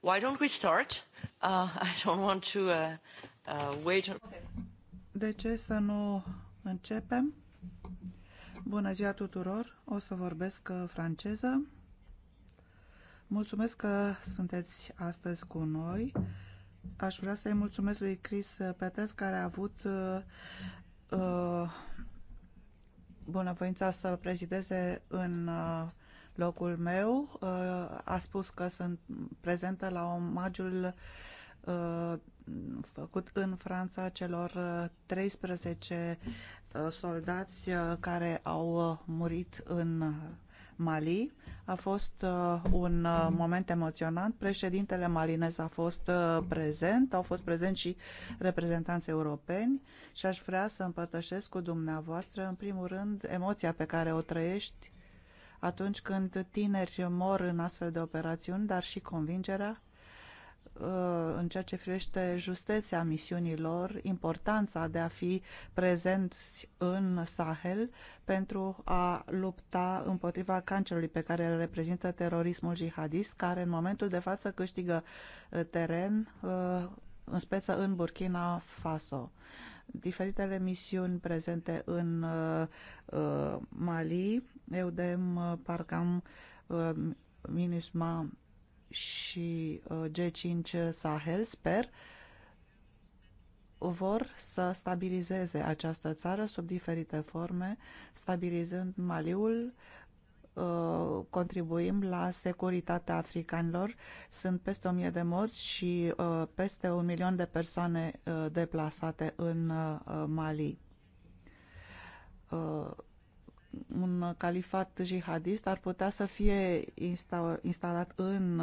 Why don't we start? Uh, I don't want to uh, uh, wait. De ce să nu începem? Bună ziua tuturor! O să vorbesc uh, franceză. Mulțumesc că sunteți astăzi cu noi. Aș vrea să-i mulțumesc lui Chris uh, Petes care a avut uh, uh, bunăvoința să prezideze în uh, locul meu uh, a spus că sunt prezentă la omagiul uh, făcut în Franța celor 13 uh, soldați care au murit în Mali. A fost un moment emoționant. Președintele malinez a fost prezent, au fost prezenți și reprezentanți europeni și aș vrea să împărtășesc cu dumneavoastră, în primul rând, emoția pe care o trăiești atunci când tineri mor în astfel de operațiuni, dar și convingerea uh, în ceea ce privește justețea misiunilor, importanța de a fi prezenți în Sahel pentru a lupta împotriva cancerului pe care îl reprezintă terorismul jihadist, care în momentul de față câștigă uh, teren uh, în speță în Burkina Faso. Diferitele misiuni prezente în uh, uh, Mali, uh, Parcam, uh, minusma și G5 Sahel, sper, vor să stabilizeze această țară sub diferite forme, stabilizând Maliul, Uh, contribuim la securitatea africanilor. Sunt peste 1000 de morți și uh, peste un milion de persoane uh, deplasate în Mali un califat jihadist ar putea să fie instalat în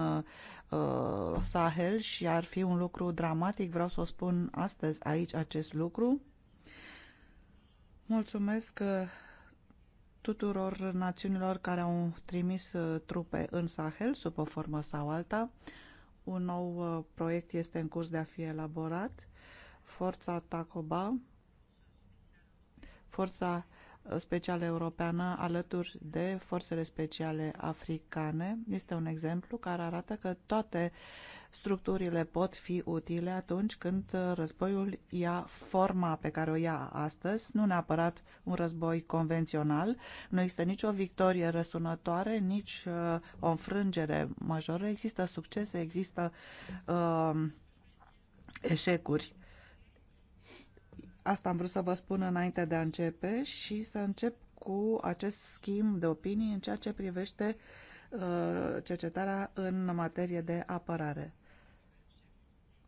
Sahel și ar fi un lucru dramatic. Vreau să o spun astăzi aici acest lucru. Mulțumesc tuturor națiunilor care au trimis uh, trupe în Sahel, sub o formă sau alta. Un nou uh, proiect este în curs de a fi elaborat. Forța Tacoba, Forța specială europeană alături de forțele speciale africane. Este un exemplu care arată că toate structurile pot fi utile atunci când războiul ia forma pe care o ia astăzi, nu neapărat un război convențional. Nu există nicio victorie răsunătoare, nici uh, o înfrângere majoră. Există succese, există uh, eșecuri Asta am vrut să vă spun înainte de a începe și să încep cu acest schimb de opinii în ceea ce privește uh, cercetarea în materie de apărare.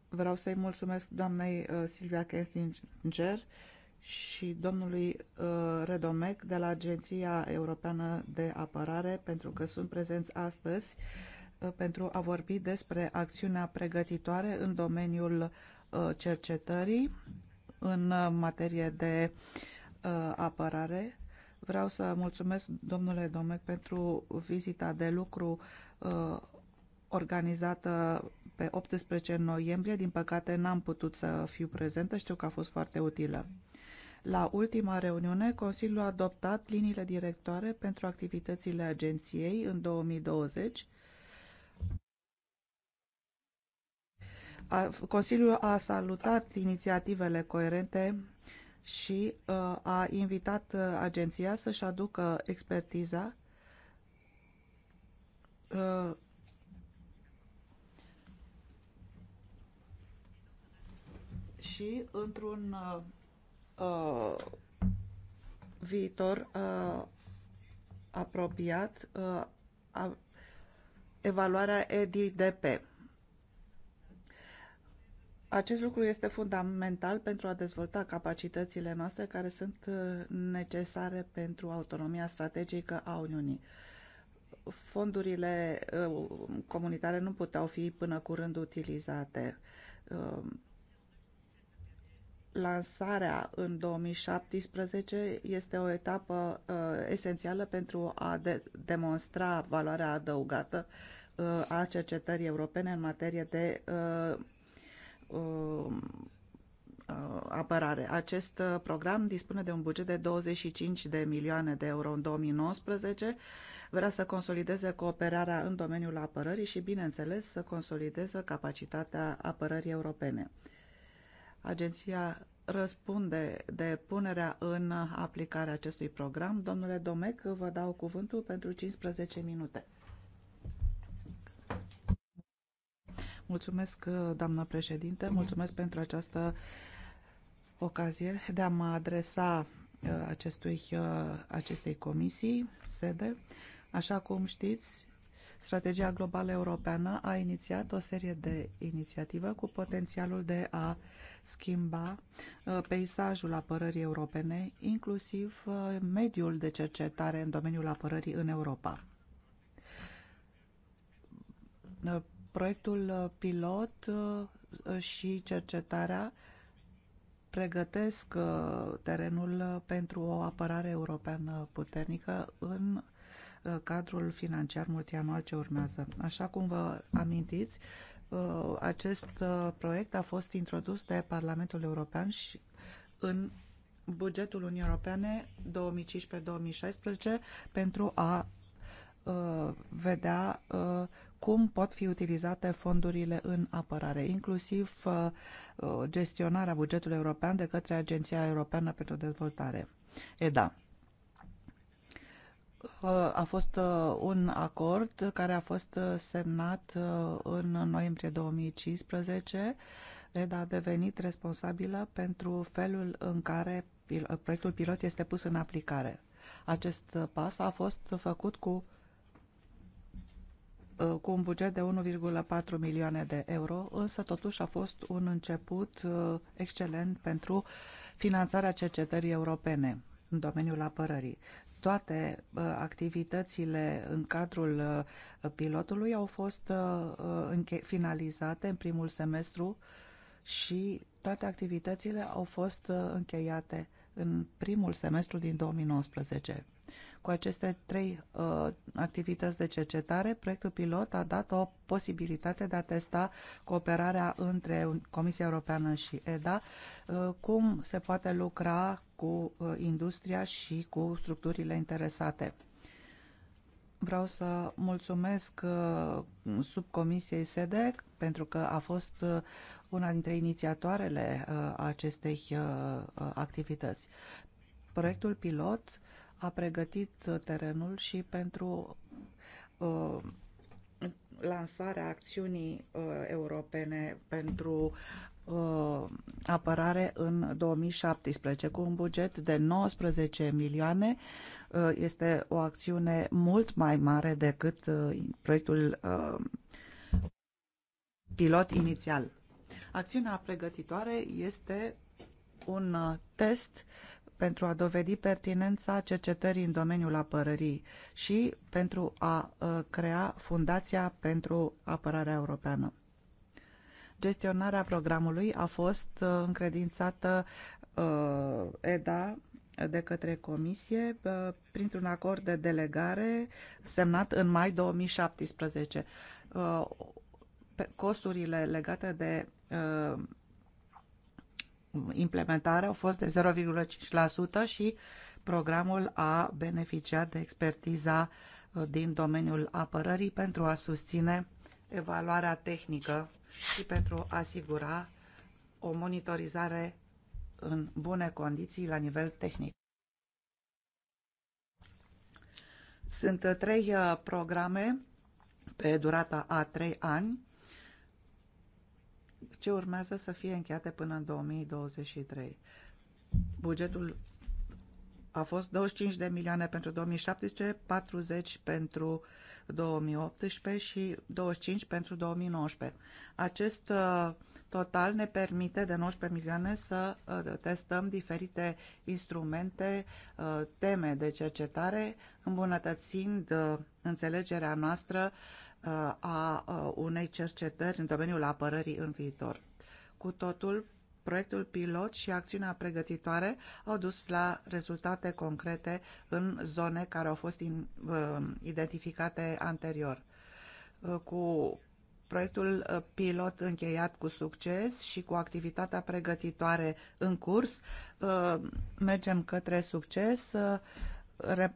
Vreau să-i mulțumesc doamnei uh, Silvia Kensinger și domnului uh, Redomec de la Agenția Europeană de Apărare pentru că sunt prezenți astăzi pentru a vorbi despre acțiunea pregătitoare în domeniul cercetării în materie de uh, apărare. Vreau să mulțumesc domnule Domec pentru vizita de lucru uh, organizată pe 18 noiembrie. Din păcate n-am putut să fiu prezentă, știu că a fost foarte utilă. La ultima reuniune, Consiliul a adoptat liniile directoare pentru activitățile agenției în 2020 Consiliul a salutat inițiativele coerente și uh, a invitat uh, agenția să-și aducă expertiza uh, și într-un viitor apropiat evaluarea EDDP. Acest lucru este fundamental pentru a dezvolta capacitățile noastre care sunt uh, necesare pentru autonomia strategică a Uniunii. Fondurile uh, comunitare nu puteau fi până curând utilizate. Uh, lansarea în 2017 este o etapă esențială pentru a de demonstra valoarea adăugată a cercetării europene în materie de Um, uh, apărare. Acest uh, program dispune de un buget de 25 de milioane de euro în 2019, vrea să consolideze cooperarea în domeniul apărării și, bineînțeles, să consolideze capacitatea apărării europene. Agenția răspunde de punerea în aplicare acestui program. Domnule Domec, vă dau cuvântul pentru 15 minute. Mulțumesc, uh, doamnă președinte, mulțumesc pentru această ocazie de a mă adresa uh, acestui, uh, acestei comisii, sede. Așa cum știți, Strategia Globală Europeană a inițiat o serie de inițiative cu potențialul de a schimba peisajul apărării europene, inclusiv mediul de cercetare în domeniul apărării în Europa Proiectul uh, pilot uh, și cercetarea pregătesc uh, terenul pentru o apărare europeană puternică în cadrul financiar multianual ce urmează. Așa cum vă amintiți, acest proiect a fost introdus de Parlamentul European și în bugetul Uniunii Europene 2015-2016 pentru a vedea cum pot fi utilizate fondurile în apărare, inclusiv uh, uh, gestionarea bugetului european de către Agenția Europeană pentru Dezvoltare, EDA. Uh, a fost un acord care a fost semnat în noiembrie 2015. EDA a devenit responsabilă pentru felul în care proiectul pilot este pus în aplicare. Acest pas a fost făcut cu Uh, cu un buget de 1,4 milioane de euro, însă totuși a fost un început uh, excelent pentru finanțarea cercetării europene în domeniul apărării. Toate uh, activitățile în cadrul pilotului au fost finalizate în primul semestru și toate activitățile au fost încheiate în primul semestru din 2019. Cu aceste trei uh, activități de cercetare, proiectul pilot a dat o posibilitate de a testa cooperarea între Comisia Europeană și EDA, uh, cum se poate lucra cu uh, industria și cu structurile interesate. Vreau să mulțumesc uh, subcomisiei SEDEC pentru că a fost uh, una dintre inițiatoarele uh, acestei activități. Proiectul pilot a pregătit terenul și pentru uh, lansarea acțiunii uh, europene pentru uh, apărare în 2017 cu un buget de 19 milioane. Uh, este o acțiune mult mai mare decât uh, proiectul uh, pilot inițial. Acțiunea pregătitoare este un uh, test pentru a dovedi pertinența cercetării în domeniul apărării și pentru a uh, crea Fundația pentru Apărarea Europeană. Gestionarea programului a fost uh, încredințată uh, EDA de către Comisie printr-un acord de delegare semnat în mai 2017. Costurile legate de implementare au fost de 0,5% și programul a beneficiat de expertiza uh, din domeniul apărării pentru a susține evaluarea tehnică și pentru a asigura o monitorizare în bune condiții la nivel tehnic. Sunt uh, trei uh, programe pe durata a trei ani ce urmează să fie încheiate până în 2023. Bugetul a fost 25 de milioane pentru 2017, 40 pentru 2018 și 25 pentru 2019. Acest uh, total ne permite de 19 milioane să uh, testăm diferite instrumente, uh, teme de cercetare, îmbunătățind uh, înțelegerea noastră a unei cercetări în domeniul apărării în viitor. Cu totul, proiectul pilot și acțiunea pregătitoare au dus la rezultate concrete în zone care au fost identificate anterior. cu proiectul uh, pilot încheiat cu succes și cu activitatea pregătitoare în curs, uh, mergem către succes. Uh,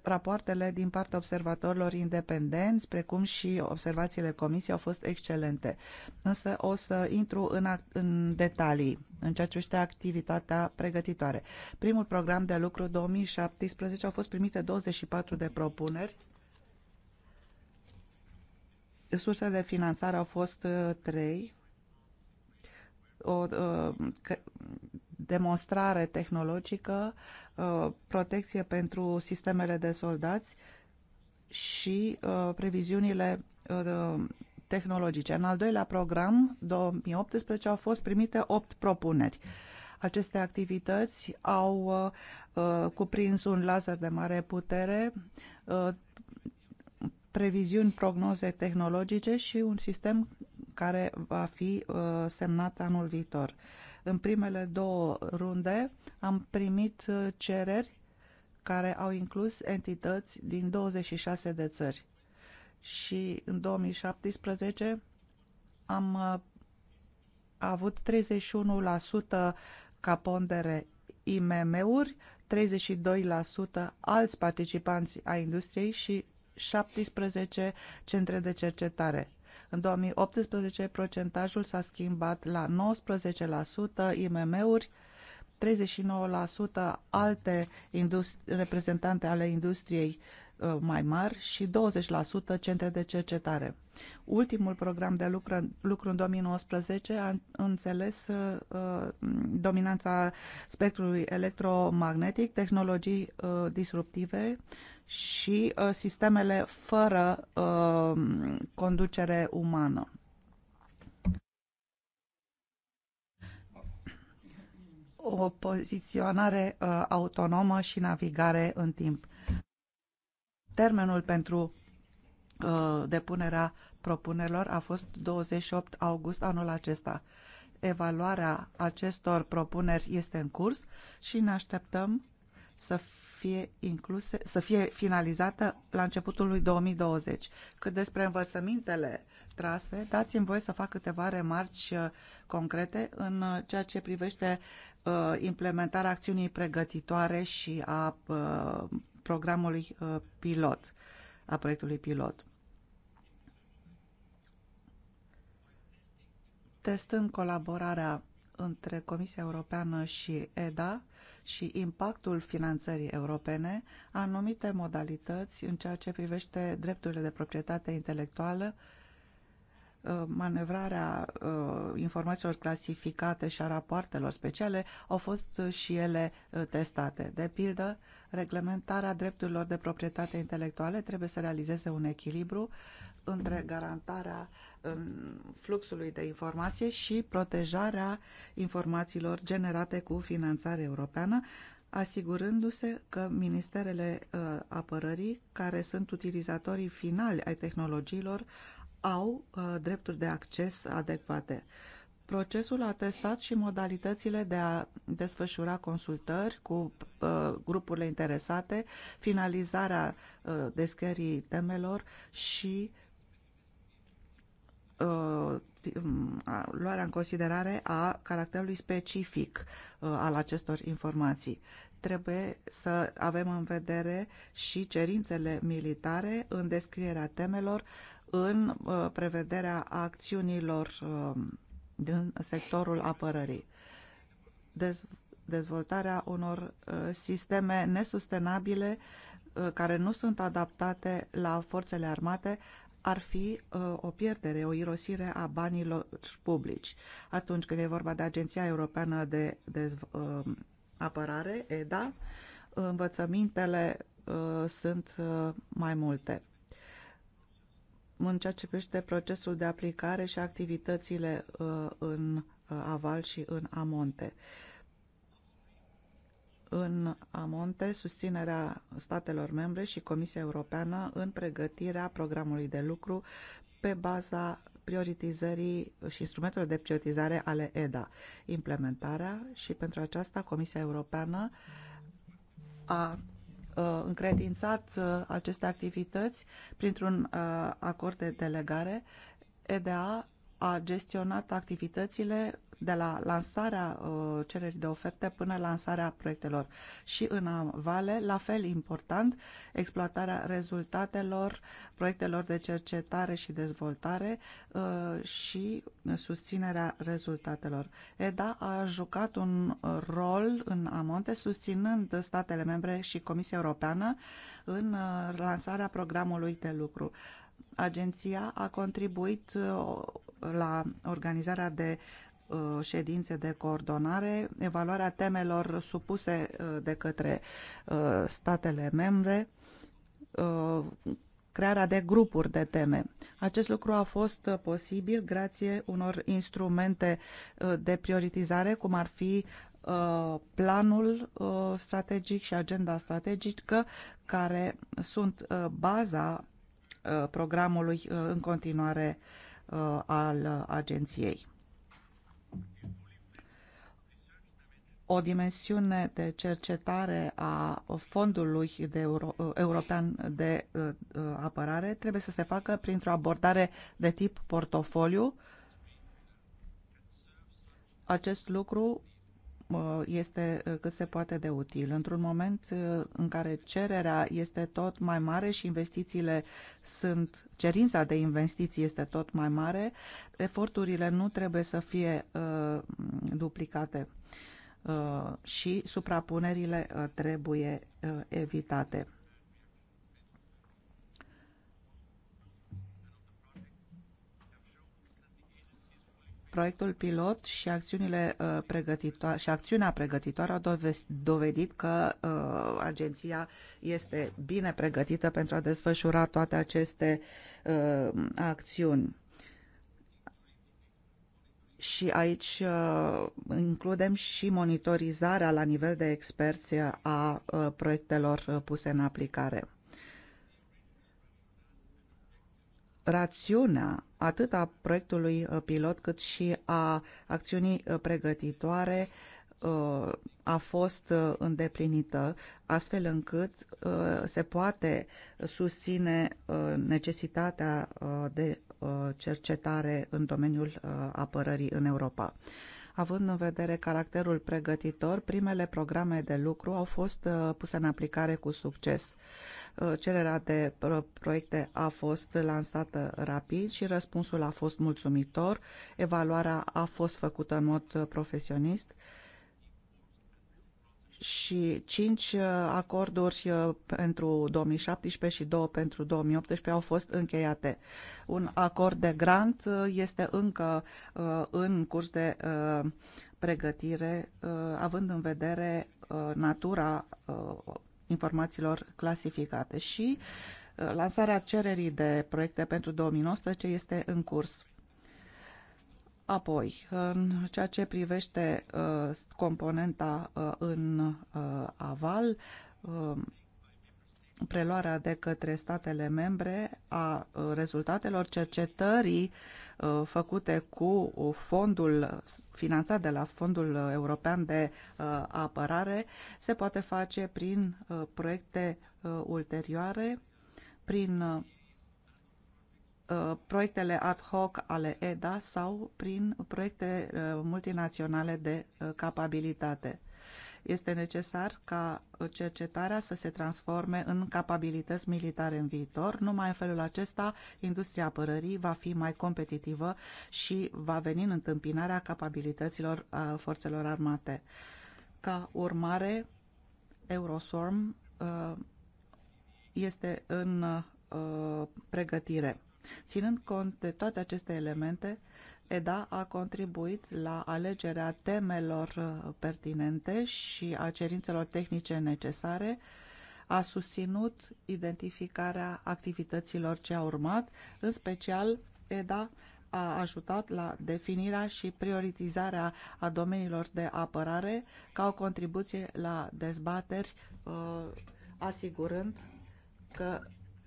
rapoartele din partea observatorilor independenți, precum și observațiile comisiei, au fost excelente. Însă o să intru în, în detalii în ceea ce este activitatea pregătitoare. Primul program de lucru 2017 au fost primite 24 de propuneri surse de finanțare au fost uh, trei. O uh, demonstrare tehnologică, uh, protecție pentru sistemele de soldați și previziunile tehnologice. În al doilea program, 2018, au fost primite opt propuneri. Aceste activități au uh, cuprins un laser de mare putere, uh, previziuni, prognoze tehnologice și un sistem care va fi uh, semnat anul viitor. În primele două runde am primit uh, cereri care au inclus entități din 26 de țări. Și în 2017 am uh, avut 31% ca pondere IMM-uri, 32% alți participanți ai industriei și 17 centre de cercetare. În 2018 procentajul s-a schimbat la 19% IMM-uri, 39% alte reprezentante ale industriei ă, mai mari și 20% centre de cercetare. Ultimul program de lucru, lucru în 2019 a înțeles uh, dominanța spectrului electromagnetic, tehnologii uh, disruptive, și uh, sistemele fără uh, conducere umană. O poziționare uh, autonomă și navigare în timp. Termenul pentru uh, depunerea propunerilor a fost 28 august anul acesta. Evaluarea acestor propuneri este în curs și ne așteptăm să fie incluse, să fie finalizată la începutul lui 2020. Cât despre învățămintele trase, dați-mi voie să fac câteva remarci uh, concrete în uh, ceea ce privește uh, implementarea acțiunii pregătitoare și a programului pilot, a proiectului pilot. Testând colaborarea între Comisia Europeană și EDA, și impactul finanțării europene, anumite modalități în ceea ce privește drepturile de proprietate intelectuală Uh, manevrarea uh, informațiilor clasificate și a rapoartelor speciale au fost uh, și ele testate. De pildă, reglementarea drepturilor de proprietate intelectuale trebuie să realizeze un echilibru între garantarea um, fluxului de informație și protejarea informațiilor generate cu finanțare europeană, asigurându-se că ministerele uh, apărării, care sunt utilizatorii finali ai tehnologiilor, au uh, drepturi de acces adecvate. Procesul a testat și modalitățile de a desfășura consultări cu uh, grupurile interesate, finalizarea uh, descării temelor și uh, mm, luarea în considerare a caracterului specific uh, al acestor informații. Trebuie să avem în vedere și cerințele militare în descrierea temelor, uh, în uh, prevederea acțiunilor uh, din sectorul apărării. Dezvoltarea unor uh, sisteme nesustenabile care nu sunt adaptate la forțele armate ar fi o pierdere, o irosire a banilor publici. Atunci când e vorba de Agenția Europeană de, de Apărare, EDA, învățămintele sunt mai multe în ceea ce privește procesul de aplicare și activitățile uh, în uh, aval și în amonte. În amonte, susținerea statelor membre și Comisia Europeană în pregătirea programului de lucru pe baza prioritizării și instrumentelor de prioritizare ale EDA, implementarea și pentru aceasta Comisia Europeană a Uh, încredințat uh, aceste activități printr-un uh, acord de delegare, EDA a gestionat activitățile de la lansarea uh, cererii de oferte până lansarea proiectelor. Și în Vale, la fel important, exploatarea rezultatelor proiectelor de cercetare și dezvoltare uh, și susținerea rezultatelor. EDA a jucat un rol în amonte susținând statele membre și Comisia Europeană în uh, lansarea programului de lucru. Agenția a contribuit uh, la organizarea de Uh, ședințe de coordonare, evaluarea temelor supuse uh, de către uh, statele membre, crearea de grupuri de teme. Acest lucru a fost posibil grație unor instrumente de prioritizare, cum ar fi planul strategic și agenda strategică, care sunt baza programului în continuare al agenției. o dimensiune de cercetare a fondului de Euro uh, european de uh, uh, apărare trebuie să se facă printr-o abordare de tip portofoliu. Acest lucru este cât se poate de util. Într-un moment în care cererea este tot mai mare și investițiile sunt, cerința de investiții este tot mai mare, eforturile nu trebuie să fie uh, duplicate. Uh, Uh, și suprapunerile uh, trebuie uh, evitate. proiectul pilot și acțiunile uh, pregătitoare și acțiunea pregătitoare au dovedit că uh, agenția este bine pregătită pentru a desfășura toate aceste uh, acțiuni și aici uh, includem și monitorizarea la nivel de experți uh, a uh, proiectelor puse în aplicare. Rațiunea atât a proiectului pilot cât și a acțiunii pregătitoare a fost îndeplinită, astfel încât se poate susține necesitatea de Uh, cercetare în domeniul uh, apărării în Europa. Având în vedere caracterul pregătitor, primele programe de lucru au fost uh, puse în aplicare cu succes. Cererea de proiecte a fost lansată rapid și răspunsul a fost mulțumitor, evaluarea a fost făcută în mod profesionist, și cinci uh, acorduri uh, pentru 2017 și două pentru 2018 au fost încheiate. Un acord de grant uh, este încă în curs de pregătire, având în vedere natura informațiilor clasificate și lansarea cererii de proiecte pentru 2019 este în curs. Apoi, în ceea ce privește uh, componenta uh, în uh, aval, preluarea de către statele membre a rezultatelor cercetării făcute cu fondul finanțat de la Fondul European de Apărare se poate face prin proiecte ulterioare, prin Uh, proiectele ad hoc ale EDA sau prin proiecte uh, multinaționale de uh, capabilitate. Este necesar ca cercetarea să se transforme în capabilități militare în viitor. Numai în felul acesta, industria apărării va fi mai competitivă și va veni în întâmpinarea capabilităților forțelor armate. Ca urmare, Eurosorm este în pregătire. Ținând cont de toate aceste elemente, EDA a contribuit la alegerea temelor uh, pertinente și a cerințelor tehnice necesare, a susținut identificarea activităților ce au urmat, în special EDA a ajutat la definirea și prioritizarea a domeniilor de apărare ca o contribuție la dezbateri, uh, asigurând că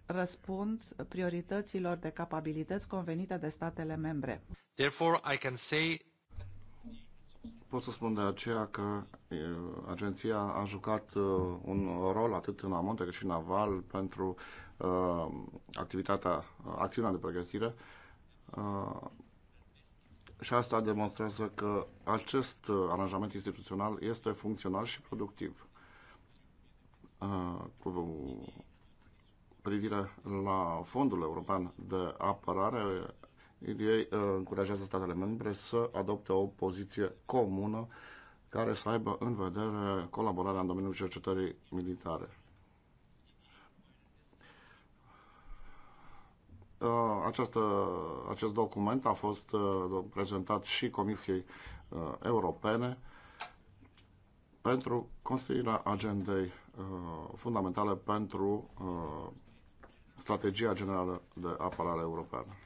răspund priorităților de capabilități convenite de statele membre. Therefore, I can say Pot să spun de aceea că agenția a jucat un rol atât în amonte cât și în aval pentru uh, activitatea, acțiunea de pregătire uh, și asta demonstrează că acest aranjament instituțional este funcțional și productiv. Uh, cu privire la Fondul European de Apărare, ei uh, încurajează statele membre să adopte o poziție comună care să aibă în vedere colaborarea în domeniul cercetării militare. Uh, această, acest document a fost uh, prezentat și Comisiei Europene pentru construirea agendei fundamentale pentru strategia generală de apărare europeană.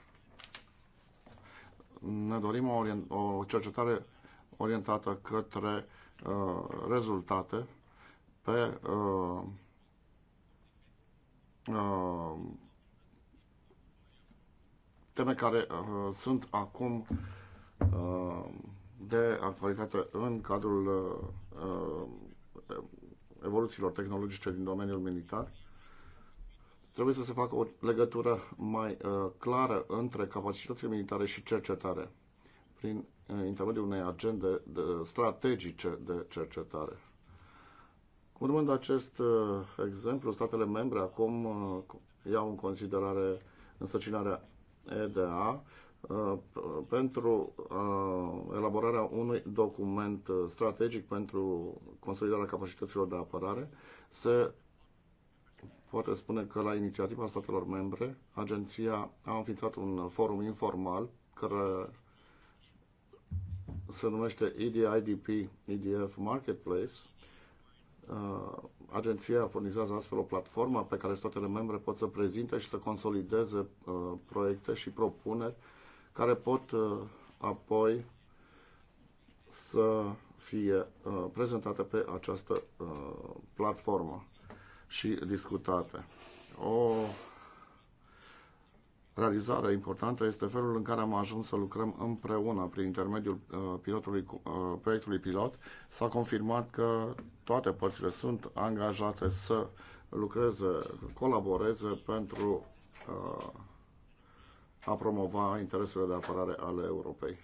Ne dorim o, orient- o cercetare orientată către uh, rezultate pe uh, uh, teme care uh, sunt acum uh, de actualitate în cadrul uh, uh evoluțiilor tehnologice din domeniul militar. Trebuie să se facă o legătură mai uh, clară între capacitățile militare și cercetare prin uh, intermediul unei agende de, strategice de cercetare. Urmând acest uh, exemplu, statele membre acum uh, iau în considerare însăcinarea EDA uh, pentru uh, elaborarea unui document uh, strategic pentru consolidarea capacităților de apărare. Se pot spune că la inițiativa statelor membre, agenția a înființat un forum informal care se numește EDIDP EDF Marketplace. Uh, agenția furnizează astfel o platformă pe care statele membre pot să prezinte și să consolideze uh, proiecte și propuneri care pot uh, apoi să fie prezentate pe această platformă și discutate. O realizare importantă este felul în care am ajuns să lucrăm împreună prin intermediul uh, pilotului, uh, proiectului pilot. S-a confirmat că toate părțile sunt angajate să lucreze, colaboreze pentru uh, a promova interesele de apărare ale Europei.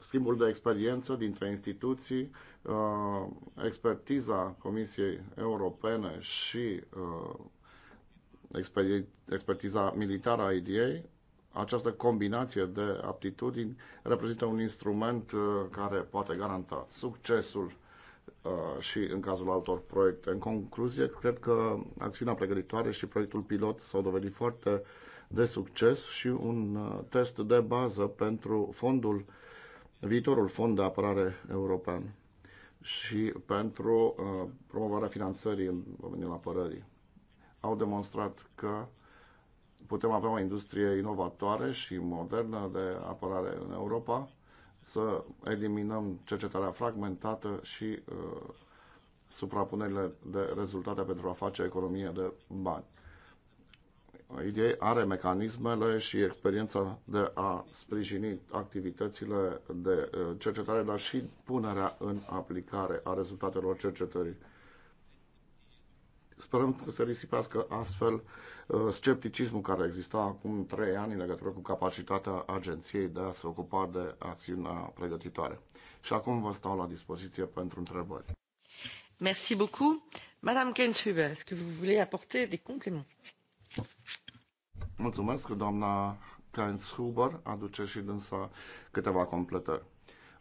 schimbul de experiență dintre instituții, uh, expertiza Comisiei Europene și uh, expertiza militară a IDA, această combinație de aptitudini reprezintă un instrument uh, care poate garanta succesul și în cazul altor proiecte. În concluzie, cred că acțiunea pregătitoare și proiectul pilot s-au dovedit foarte uh, de succes și un uh, test de bază pentru fondul, viitorul fond de apărare european și pentru uh, promovarea finanțării în domeniul apărării. Au demonstrat că putem avea o industrie inovatoare și modernă de apărare în Europa, să eliminăm cercetarea fragmentată și uh, suprapunerile de rezultate pentru a face economie de bani ei are mecanismele și experiența de a sprijini activitățile de uh, cercetare, dar și punerea în aplicare a rezultatelor cercetării. Sperăm că se risipească astfel uh, scepticismul care exista acum trei ani în legătură cu capacitatea agenției de a se ocupa de acțiunea pregătitoare. Și acum vă stau la dispoziție pentru întrebări. Merci beaucoup. Madame Kenshuber, est-ce que vous voulez apporter des compléments Mulțumesc, doamna Kainz Huber aduce și dânsa câteva completări.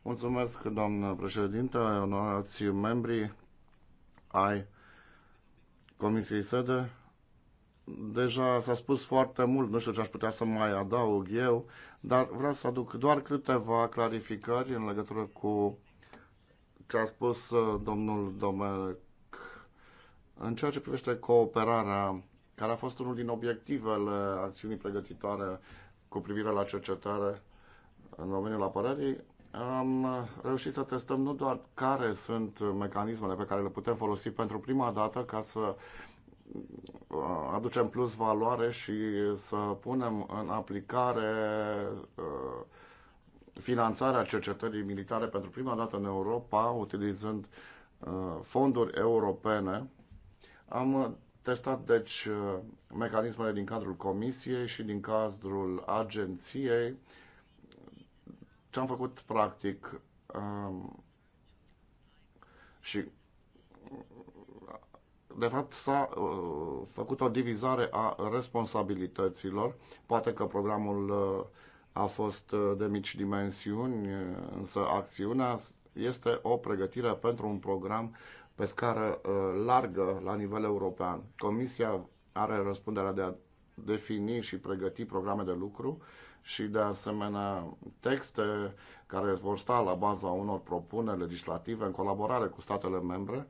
Mulțumesc, doamnă președinte, onorați membrii ai Comisiei Sede. Deja s-a spus foarte mult, nu știu ce aș putea să mai adaug eu, dar vreau să aduc doar câteva clarificări în legătură cu ce a spus uh, domnul Domenic în ceea ce privește cooperarea care a fost unul din obiectivele acțiunii pregătitoare cu privire la cercetare în domeniul apărării, am reușit să testăm nu doar care sunt mecanismele pe care le putem folosi pentru prima dată ca să uh, aducem plus valoare și să punem în aplicare uh, finanțarea cercetării militare pentru prima dată în Europa, utilizând uh, fonduri europene. Am testat, deci, uh, mecanismele din cadrul comisiei și din cadrul agenției. Ce am făcut practic um, și de fapt s-a uh, făcut o divizare a responsabilităților. Poate că programul uh, a fost uh, de mici dimensiuni, uh, însă acțiunea este o pregătire pentru un program uh, pe scară uh, largă la nivel european. Comisia are răspunderea de a defini și pregăti programe de lucru și de asemenea texte care vor sta la baza unor propuneri legislative în colaborare cu statele membre.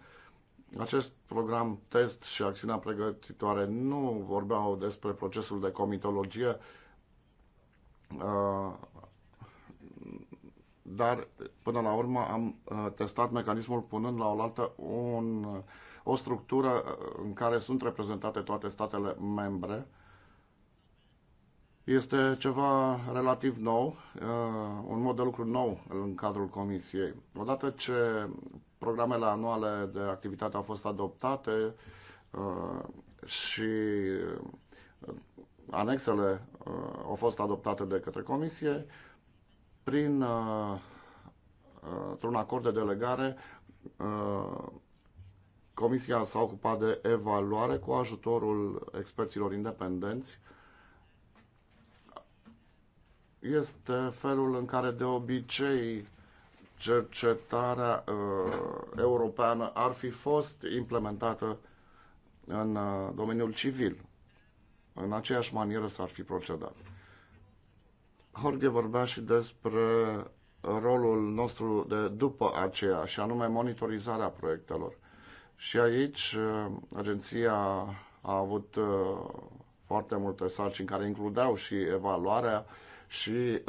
Acest program test și acțiunea pregătitoare nu vorbeau despre procesul de comitologie uh, dar până la urmă am uh, testat mecanismul punând la oaltă un, uh, o structură uh, în care sunt reprezentate toate statele membre. Este ceva relativ nou, un mod de lucru nou în cadrul Comisiei. Odată ce programele anuale de activitate au fost adoptate și anexele au fost adoptate de către Comisie, prin uh, uh, un acord de delegare uh, Comisia s-a ocupat de evaluare cu ajutorul experților independenți. Este felul în care de obicei cercetarea uh, europeană ar fi fost implementată în uh, domeniul civil. În aceeași manieră s-ar fi procedat. Jorge vorbea și despre rolul nostru de după aceea, și anume monitorizarea proiectelor. Și aici uh, agenția a avut uh, foarte multe sarcini care includeau și evaluarea și uh,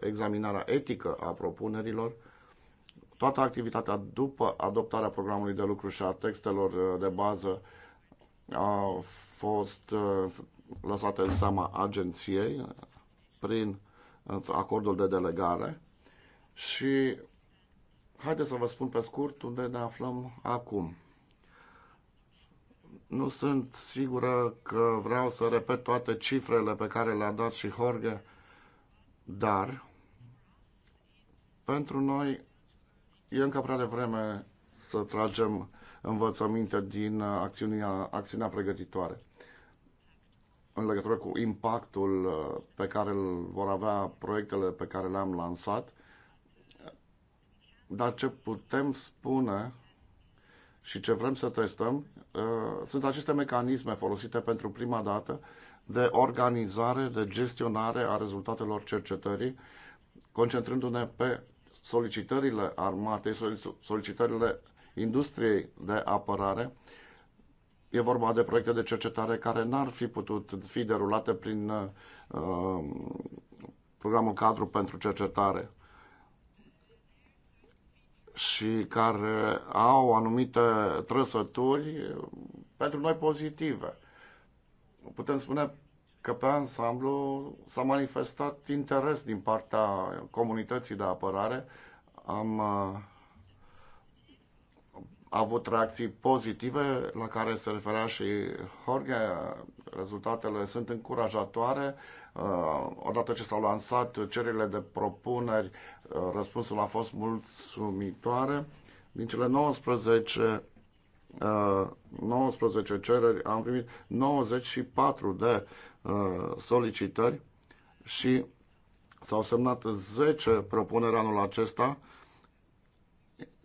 examinarea etică a propunerilor, toată activitatea după adoptarea programului de lucru și a textelor uh, de bază a fost uh, lăsată în seama agenției, prin acordul de delegare și haideți să vă spun pe scurt unde ne aflăm acum. Nu sunt sigură că vreau să repet toate cifrele pe care le-a dat și Jorge, dar pentru noi e încă prea devreme să tragem învățăminte din uh, acțiunea, acțiunea pregătitoare în legătură cu impactul uh, pe care îl vor avea proiectele pe care le-am lansat. Dar ce putem spune și ce vrem să testăm uh, sunt aceste mecanisme folosite pentru prima dată de organizare, de gestionare a rezultatelor cercetării, concentrându-ne pe solicitările armatei, solicitările industriei de apărare e vorba de proiecte de cercetare care n-ar fi putut fi derulate prin uh, programul cadru pentru cercetare și care au anumite trăsături pentru noi pozitive. Putem spune că pe ansamblu s-a manifestat interes din partea comunității de apărare. Am uh, avut reacții pozitive la care se referea și Jorge. Rezultatele sunt încurajatoare. Uh, odată ce s-au lansat cererile de propuneri, uh, răspunsul a fost mulțumitoare. Din cele 19 19 uh, cereri, am primit 94 de solicitări și s-au semnat 10 propuneri anul acesta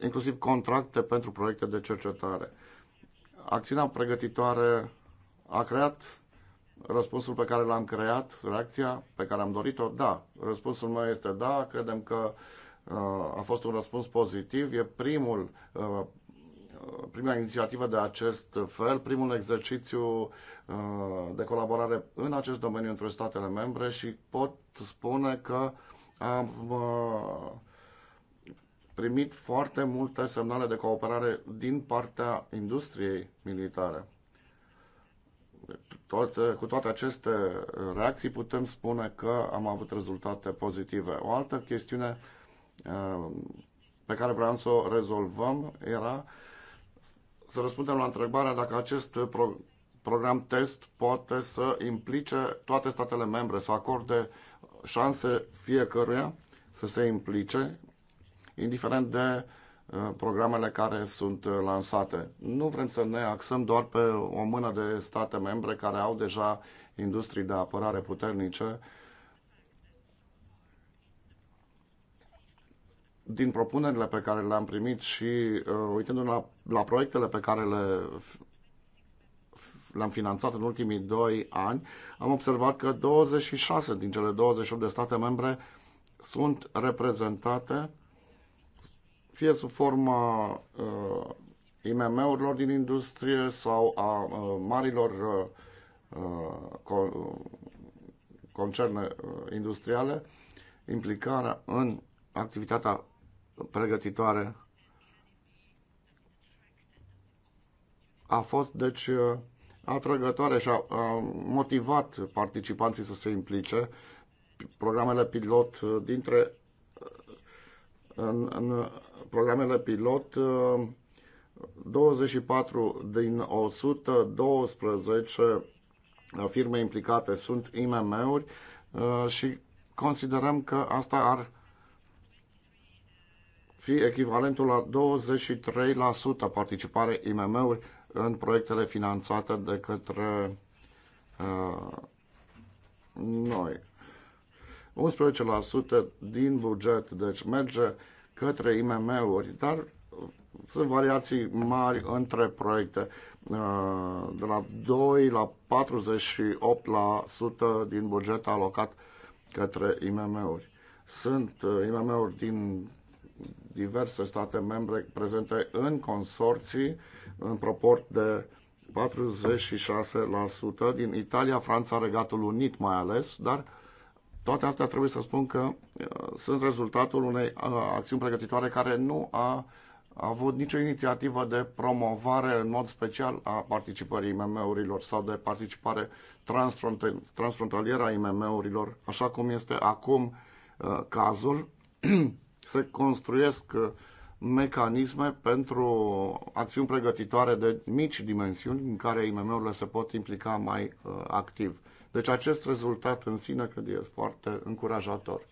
inclusiv contracte pentru proiecte de cercetare. Acțiunea pregătitoare a creat răspunsul pe care l-am creat, reacția pe care am dorit-o? Da. Răspunsul meu este da, credem că uh, a fost un răspuns pozitiv. E primul, uh, prima inițiativă de acest fel, primul exercițiu uh, de colaborare în acest domeniu între statele membre și pot spune că am uh, primit foarte multe semnale de cooperare din partea industriei militare. Toate, cu toate aceste reacții putem spune că am avut rezultate pozitive. O altă chestiune uh, pe care vreau să o rezolvăm era să răspundem la întrebarea dacă acest pro- program test poate să implice toate statele membre, să acorde șanse fiecăruia să se implice indiferent de uh, programele care sunt uh, lansate. Nu vrem să ne axăm doar pe o mână de state membre care au deja industrii de apărare puternice. Din propunerile pe care le-am primit și uh, uitându-ne la, la proiectele pe care le le am finanțat în ultimii doi ani, am observat că 26 din cele 28 de state membre sunt reprezentate fie sub forma uh, IMM-urilor din industrie sau a uh, marilor uh, uh, co- concerne uh, industriale, implicarea în activitatea pregătitoare a fost, deci, uh, atrăgătoare și a, uh, motivat participanții să se implice. Programele pilot uh, dintre în, în programele pilot, 24 uh, din 112 uh, firme implicate sunt IMM-uri uh, și considerăm că asta ar fi echivalentul la 23% participare IMM-uri în proiectele finanțate de către uh, noi. 11% din buget, deci merge către IMM-uri, dar sunt variații mari între proiecte, uh, de la 2 la 48% din buget alocat către IMM-uri. Sunt uh, IMM-uri din diverse state membre prezente în consorții în proport de 46% din Italia, Franța, Regatul Unit mai ales, dar toate astea trebuie să spun că uh, sunt rezultatul unei uh, acțiuni pregătitoare care nu a avut nicio inițiativă de promovare în mod special a participării IMM-urilor sau de participare transfrontalieră a IMM-urilor, așa cum este acum uh, cazul. Se construiesc mecanisme pentru acțiuni pregătitoare de mici dimensiuni în care IMM-urile se pot implica mai activ. Deci acest rezultat în sine, cred, e foarte încurajator.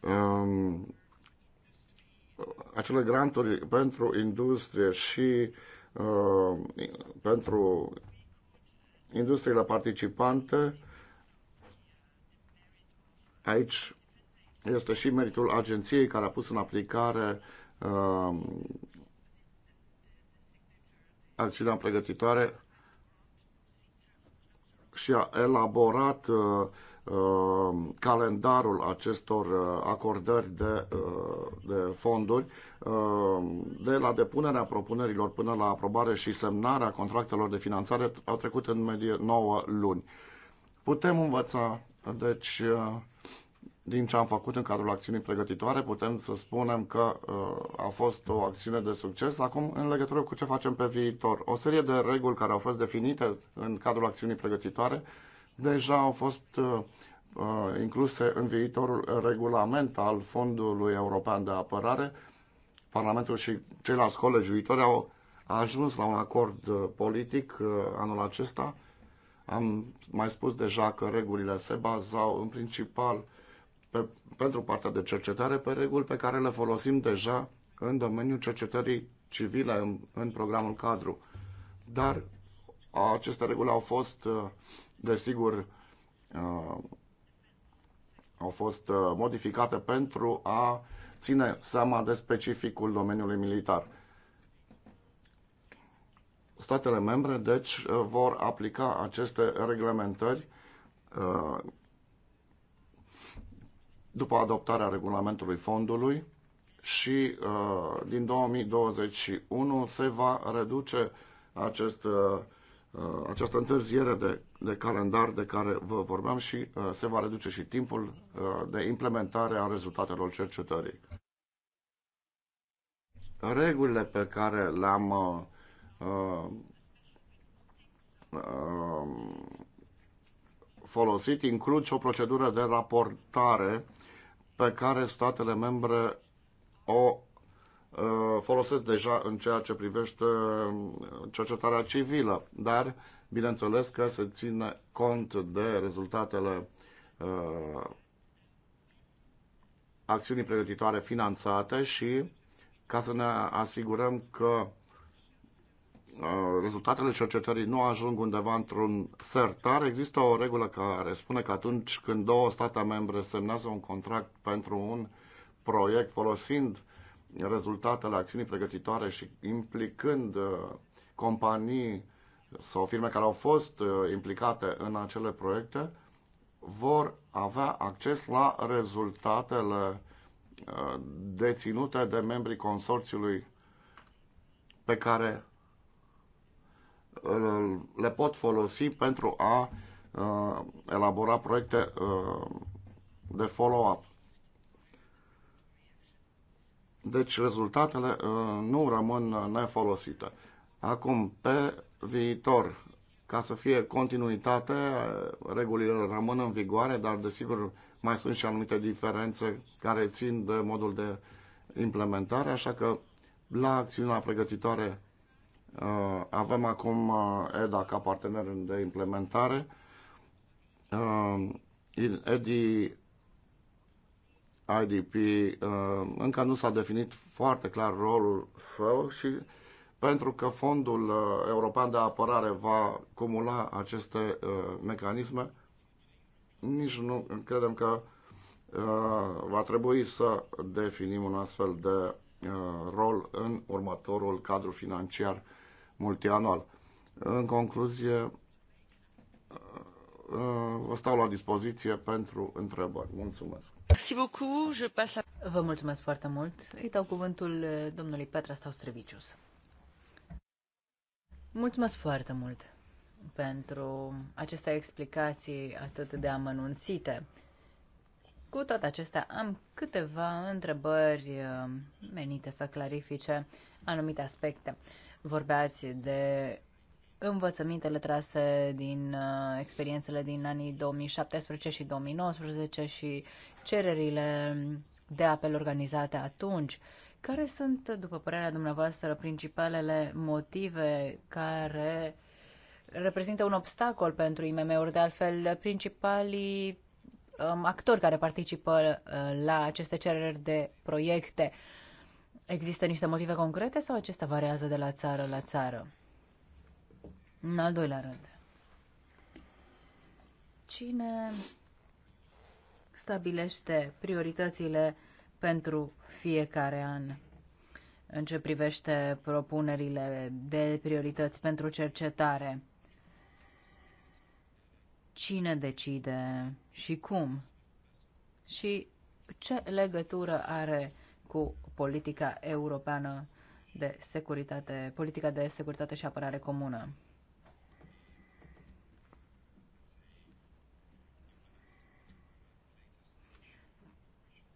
Um, acele granturi pentru industrie și uh, pentru industriile participante, aici este și meritul agenției care a pus în aplicare uh, acțiunea pregătitoare și a elaborat uh, uh, calendarul acestor uh, acordări de, de fonduri de la depunerea propunerilor până la aprobare și semnarea contractelor de finanțare au trecut în medie 9 luni. Putem învăța, deci, din ce am făcut în cadrul acțiunii pregătitoare, putem să spunem că uh, a fost o acțiune de succes. Acum, în legătură cu ce facem pe viitor, o serie de reguli care au fost definite în cadrul acțiunii pregătitoare deja au fost uh, uh, incluse în viitorul regulament al Fondului European de Apărare. Parlamentul și ceilalți colegi viitori au ajuns la un acord politic anul acesta. Am mai spus deja că regulile se bazau în principal pe, pentru partea de cercetare pe reguli pe care le folosim deja în domeniul cercetării civile în, în programul cadru. Dar aceste reguli au fost, uh, desigur, uh, au fost uh, modificate pentru a ține seama de specificul domeniului militar. Statele membre, deci, vor aplica aceste reglementări după adoptarea regulamentului fondului și uh, din 2021 se va reduce acest, uh, uh, această întârziere de, de calendar de care vă vorbeam și uh, se va reduce și timpul uh, de implementare a rezultatelor cercetării. Regulile pe care le-am uh, uh, um, folosit includ și o procedură de raportare uh, pe care statele membre o uh, folosesc deja în ceea ce privește uh, cercetarea civilă, dar bineînțeles că se ține cont de rezultatele uh, acțiunii pregătitoare finanțate și ca să ne asigurăm că Uh, rezultatele cercetării nu ajung undeva într-un sertar, există o regulă care spune că atunci când două state membre semnează un contract pentru un proiect folosind rezultatele acțiunii pregătitoare și implicând uh, companii sau firme care au fost uh, implicate în acele proiecte, vor avea acces la rezultatele deținute de membrii consorțiului pe care le pot folosi pentru a uh, elabora proiecte uh, de follow-up. Deci rezultatele uh, nu rămân nefolosite. Acum, pe viitor, ca să fie continuitate, regulile rămân în vigoare, dar desigur mai sunt și anumite diferențe care țin de modul de implementare, așa că la acțiunea pregătitoare Uh, avem acum uh, EDA ca partener de implementare. Uh, EDI IDP încă nu s-a definit foarte clar rolul său și pentru că Fondul European de Apărare va cumula aceste mecanisme, nici nu credem că va trebui să definim un astfel de rol în următorul cadru financiar multianual. În concluzie, uh, uh, vă stau la dispoziție pentru întrebări. Mulțumesc! Vă mulțumesc foarte mult. Îi dau cuvântul uh, domnului Petra Saustrevicius. Mulțumesc foarte mult pentru aceste explicații atât de amănunțite. Cu toate acestea, am câteva întrebări menite să clarifice anumite aspecte. Vorbeați de învățămintele trase din uh, experiențele din anii 2017 și 2019 și cererile de apel organizate atunci. Care sunt, după părerea dumneavoastră, principalele motive care reprezintă un obstacol pentru IMM-uri? De altfel, principalii um, actori care participă uh, la aceste cereri de proiecte uh, Există niște motive concrete sau acestea variază de la țară la țară? În al doilea rând, cine stabilește prioritățile pentru fiecare an în ce privește propunerile de priorități pentru cercetare? Cine decide și cum? Și ce legătură are cu politica europeană de securitate, politica de securitate și apărare comună.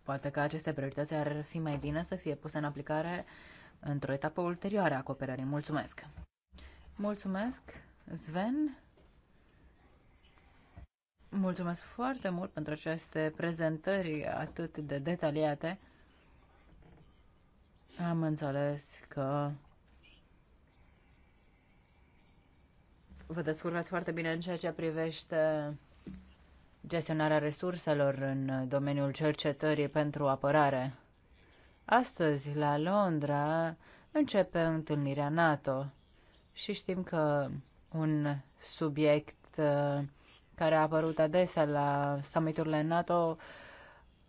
Poate că aceste priorități ar fi mai bine să fie puse în aplicare într-o etapă ulterioară a cooperării. Mulțumesc! Mulțumesc, Sven! Mulțumesc foarte mult pentru aceste prezentări atât de detaliate. Am înțeles că vă descurcați foarte bine în ceea ce privește gestionarea resurselor în domeniul cercetării pentru apărare. Astăzi, la Londra, începe întâlnirea NATO și știm că un subiect uh, care a apărut adesea la summiturile NATO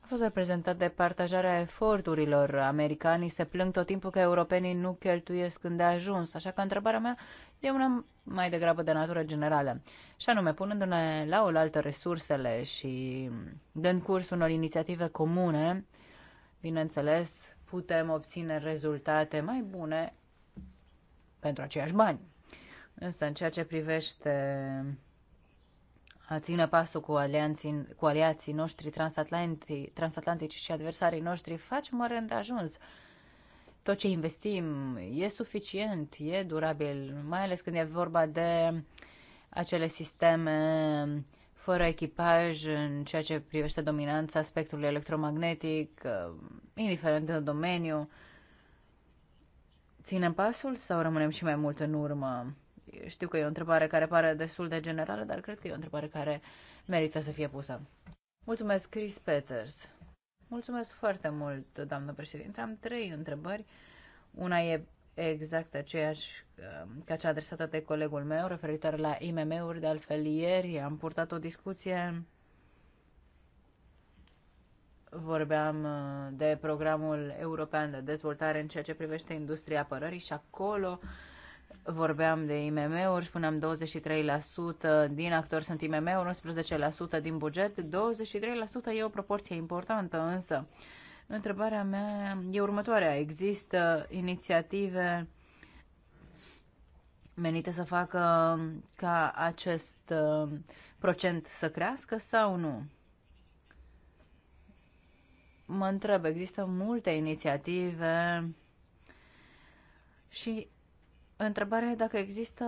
fost reprezentat de partajarea eforturilor. Americanii se plâng tot timpul că europenii nu cheltuiesc când de ajuns, așa că întrebarea mea e una mai degrabă de natură generală. Și anume, punându-ne la oaltă resursele și dând curs unor inițiative comune, bineînțeles, putem obține rezultate mai bune pentru aceiași bani. Însă, în ceea ce privește ține pasul cu, alianții, cu aliații noștri transatlantici, transatlantici și adversarii noștri, facem mare ajuns. Tot ce investim e suficient, e durabil, mai ales când e vorba de acele sisteme fără echipaj în ceea ce privește dominanța spectrului electromagnetic, indiferent de domeniu. Ținem pasul sau rămânem și mai mult în urmă? Știu că e o întrebare care pare destul de generală, dar cred că e o întrebare care merită să fie pusă. Mulțumesc, Chris Peters. Mulțumesc foarte mult, doamnă președinte. Am trei întrebări. Una e exact aceeași um, ca cea adresată de colegul meu, referitoare la IMM-uri. De altfel, ieri am purtat o discuție vorbeam uh, de programul european de dezvoltare în ceea ce privește industria apărării și acolo uh, vorbeam de IMM-uri, spuneam 23% din actori sunt IMM-uri, 11% din buget, 23% e o proporție importantă, însă întrebarea mea e următoarea. Există inițiative menite să facă ca acest uh, procent să crească sau nu? Mă întreb, există multe inițiative și Întrebarea e dacă există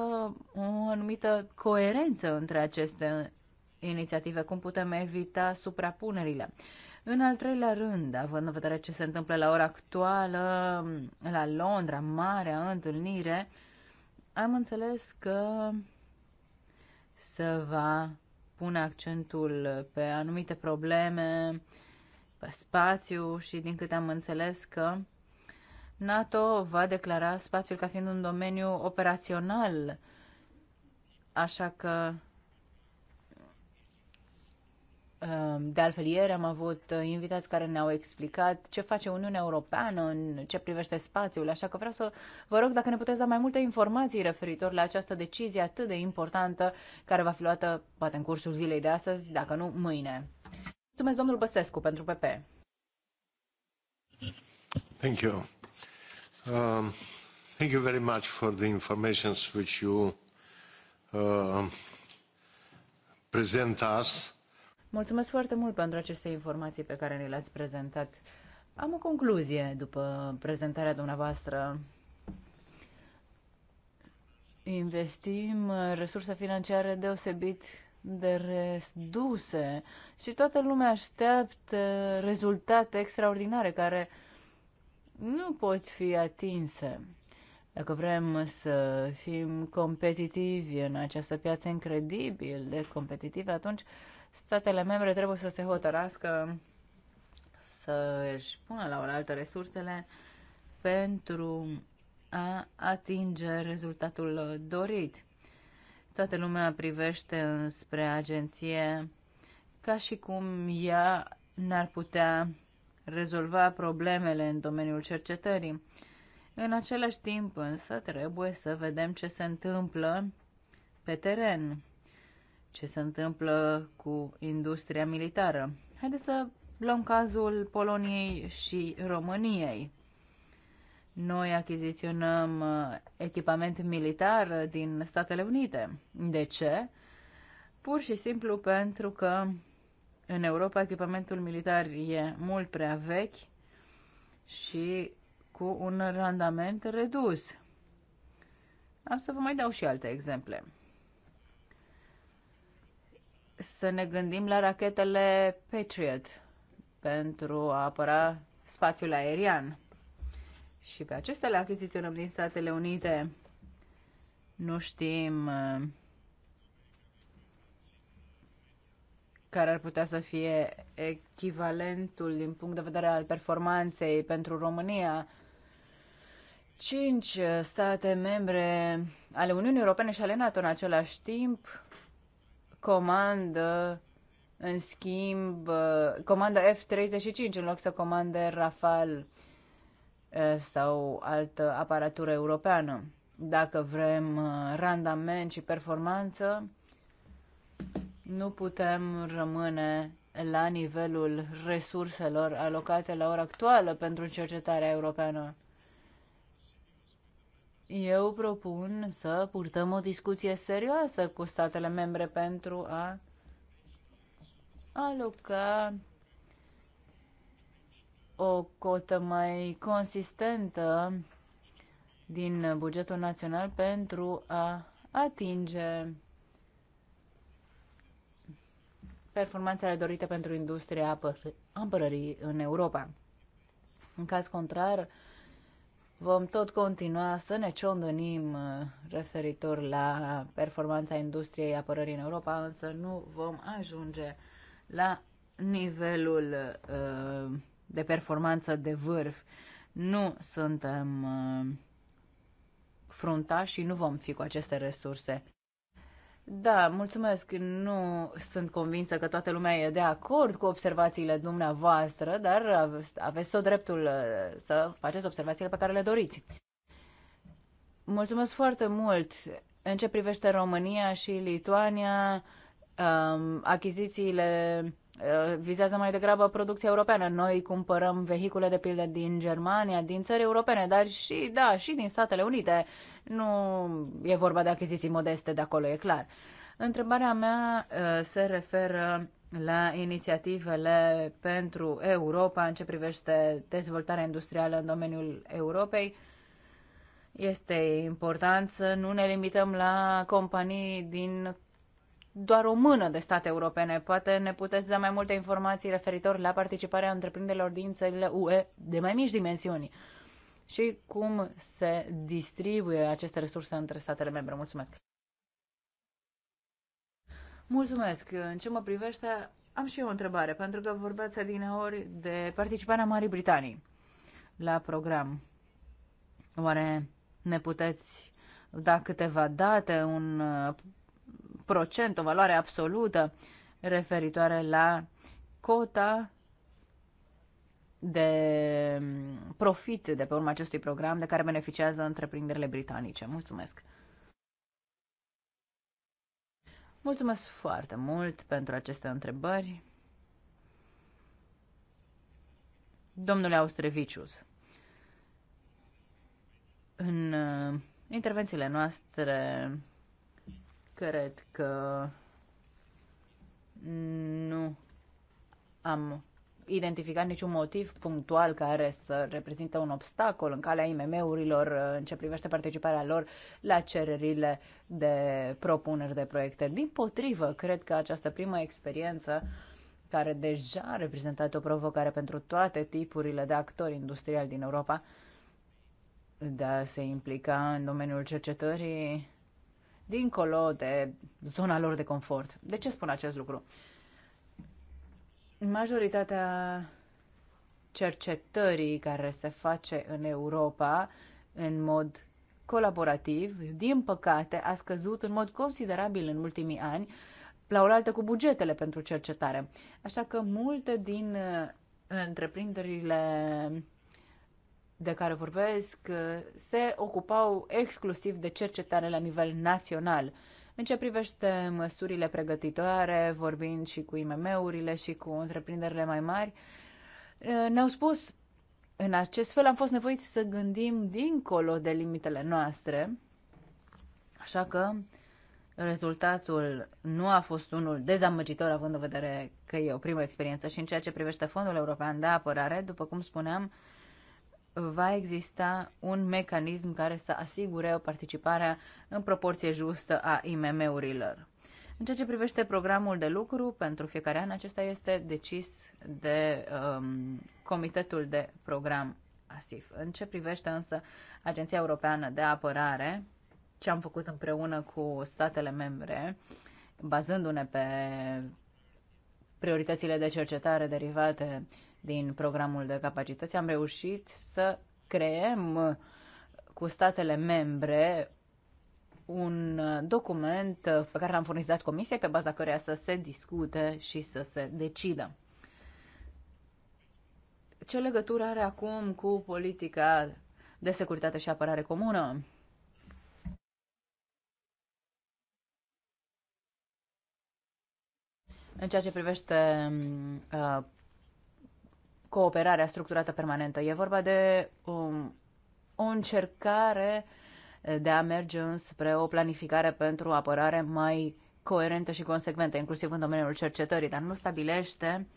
o anumită coerență între aceste inițiative, cum putem evita suprapunerile. În al treilea rând, având în vedere ce se întâmplă la ora actuală, la Londra, marea întâlnire, am înțeles că se va pune accentul pe anumite probleme, pe spațiu și din câte am înțeles că NATO va declara spațiul ca fiind un domeniu operațional, așa că um, de altfel, ieri am avut invitați care ne-au explicat ce face Uniunea Europeană în ce privește spațiul, așa că vreau să vă rog dacă ne puteți da mai multe informații referitor la această decizie atât de importantă care va fi luată poate în cursul zilei de astăzi, dacă nu mâine. Mulțumesc, domnul Băsescu, pentru PP. Thank you. Um, thank you very much for the information which you uh, present us. Mulțumesc foarte mult pentru aceste informații pe care ni le-ați prezentat. Am o concluzie după prezentarea dumneavoastră. Investim resurse financiare deosebit de reduse și toată lumea așteaptă rezultate extraordinare care nu pot fi atinse. Dacă vrem să fim competitivi în această piață incredibil de competitivă, atunci statele membre trebuie să se hotărască să își pună la oaltă resursele pentru a atinge rezultatul dorit. Toată lumea privește înspre agenție ca și cum ea n-ar putea rezolva problemele în domeniul cercetării. În același timp însă trebuie să vedem ce se întâmplă pe teren, ce se întâmplă cu industria militară. Haideți să luăm cazul Poloniei și României. Noi achiziționăm uh, echipament militar din Statele Unite. De ce? Pur și simplu pentru că în Europa, echipamentul militar e mult prea vechi și cu un randament redus. Am să vă mai dau și alte exemple. Să ne gândim la rachetele Patriot pentru a apăra spațiul aerian. Și pe acestea le achiziționăm din Statele Unite. Nu știm uh, care ar putea să fie echivalentul din punct de vedere al performanței pentru România. Cinci state membre ale Uniunii Europene și ale NATO în același timp comandă în schimb, comandă F-35 în loc să comande Rafale sau altă aparatură europeană. Dacă vrem uh, randament și performanță, nu putem rămâne la nivelul resurselor alocate la ora actuală pentru cercetarea europeană. Eu propun să purtăm o discuție serioasă cu statele membre pentru a aloca o cotă mai consistentă din bugetul național pentru a atinge performanțele dorite pentru industria apăr apărării în Europa. În caz contrar, vom tot continua să ne ciondănim uh, referitor la performanța industriei apărării în Europa, însă nu vom ajunge la nivelul uh, de performanță de vârf. Nu suntem uh, frunta și nu vom fi cu aceste resurse. Da, mulțumesc. Nu sunt convinsă că toată lumea e de acord cu observațiile dumneavoastră, dar aveți tot dreptul uh, să faceți observațiile pe care le doriți. Mulțumesc foarte mult. În ce privește România și Lituania, um, achizițiile Eh, vizează mai degrabă producția europeană. Noi cumpărăm vehicule de pildă din Germania, din țări europene, dar și, da, și din Statele Unite. Nu e vorba de achiziții modeste de acolo, e clar. Întrebarea mea eh, se referă la inițiativele pentru Europa în ce privește dezvoltarea industrială în domeniul Europei. Este important să nu ne limităm la companii din doar o mână de state europene. Poate ne puteți da mai multe informații referitor la participarea întreprinderilor din țările UE de mai mici dimensiuni și cum se distribuie aceste resurse între statele membre. Mulțumesc! Mulțumesc! În ce mă privește, am și eu o întrebare, pentru că vorbeați adineori de participarea Marii Britanii la program. Oare ne puteți da câteva date, un procent, o valoare absolută referitoare la cota de profit de pe urma acestui program de care beneficiază întreprinderile britanice. Mulțumesc! Mulțumesc foarte mult pentru aceste întrebări. Domnule Austrevicius, în uh, intervențiile noastre Cred că nu am identificat niciun motiv punctual care să reprezintă un obstacol în calea IMM-urilor uh, în ce privește participarea lor la cererile de propuneri de proiecte. Din potrivă, cred că această primă experiență care deja a reprezentat o provocare pentru toate tipurile de actori industriali din Europa, de a se implica în domeniul cercetării dincolo de zona lor de confort. De ce spun acest lucru? Majoritatea cercetării care se face în Europa în mod colaborativ, din păcate, a scăzut în mod considerabil în ultimii ani, la oaltă cu bugetele pentru cercetare. Așa că multe din uh, întreprinderile de care vorbesc uh, se ocupau exclusiv de cercetare la nivel național. În ce privește măsurile pregătitoare, vorbind și cu IMM-urile și cu întreprinderile mai mari, uh, ne-au spus în acest fel am fost nevoiți să gândim dincolo de limitele noastre, așa că rezultatul nu a fost unul dezamăgitor, având în vedere că e o primă experiență și în ceea ce privește Fondul European de Apărare, după cum spuneam, va exista un mecanism care să asigure o participare în proporție justă a IMM-urilor. În ceea ce privește programul de lucru, pentru fiecare an acesta este decis de um, Comitetul de Program ASIF. În ce privește însă Agenția Europeană de Apărare, ce am făcut împreună cu statele membre, bazându-ne pe prioritățile de cercetare derivate uh, din programul de capacități, am reușit să creăm cu statele membre un document pe care l-am furnizat comisiei, pe baza căreia să se discute și să se decidă. Ce legătură are acum cu politica de securitate și apărare comună? În ceea ce privește uh, cooperarea structurată permanentă. E vorba de um, o încercare de a merge înspre o planificare pentru apărare mai coerentă și consecventă, inclusiv în domeniul cercetării, dar nu stabilește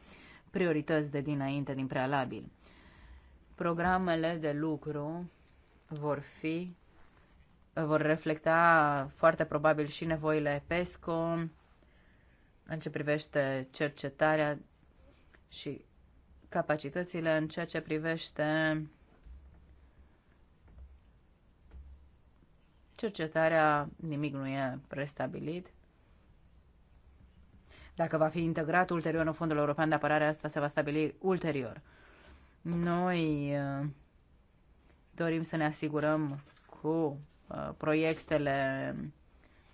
priorități de dinainte, din prealabil. Programele de lucru vor fi, vor reflecta foarte probabil și nevoile PESCO în ce privește cercetarea și capacitățile în ceea ce privește cercetarea, nimic nu e prestabilit. Dacă va fi integrat ulterior în Fondul European de Apărare, asta se va stabili ulterior. Noi uh, dorim să ne asigurăm cu uh, proiectele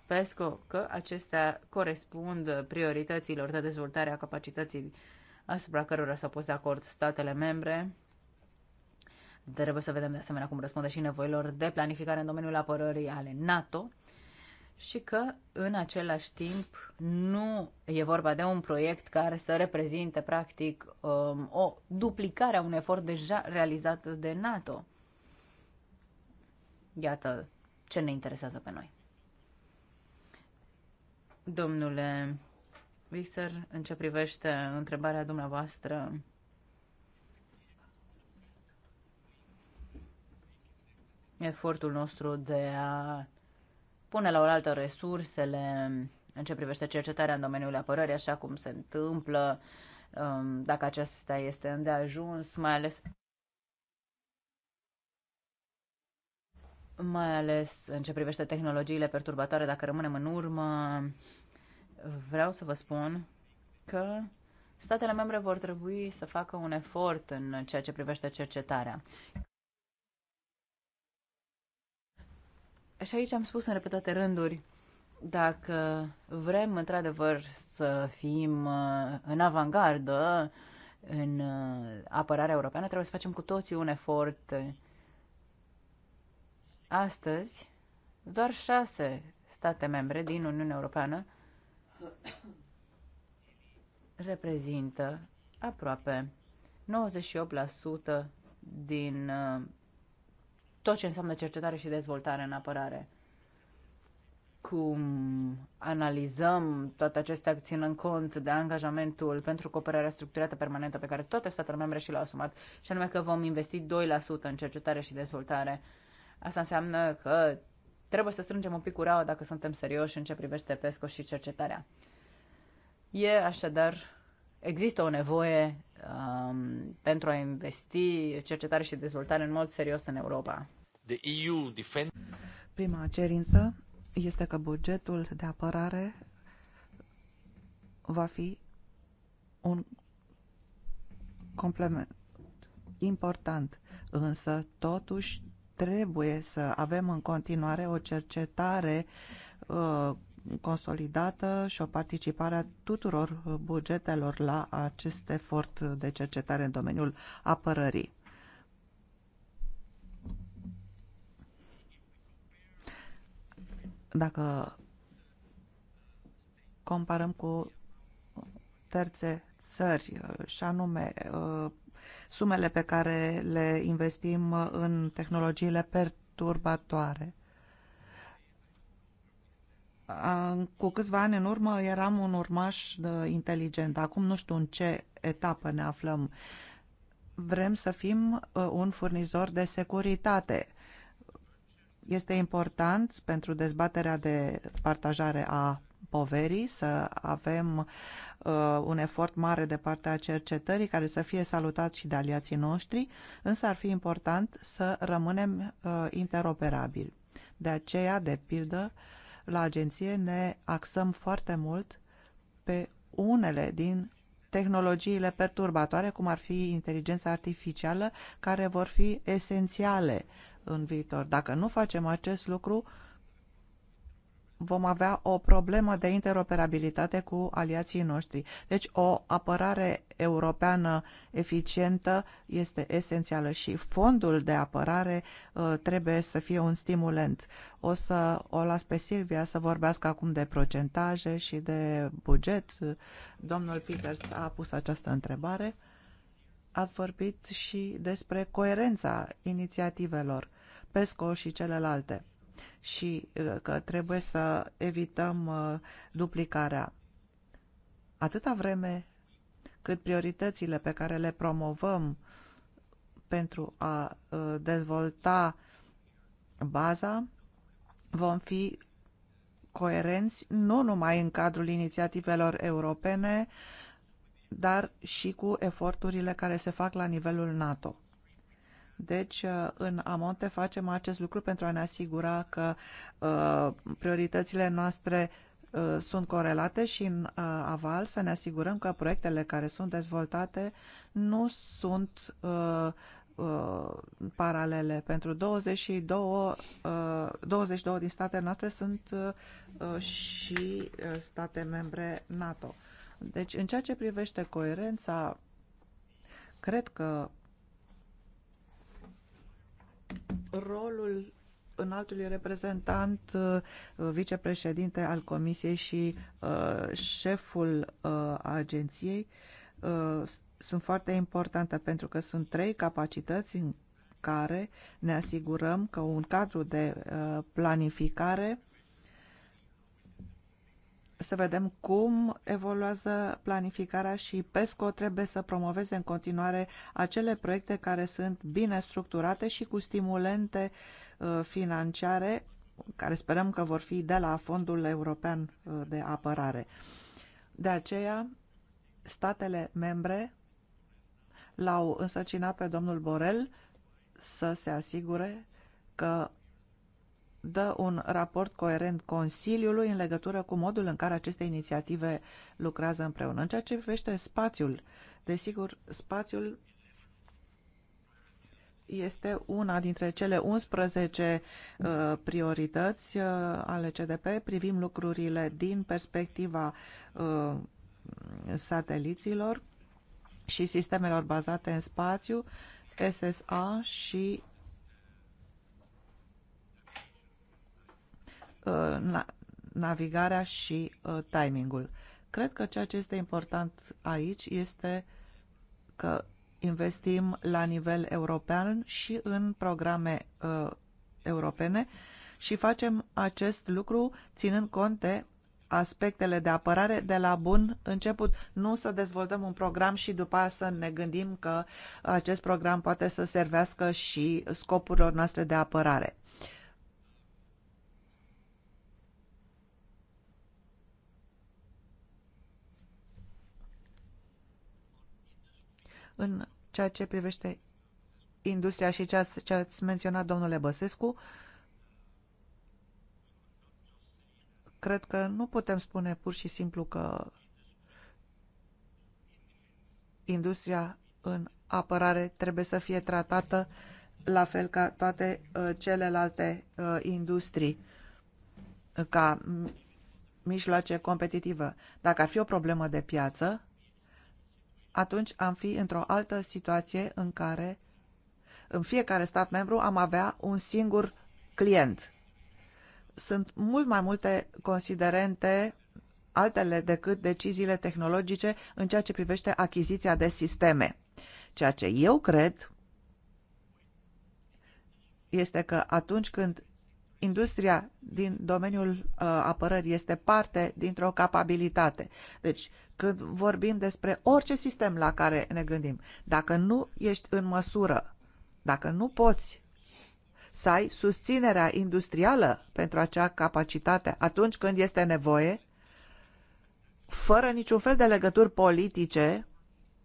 PESCO că acestea corespund priorităților de dezvoltare a capacității asupra cărora s-au pus de acord statele membre. Trebuie să vedem de asemenea cum răspunde și nevoilor de planificare în domeniul apărării ale NATO și că în același timp nu e vorba de un proiect care să reprezinte practic um, o duplicare a unui efort deja realizat de NATO. Iată ce ne interesează pe noi. Domnule Victor, în ce privește întrebarea dumneavoastră, efortul nostru de a pune la oaltă resursele în ce privește cercetarea în domeniul apărării, așa cum se întâmplă, um, dacă acesta este îndeajuns, mai ales mai ales în ce privește tehnologiile perturbatoare, dacă rămânem în urmă, vreau să vă spun că statele membre vor trebui să facă un efort în ceea ce privește cercetarea. Și aici am spus în repetate rânduri, dacă vrem într-adevăr să fim uh, în avangardă în uh, apărarea europeană, trebuie să facem cu toții un efort. Astăzi, doar șase state membre din Uniunea Europeană reprezintă aproape 98% din uh, tot ce înseamnă cercetare și dezvoltare în apărare. Cum analizăm toate acestea ținând cont de angajamentul pentru cooperarea structurată permanentă pe care toate statele membre și l-au asumat, și anume că vom investi 2% în cercetare și dezvoltare. Asta înseamnă că Trebuie să strângem un pic uraua dacă suntem serioși în ce privește PESCO și cercetarea. E așadar, există o nevoie um, pentru a investi cercetare și dezvoltare în mod serios în Europa. The EU defend... Prima cerință este că bugetul de apărare va fi un complement important, însă totuși trebuie să avem în continuare o cercetare uh, consolidată și o participare a tuturor uh, bugetelor la acest efort de cercetare în domeniul apărării. Dacă comparăm cu terțe țări, uh, și anume sumele pe care le investim în tehnologiile perturbatoare. Cu câțiva ani în urmă eram un urmaș uh, inteligent. Acum nu știu în ce etapă ne aflăm. Vrem să fim uh, un furnizor de securitate este important pentru dezbaterea de partajare a poverii să avem Uh, un efort mare de partea cercetării care să fie salutat și de aliații noștri, însă ar fi important să rămânem uh, interoperabili. De aceea, de pildă, la agenție ne axăm foarte mult pe unele din tehnologiile perturbatoare, cum ar fi inteligența artificială, care vor fi esențiale în viitor. Dacă nu facem acest lucru, uh, vom avea o problemă de interoperabilitate cu aliații noștri. Deci o apărare europeană eficientă este esențială și fondul de apărare uh, trebuie să fie un stimulent. O să o las pe Silvia să vorbească acum de procentaje și de buget. Domnul Peters a pus această întrebare. Ați vorbit și despre coerența inițiativelor PESCO și celelalte și uh, că trebuie să evităm uh, duplicarea. Atâta vreme cât prioritățile pe care le promovăm pentru a uh, dezvolta baza vom fi coerenți nu numai în cadrul inițiativelor europene, dar și cu eforturile care se fac la nivelul NATO. Deci, uh, în Amonte facem acest lucru pentru a ne asigura că uh, prioritățile noastre uh, sunt corelate și în aval să ne asigurăm că proiectele care sunt dezvoltate nu sunt paralele. Pentru 22, 22 din statele noastre sunt și state membre NATO. Deci, în ceea ce privește coerența, cred că rolul înaltului reprezentant, uh, vicepreședinte al Comisiei și uh, șeful uh, agenției sunt foarte importante pentru că sunt trei capacități în care ne asigurăm că un cadru de planificare să vedem cum evoluează planificarea și PESCO trebuie să promoveze în continuare acele proiecte care sunt bine structurate și cu stimulente uh, financiare care sperăm că vor fi de la Fondul European uh, de Apărare. De aceea, statele membre l-au însăcinat pe domnul Borel să se asigure că dă un raport coerent Consiliului în legătură cu modul în care aceste inițiative lucrează împreună. În ceea ce privește spațiul, desigur, spațiul este una dintre cele 11 uh, priorități uh, ale CDP. Privim lucrurile din perspectiva uh, sateliților și sistemelor bazate în spațiu, SSA și Uh, navigarea și uh, timingul. Cred că ceea ce este important aici este că investim la nivel european și în programe uh, europene și facem acest lucru ținând cont de aspectele de apărare de la bun început. Nu să dezvoltăm un program și după aceea să ne gândim că acest program poate să servească și scopurilor noastre de apărare. În ceea ce privește industria și ce ați, ce ați menționat, domnule Băsescu, cred că nu putem spune pur și simplu că industria în apărare trebuie să fie tratată la fel ca toate uh, celelalte uh, industrii, ca mijloace competitive. Dacă ar fi o problemă de piață, atunci am fi într-o altă situație în care în fiecare stat membru am avea un singur client. Sunt mult mai multe considerente altele decât deciziile tehnologice în ceea ce privește achiziția de sisteme. Ceea ce eu cred este că atunci când industria din domeniul uh, apărării este parte dintr-o capabilitate. Deci, când vorbim despre orice sistem la care ne gândim, dacă nu ești în măsură, dacă nu poți să ai susținerea industrială pentru acea capacitate atunci când este nevoie, fără niciun fel de legături politice,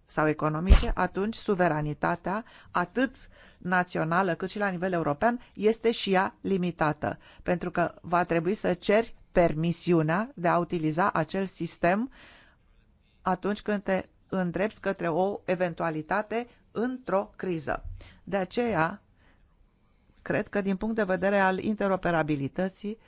sau economice, atunci suveranitatea, atât națională cât și la nivel european, este și ea limitată, pentru că va trebui să ceri permisiunea de a utiliza acel sistem atunci când te îndrepți către o eventualitate într-o criză. De aceea, cred că din punct de vedere al interoperabilității,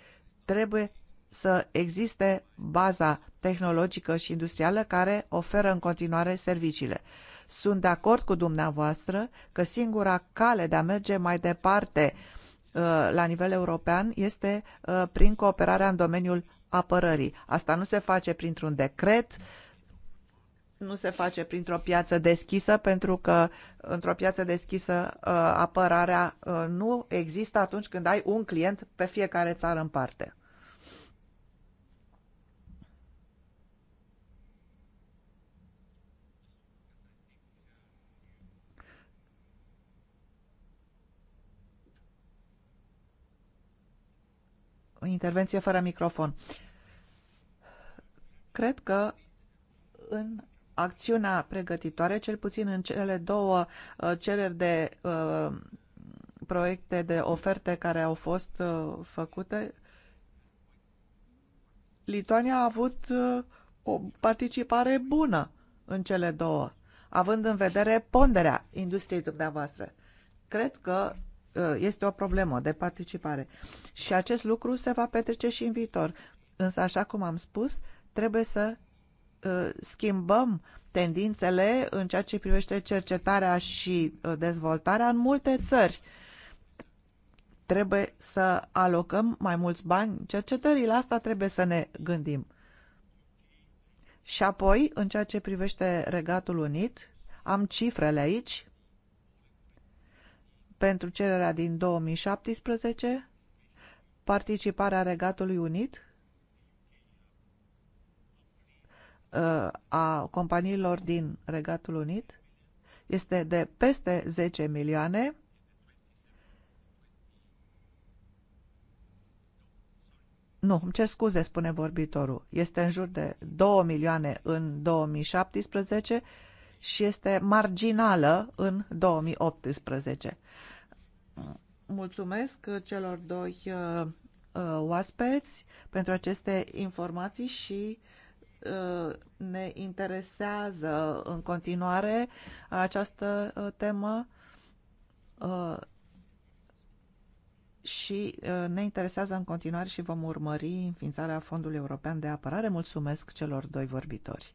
trebuie să existe baza tehnologică și industrială care oferă în continuare serviciile. Sunt de acord cu dumneavoastră că singura cale de a merge mai departe uh, la nivel european este uh, prin cooperarea în domeniul apărării. Asta nu se face printr-un decret, nu se face printr-o piață deschisă, pentru că într-o piață deschisă uh, apărarea nu există atunci când ai un client pe fiecare țară în parte. intervenție fără microfon. Cred că în acțiunea pregătitoare, cel puțin în cele două uh, cereri de uh, proiecte de oferte care au fost uh, făcute, Lituania a avut o participare bună în cele două, având în vedere ponderea industriei dumneavoastră. Cred că Uh, este o problemă de participare. Și acest lucru se va petrece și în viitor. Însă, așa cum am spus, trebuie să uh, schimbăm tendințele în ceea ce privește cercetarea și uh, dezvoltarea în multe țări. Trebuie să alocăm mai mulți bani cercetării, la asta trebuie să ne gândim. Și apoi, în ceea ce privește Regatul Unit, am cifrele aici, pentru cererea din 2017, participarea Regatului Unit uh, a companiilor din Regatul Unit este de peste 10 milioane. Nu, îmi cer scuze, spune vorbitorul. Este în jur de 2 milioane în 2017 și este marginală în 2018. Mulțumesc celor doi uh, uh, oaspeți pentru aceste informații și uh, ne interesează în continuare această temă și ne interesează în continuare și vom urmări înființarea Fondului European de Apărare. Mulțumesc celor doi vorbitori.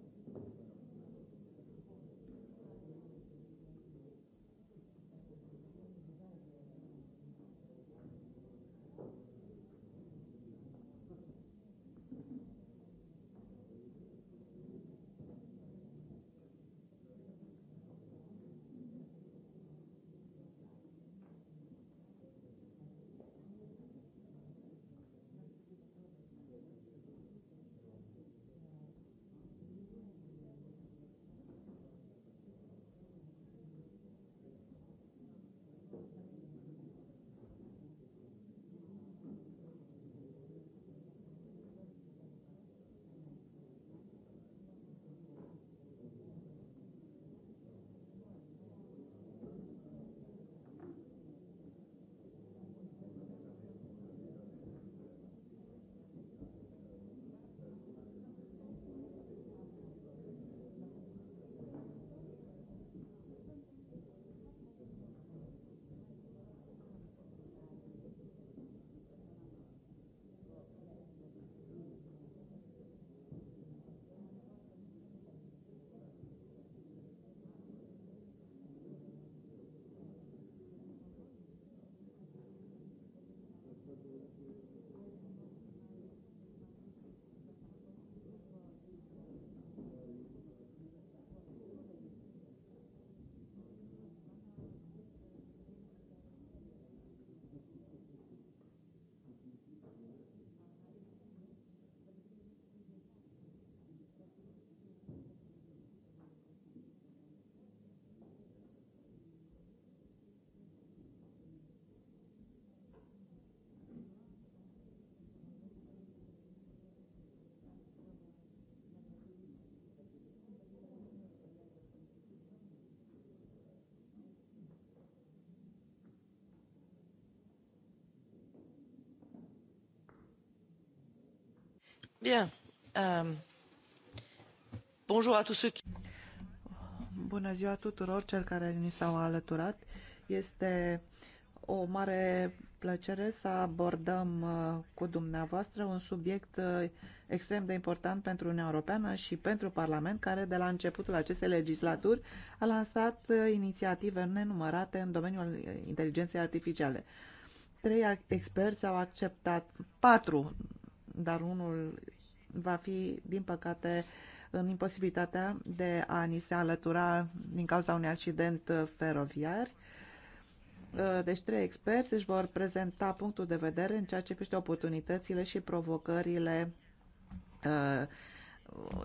Euh, Bună ziua tuturor cel care ni s-au alăturat. Este o mare plăcere să abordăm uh, cu dumneavoastră un subiect uh, extrem de important pentru Uniunea Europeană și pentru Parlament, care de la începutul acestei legislaturi a lansat uh, inițiative nenumărate în domeniul inteligenței artificiale. Trei experți au acceptat, patru, dar unul va fi, din păcate, în imposibilitatea de a ni se alătura din cauza unui accident feroviar. Uh, deci trei experți își vor prezenta punctul de vedere în ceea ce privește oportunitățile și provocările uh,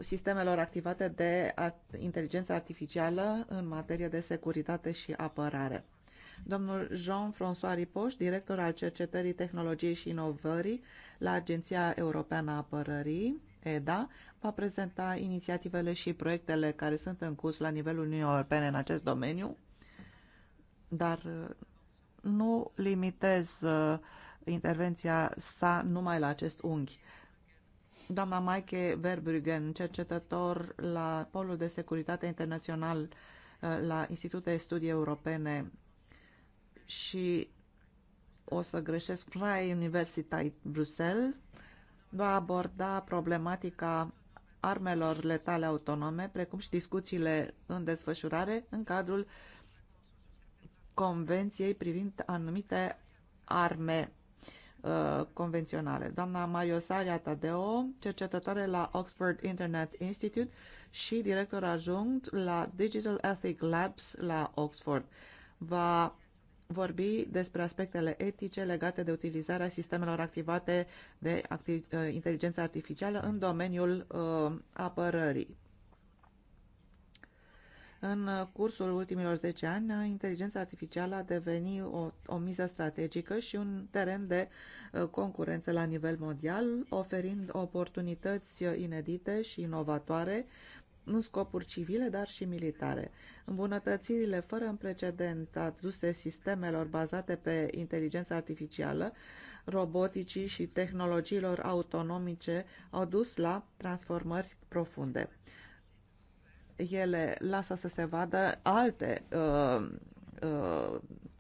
sistemelor activate de inteligență artificială în materie de securitate și apărare domnul Jean-François Ripoș, director al Cercetării Tehnologiei și Inovării la Agenția Europeană a Apărării, EDA, va prezenta inițiativele și proiectele care sunt în curs la nivelul Uniunii Europene în acest domeniu, dar uh, nu limitez uh, intervenția sa numai la acest unghi. Doamna Maike Verbruggen, cercetător la Polul de Securitate Internațional uh, la Institutul de Studii Europene și o să greșesc, Freie Universitate Bruxelles va aborda problematica armelor letale autonome, precum și discuțiile în desfășurare în cadrul Convenției privind anumite arme uh, convenționale. Doamna Mario Saria Tadeo, cercetătoare la Oxford Internet Institute și director ajunct la Digital Ethic Labs la Oxford, va vorbi despre aspectele etice legate de utilizarea sistemelor activate de acti uh, inteligență artificială în domeniul uh, apărării. În cursul ultimilor 10 ani, inteligența artificială a devenit o, o miză strategică și un teren de uh, concurență la nivel mondial, oferind oportunități inedite și inovatoare nu scopuri civile, dar și militare. Îmbunătățirile fără în precedent aduse sistemelor bazate pe inteligența artificială, roboticii și tehnologiilor autonomice au dus la transformări profunde. Ele lasă să se vadă alte uh, uh,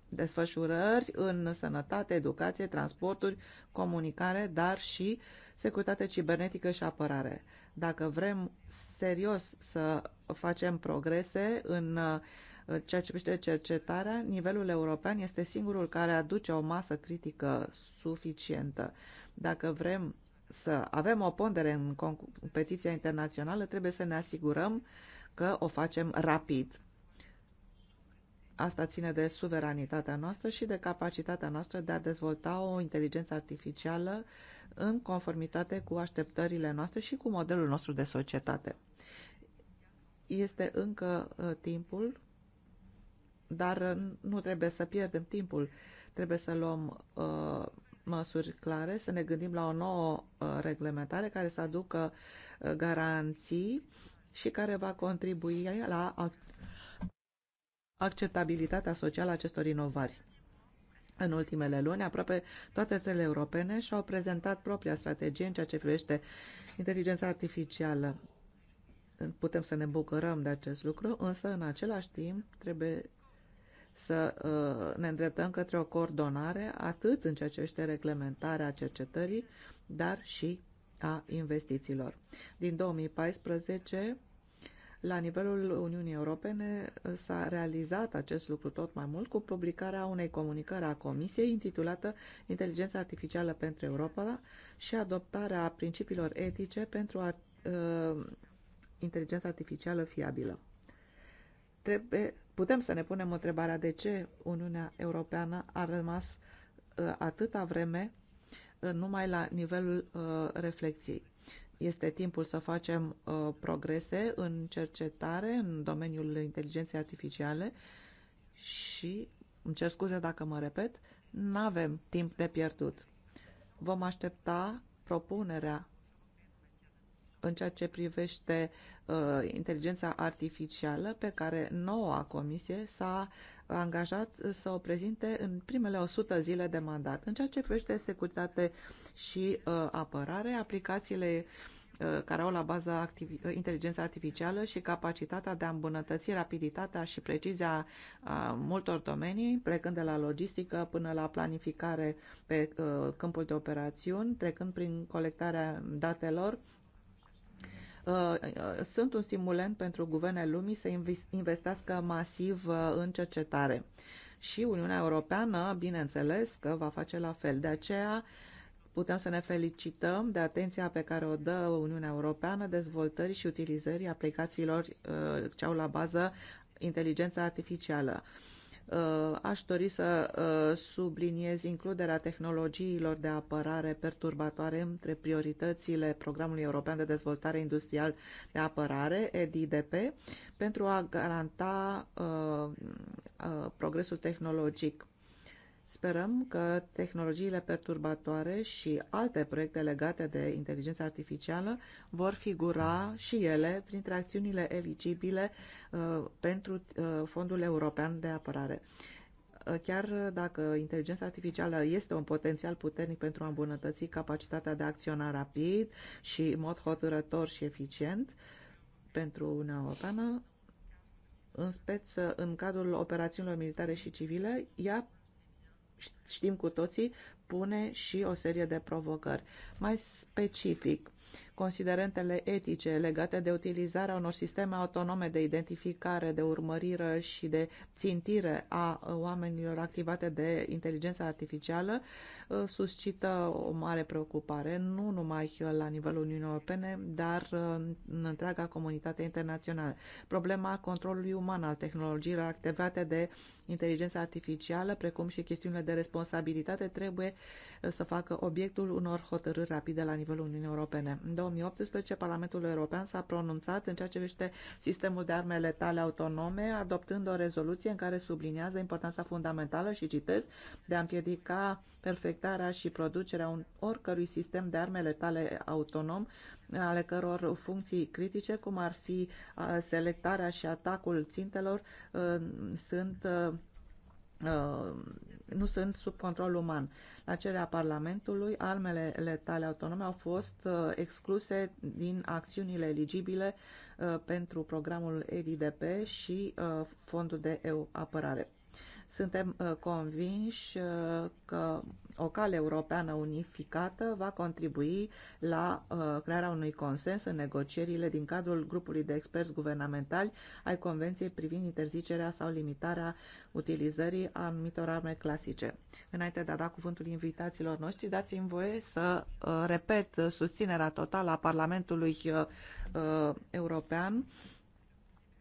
desfășurări în sănătate, educație, transporturi, comunicare, dar și securitate cibernetică și apărare. Dacă vrem serios să facem progrese în uh, ceea ce privește cercetarea. Nivelul european este singurul care aduce o masă critică suficientă. Dacă vrem să avem o pondere în competiția internațională, trebuie să ne asigurăm că o facem rapid. Asta ține de suveranitatea noastră și de capacitatea noastră de a dezvolta o inteligență artificială uh, în conformitate cu așteptările noastre și cu modelul nostru de societate. Este încă uh, timpul, dar uh, nu trebuie să pierdem timpul. Trebuie să luăm uh, măsuri clare, să ne gândim la o nouă uh, reglementare care să aducă uh, garanții și care va contribui la acceptabilitatea socială a acestor inovări. În ultimele luni, aproape toate țările europene și-au prezentat propria strategie în ceea ce privește inteligența artificială. Putem să ne bucurăm de acest lucru, însă în același timp trebuie să uh, ne îndreptăm către o coordonare atât în ceea ce este reglementarea cercetării, dar și a investițiilor. Din 2014 la nivelul Uniunii Europene eh, s-a realizat acest lucru tot mai mult cu publicarea unei comunicări a Comisiei intitulată Inteligența Artificială pentru Europa și adoptarea principiilor etice pentru a, uh, inteligența artificială fiabilă. Trebuie, putem să ne punem întrebarea de ce Uniunea Europeană a rămas uh, atâta vreme uh, numai la nivelul uh, reflexiei. Este timpul să facem uh, progrese în cercetare în domeniul inteligenței artificiale și, îmi cer scuze dacă mă repet, nu avem timp de pierdut. Vom aștepta propunerea în ceea ce privește uh, inteligența artificială pe care noua comisie s-a angajat să o prezinte în primele 100 zile de mandat. În ceea ce privește securitate și uh, apărare, aplicațiile uh, care au la bază activi- uh, inteligența artificială și capacitatea de a îmbunătăți rapiditatea și precizia a uh, multor domenii, plecând de la logistică până la planificare pe uh, câmpul de operațiuni, trecând prin colectarea datelor, Uh, uh, sunt un stimulent pentru guvernele lumii să investească masiv uh, în cercetare. Și Uniunea Europeană, bineînțeles, că va face la fel. De aceea putem să ne felicităm de atenția pe care o dă Uniunea Europeană dezvoltării și utilizării aplicațiilor ce au la bază inteligența artificială. Uh, aș dori să uh, subliniez includerea tehnologiilor de apărare perturbatoare între prioritățile Programului European de Dezvoltare Industrial de Apărare, EDIDP, pentru a garanta uh, progresul tehnologic Sperăm că tehnologiile perturbatoare și alte proiecte legate de inteligența artificială vor figura și ele printre acțiunile eligibile uh, pentru uh, Fondul European de Apărare. Uh, chiar dacă inteligența artificială este un potențial puternic pentru a îmbunătăți capacitatea de a acționa rapid și în mod hotărător și eficient pentru Uniunea Europeană, în speț în cadrul operațiunilor militare și civile, ea știm cu toții, pune și o serie de provocări. Mai specific, considerentele etice legate de utilizarea unor sisteme autonome de identificare, de urmărire și de țintire a oamenilor activate de inteligența artificială uh, suscită o mare preocupare, nu numai la nivelul Uniunii Europene, dar uh, în întreaga comunitate internațională. Problema controlului uman al tehnologiilor activate de inteligența artificială, precum și chestiunile de responsabilitate, trebuie să facă obiectul unor hotărâri rapide la nivelul Uniunii Europene. În 2018, Parlamentul European s-a pronunțat în ceea ce privește sistemul de arme letale autonome, adoptând o rezoluție în care subliniază importanța fundamentală și citez de a împiedica perfectarea și producerea un, oricărui sistem de arme letale autonom ale căror funcții critice, cum ar fi selectarea și atacul țintelor, sunt Uh, nu sunt sub control uman. La cererea Parlamentului, armele letale autonome au fost uh, excluse din acțiunile eligibile uh, pentru programul EDDP și fondul de EU apărare. Suntem uh, convinși uh, că o cale europeană unificată va contribui la uh, crearea unui consens în negocierile din cadrul grupului de experți guvernamentali ai Convenției privind interzicerea sau limitarea utilizării anumitor arme clasice. Înainte de a da cuvântul invitațiilor noștri, dați-mi voie să repet susținerea totală a Parlamentului European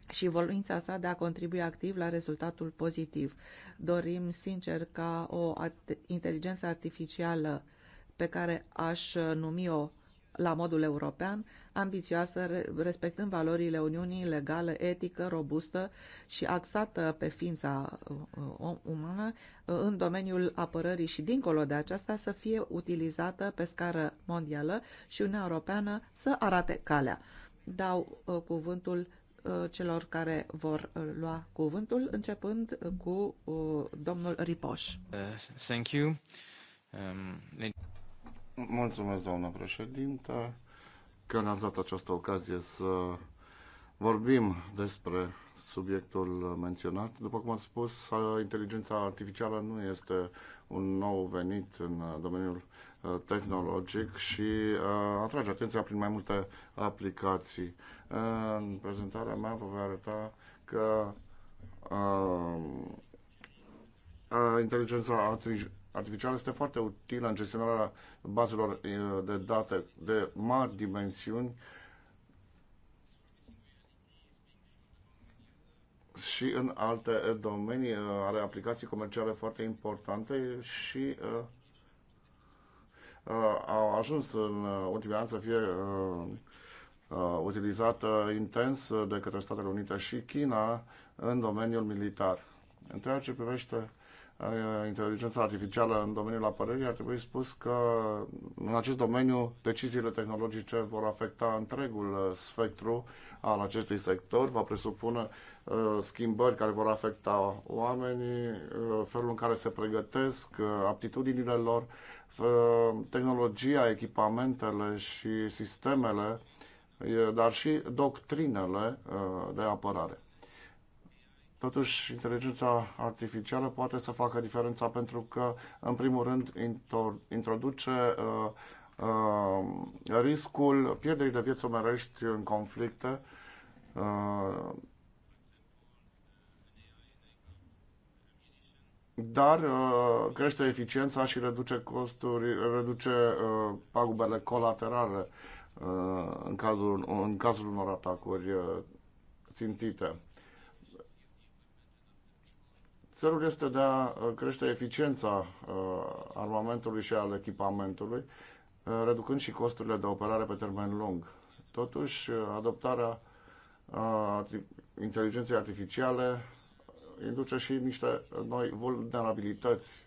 și voința sa de a contribui activ la rezultatul pozitiv. Dorim sincer ca o inteligență artificială pe care aș numi-o la modul european, ambițioasă, respectând valorile Uniunii, legală, etică, robustă și axată pe ființa uh, uh, umană uh, în domeniul apărării și dincolo de aceasta să fie utilizată pe scară mondială și Uniunea Europeană să arate calea. Dau cuvântul Uh, celor care vor uh, lua cuvântul, începând uh, cu domnul Ripoș. Thank you. Um, Mulțumesc, doamna președintă, că ne-ați dat această ocazie să vorbim despre subiectul menționat. După cum am spus, inteligența artificială nu este un nou venit în domeniul Uh, tehnologic și uh, atrage atenția prin mai multe aplicații. Uh, în prezentarea mea vă voi arăta că inteligența artificială este foarte utilă în gestionarea bazelor de date de mari dimensiuni și în alte domenii are aplicații comerciale foarte importante și uh, Uh, au ajuns în ultimii uh, ani să fie uh, utilizată intens de către Statele Unite și China în domeniul militar. În ceea ce privește inteligența artificială în domeniul apărării, ar trebui spus că în acest domeniu deciziile tehnologice vor afecta întregul spectru al acestui sector, va presupune schimbări care vor afecta oamenii, felul în care se pregătesc, aptitudinile lor Ă, tehnologia, echipamentele și sistemele, dar și doctrinele ă, de apărare. Totuși, inteligența artificială poate să facă diferența pentru că, în primul rând, introduce uh, uh, riscul pierderii de vieți omerești în conflicte, uh, dar uh, crește eficiența și reduce costuri, reduce uh, pagubele colaterale uh, în, cazul, în cazul unor atacuri uh, țintite. Țelul este de a uh, crește eficiența uh, armamentului și al echipamentului, uh, reducând și costurile de operare pe termen lung. Totuși, uh, adoptarea uh, inteligenței artificiale induce și niște noi vulnerabilități.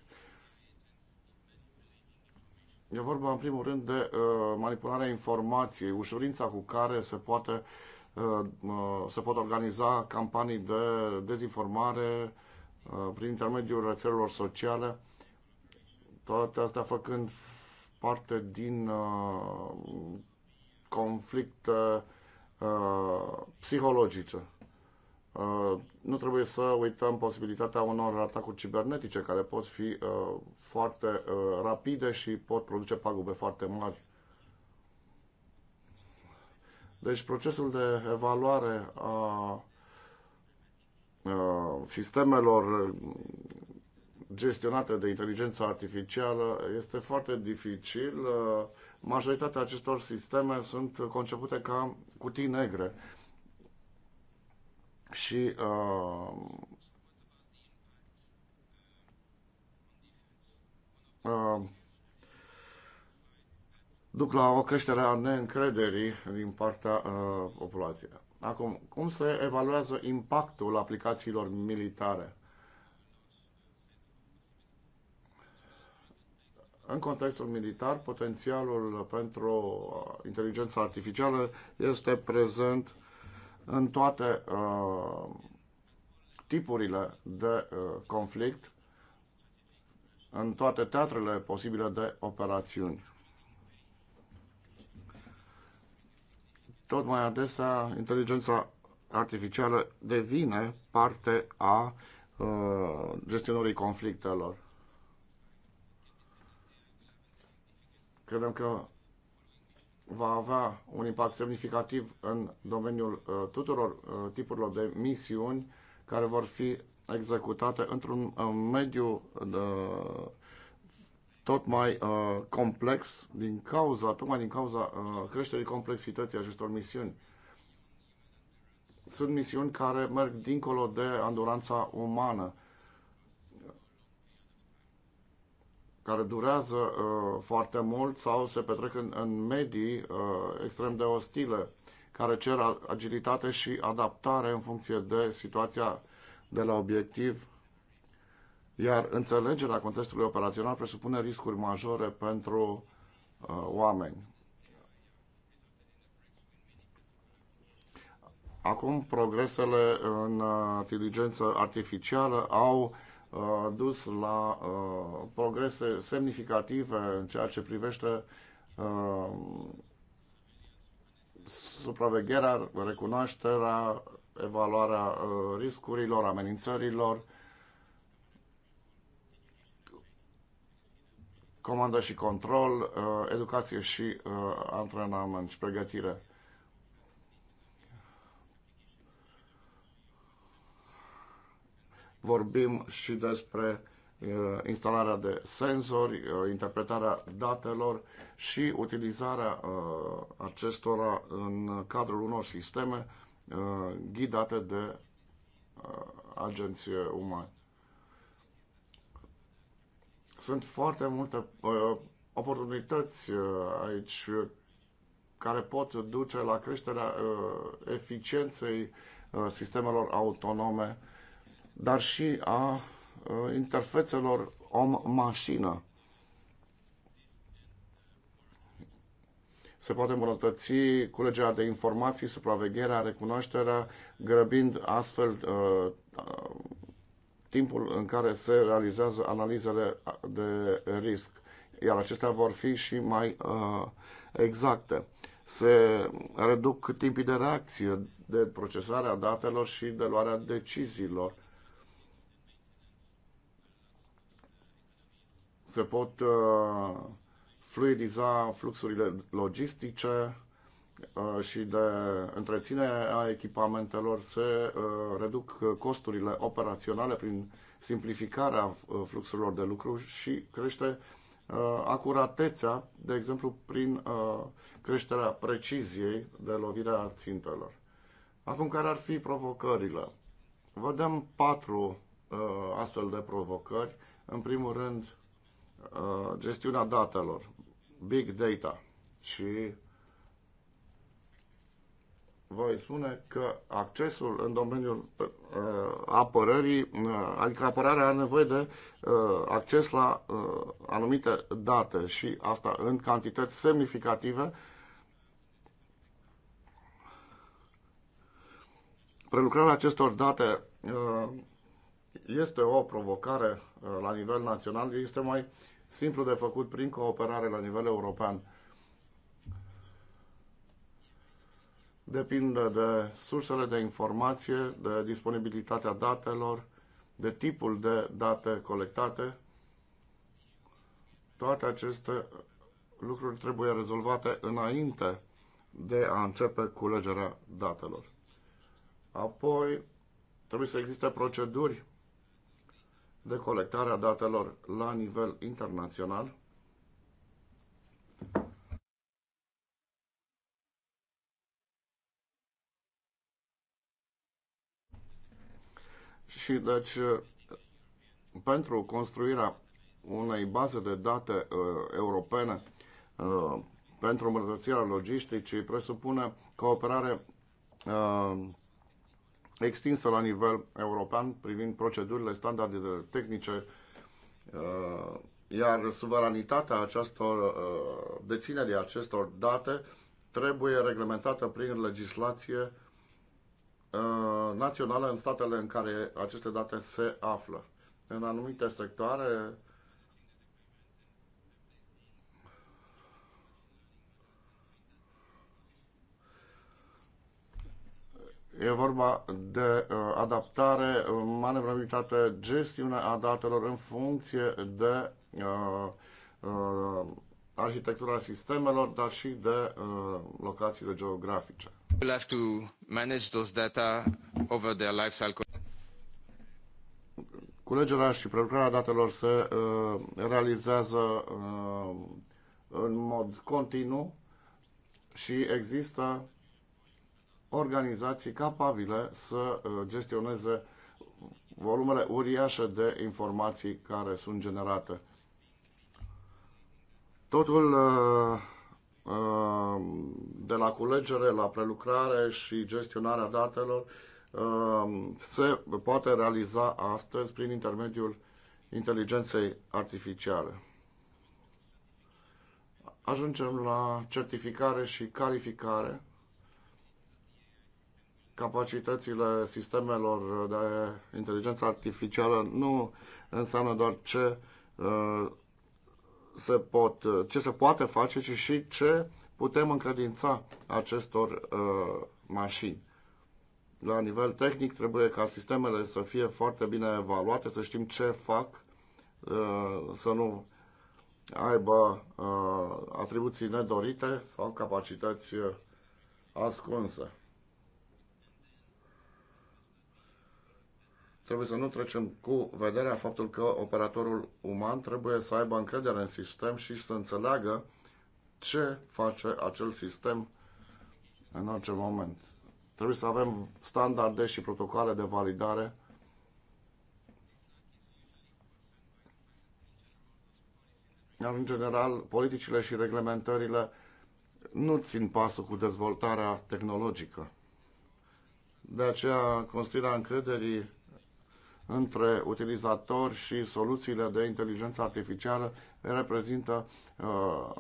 E vorba, în primul rând, de uh, manipularea informației, ușurința cu care se poate uh, uh, se pot organiza campanii de dezinformare uh, prin intermediul rețelelor sociale, toate astea făcând parte din uh, conflicte uh, psihologice. Uh, nu trebuie să uităm posibilitatea unor atacuri cibernetice care pot fi uh, foarte uh, rapide și pot produce pagube foarte mari. Deci procesul de evaluare a sistemelor gestionate de inteligență artificială este foarte dificil. Majoritatea acestor sisteme sunt concepute ca cutii negre și uh, uh, duc la o creștere a neîncrederii din partea uh, populației. Acum, cum se evaluează impactul aplicațiilor militare? În contextul militar, potențialul pentru uh, inteligența artificială este prezent în toate uh, tipurile de uh, conflict, în toate teatrele posibile de operațiuni. Tot mai adesea, inteligența artificială devine parte a uh, gestionării conflictelor. Credem că va avea un impact semnificativ în domeniul uh, tuturor uh, tipurilor de misiuni care vor fi executate într-un uh, mediu tot mai complex din cauza, tocmai din cauza creșterii complexității acestor misiuni. Sunt misiuni care merg dincolo de anduranța umană care durează uh, foarte mult sau se petrec în, în medii uh, extrem de ostile, care cer agilitate și adaptare în funcție de situația de la obiectiv, iar înțelegerea contextului operațional presupune riscuri majore pentru uh, oameni. Acum progresele în uh, inteligență artificială au uh, Uh, dus la uh, progrese semnificative în ceea ce privește uh, supravegherea, recunoașterea, evaluarea riscurilor, amenințărilor, comandă și control, educație și antrenament și pregătire. vorbim și despre uh, instalarea de senzori, uh, interpretarea datelor și utilizarea uh, acestora în cadrul unor sisteme ghidate de agenții umane. Sunt foarte multe oportunități aici care pot duce la creșterea eficienței sistemelor autonome dar și a interfețelor om-mașină. Se poate îmbunătăți culegerea de informații, supravegherea, recunoașterea, grăbind astfel timpul în care se realizează analizele de risc, iar acestea vor fi și mai uh, exacte. Se reduc timpii de reacție, de procesarea datelor și de luarea deciziilor. se pot uh, fluidiza fluxurile logistice uh, și de întreținere a echipamentelor, se uh, reduc costurile operaționale prin simplificarea fluxurilor de lucru și crește acuratețea, de exemplu, prin creșterea preciziei de lovirea țintelor. Acum, care ar fi provocările? Vedem patru astfel de provocări. În primul rând, Uh, gestiunea datelor, big data și voi spune că accesul în domeniul uh, apărării, uh, adică apărarea are nevoie de uh, acces la uh, anumite date și asta în cantități semnificative, prelucrarea acestor date uh, este o provocare uh, la nivel național, este mai uh, simplu de făcut prin cooperare la nivel european. Depinde de sursele de informație, de disponibilitatea datelor, de tipul de date colectate. Toate aceste lucruri trebuie rezolvate înainte de a începe culegerea datelor. Apoi, trebuie să existe proceduri de colectare a datelor la nivel internațional. Și deci pentru construirea unei baze de date uh, europene uh, pentru îmbunătățirea logisticii presupune cooperare uh, extinsă la nivel european privind procedurile, standardele tehnice, uh, iar suveranitatea acestor uh, deținerii acestor date trebuie reglementată prin legislație uh, națională în statele în care aceste date se află. În anumite sectoare, E vorba de uh, adaptare, manevrabilitate, a datelor în funcție de uh, uh, arhitectura sistemelor, dar și de uh, locațiile geografice. We'll have to manage those data over their life cycle. Culegerea și prelucrarea datelor se uh, realizează uh, în mod continuu și există organizații capabile să uh, gestioneze volumele uriașe de informații care sunt generate. Totul uh, uh, de la culegere la prelucrare și gestionarea datelor se poate realiza astăzi prin intermediul inteligenței artificiale. Ajungem la certificare și calificare capacitățile sistemelor de inteligență artificială nu înseamnă doar ce uh, se, pot, ce se poate face, ci și ce putem încredința acestor uh, mașini. La nivel tehnic trebuie ca sistemele să fie foarte bine evaluate, să știm ce fac, uh, să nu aibă atribuții nedorite sau capacități ascunse. trebuie să nu trecem cu vederea faptul că operatorul uman trebuie să aibă încredere în sistem și să înțeleagă ce face acel sistem în orice moment. Trebuie să avem standarde și protocoale de validare Iar, în general, politicile și reglementările nu țin pasul cu dezvoltarea tehnologică. De aceea, construirea încrederii între utilizatori și soluțiile de inteligență artificială reprezintă uh,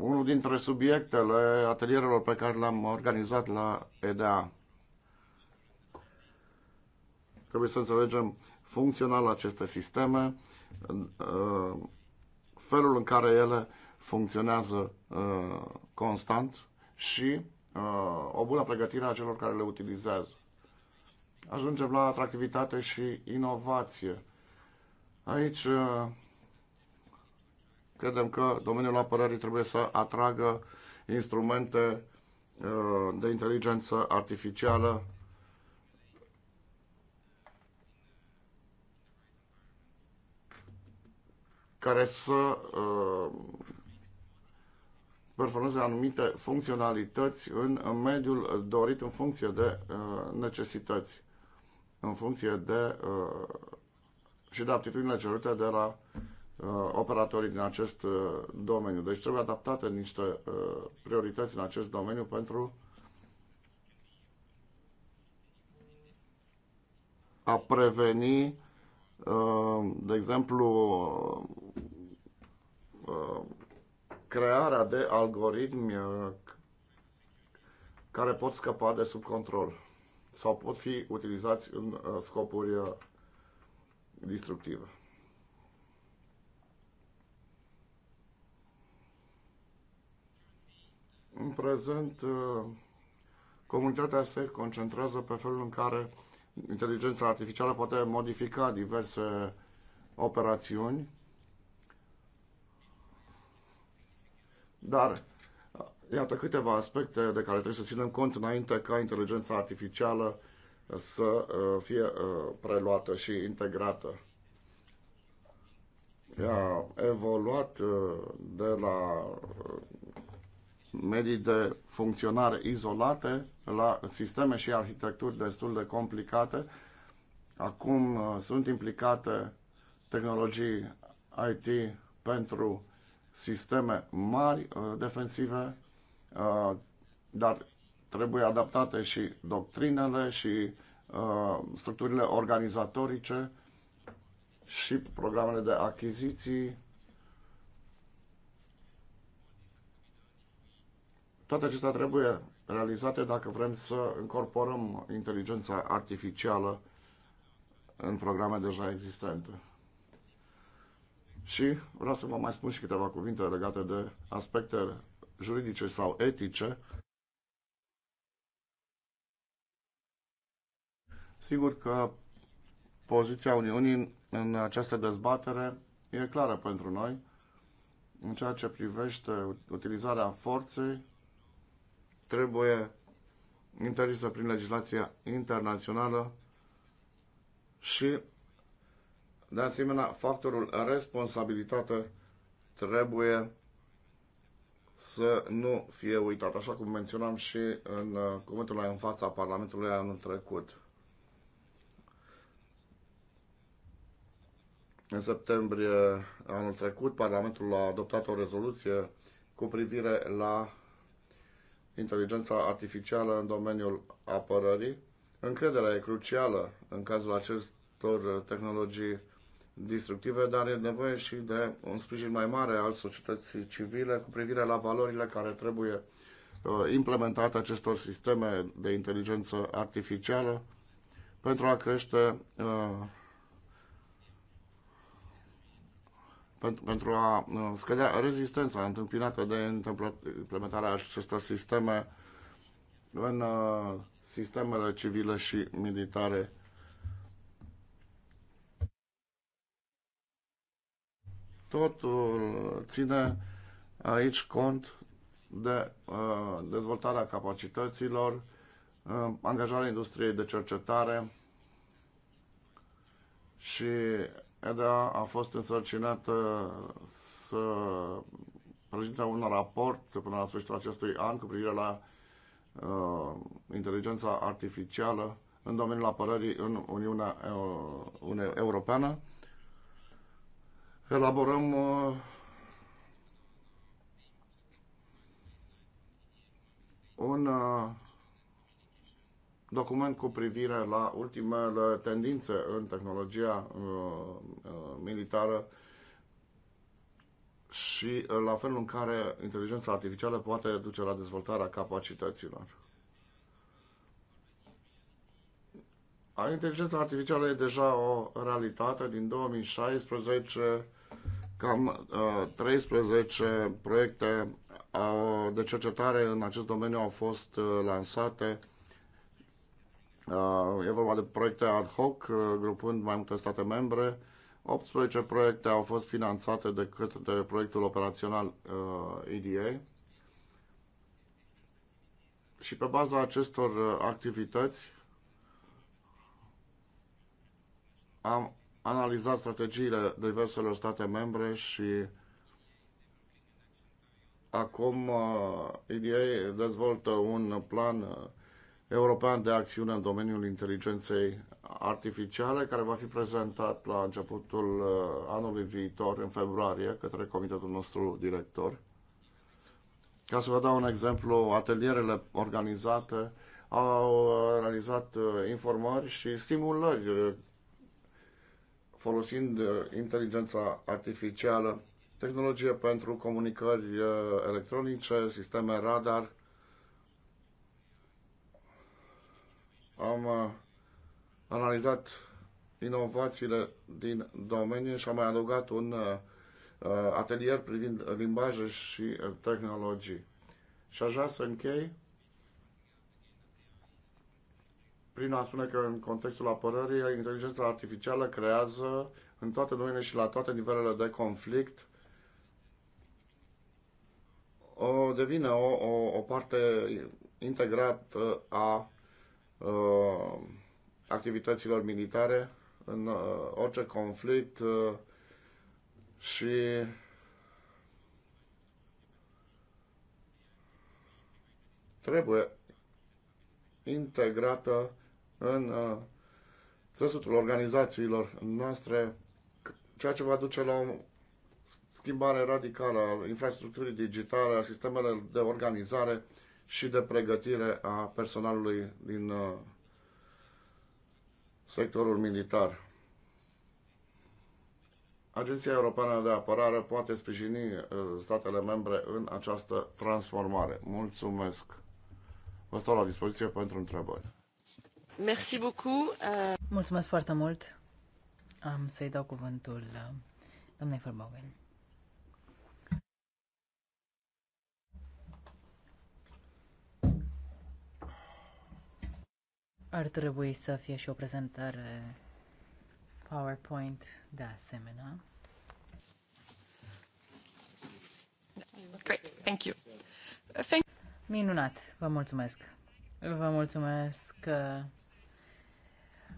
unul dintre subiectele atelierelor pe care le-am organizat la EDA. Trebuie să înțelegem funcțional aceste sisteme, uh, felul în care ele funcționează uh, constant și uh, o bună pregătire a celor care le utilizează ajungem la atractivitate și inovație. Aici uh, credem că domeniul apărării trebuie să atragă instrumente uh, de inteligență artificială care să uh, performeze anumite funcționalități în mediul dorit în funcție de necesități în funcție de uh, și de aptitudinile cerute de la uh, operatorii din acest uh, domeniu. Deci trebuie adaptate niște uh, priorități în acest domeniu pentru a preveni, uh, de exemplu, uh, crearea de algoritmi uh, care pot scăpa de sub control sau pot fi utilizați în uh, scopuri uh, distructive. În prezent, uh, comunitatea se concentrează pe felul în care inteligența artificială poate modifica diverse operațiuni, dar Iată câteva aspecte de care trebuie să ținem cont înainte ca inteligența artificială să uh, fie uh, preluată și integrată. Ea a evoluat uh, de la medii de funcționare izolate la sisteme și arhitecturi destul de complicate. Acum sunt implicate tehnologii IT pentru sisteme mari defensive Uh, dar trebuie adaptate și doctrinele și uh, structurile organizatorice și programele de achiziții. Toate acestea trebuie realizate dacă vrem să incorporăm inteligența artificială în programe deja existente. Și vreau să vă mai spun și câteva cuvinte legate de aspecte juridice sau etice. Sigur că poziția Uniunii în această dezbatere e clară pentru noi în ceea ce privește utilizarea forței trebuie interzisă prin legislația internațională și de asemenea factorul responsabilitate trebuie să nu fie uitat, așa cum menționam și în uh, cuvântul în fața Parlamentului anul trecut. În septembrie anul trecut, Parlamentul a adoptat o rezoluție cu privire la inteligența artificială în domeniul apărării. Încrederea e crucială în cazul acestor tehnologii distructive, dar e nevoie și de un sprijin mai mare al societății civile cu privire la valorile care trebuie uh, implementate acestor sisteme de inteligență artificială pentru a crește uh, pentru a uh, scădea rezistența întâmpinată de implementarea acestor sisteme în sistemele civile și militare Totul ține aici cont de uh, dezvoltarea capacităților, uh, angajarea industriei de cercetare și EDA a fost însărcinată să prezinte un raport până la sfârșitul acestui an cu privire la uh, inteligența artificială în domeniul apărării în Uniunea uh, Europeană elaborăm uh, un uh, document cu privire la ultimele tendințe în tehnologia uh, militară și la felul în care inteligența artificială poate duce la dezvoltarea capacităților. Inteligența artificială e deja o realitate. Din 2016 Cam 13 uh, proiecte uh, de cercetare în acest domeniu au fost uh, lansate. E vorba de proiecte ad hoc, grupând mai multe state membre. 18 proiecte au fost finanțate de către proiectul operațional EDA. Și pe baza acestor activități am analizat strategiile diverselor state membre și acum uh, EDA dezvoltă un plan uh, european de acțiune în domeniul inteligenței artificiale, care va fi prezentat la începutul uh, anului viitor, în februarie, către comitetul nostru director. Ca să vă dau un exemplu, atelierele organizate au realizat informări și simulări folosind uh, inteligența artificială, tehnologie pentru comunicări uh, electronice, sisteme radar. Am uh, analizat inovațiile din domeniu și am mai adăugat un atelier privind limbaje și tehnologii. Și așa să închei prin a spune că în contextul apărării, inteligența artificială creează în toate domeniile și la toate nivelele de conflict o, devine o, o, o parte integrată a, a uh, activităților militare în a, uh, orice conflict a, uh, și trebuie integrată în uh, țesutul organizațiilor noastre, ceea ce va duce la o schimbare radicală a infrastructurii digitale, a sistemelor de organizare și de pregătire a personalului din uh, sectorul militar. Agenția Europeană de Apărare poate sprijini uh, statele membre în această transformare. Mulțumesc! Vă stau la dispoziție pentru întrebări. Merci beaucoup. Euh, mulțumesc foarte mult. Am să-i dau cuvântul uh, doamnei Verbogen. Ar trebui să fie și o prezentare PowerPoint de asemenea. Great, thank you. Thank Minunat, vă mulțumesc. Vă mulțumesc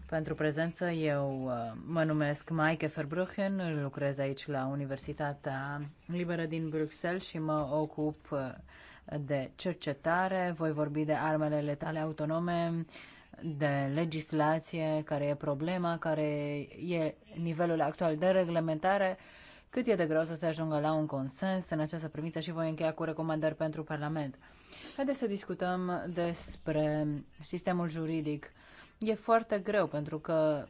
pentru prezență. Eu uh, mă numesc Maike Verbruggen, lucrez aici la Universitatea Liberă din Bruxelles și mă ocup uh, de cercetare. Voi vorbi de armele letale autonome, de legislație, care e problema, care e nivelul actual de reglementare, cât e de greu să se ajungă la un consens în această privință și voi încheia cu recomandări pentru Parlament. Haideți să discutăm despre sistemul juridic E foarte greu pentru că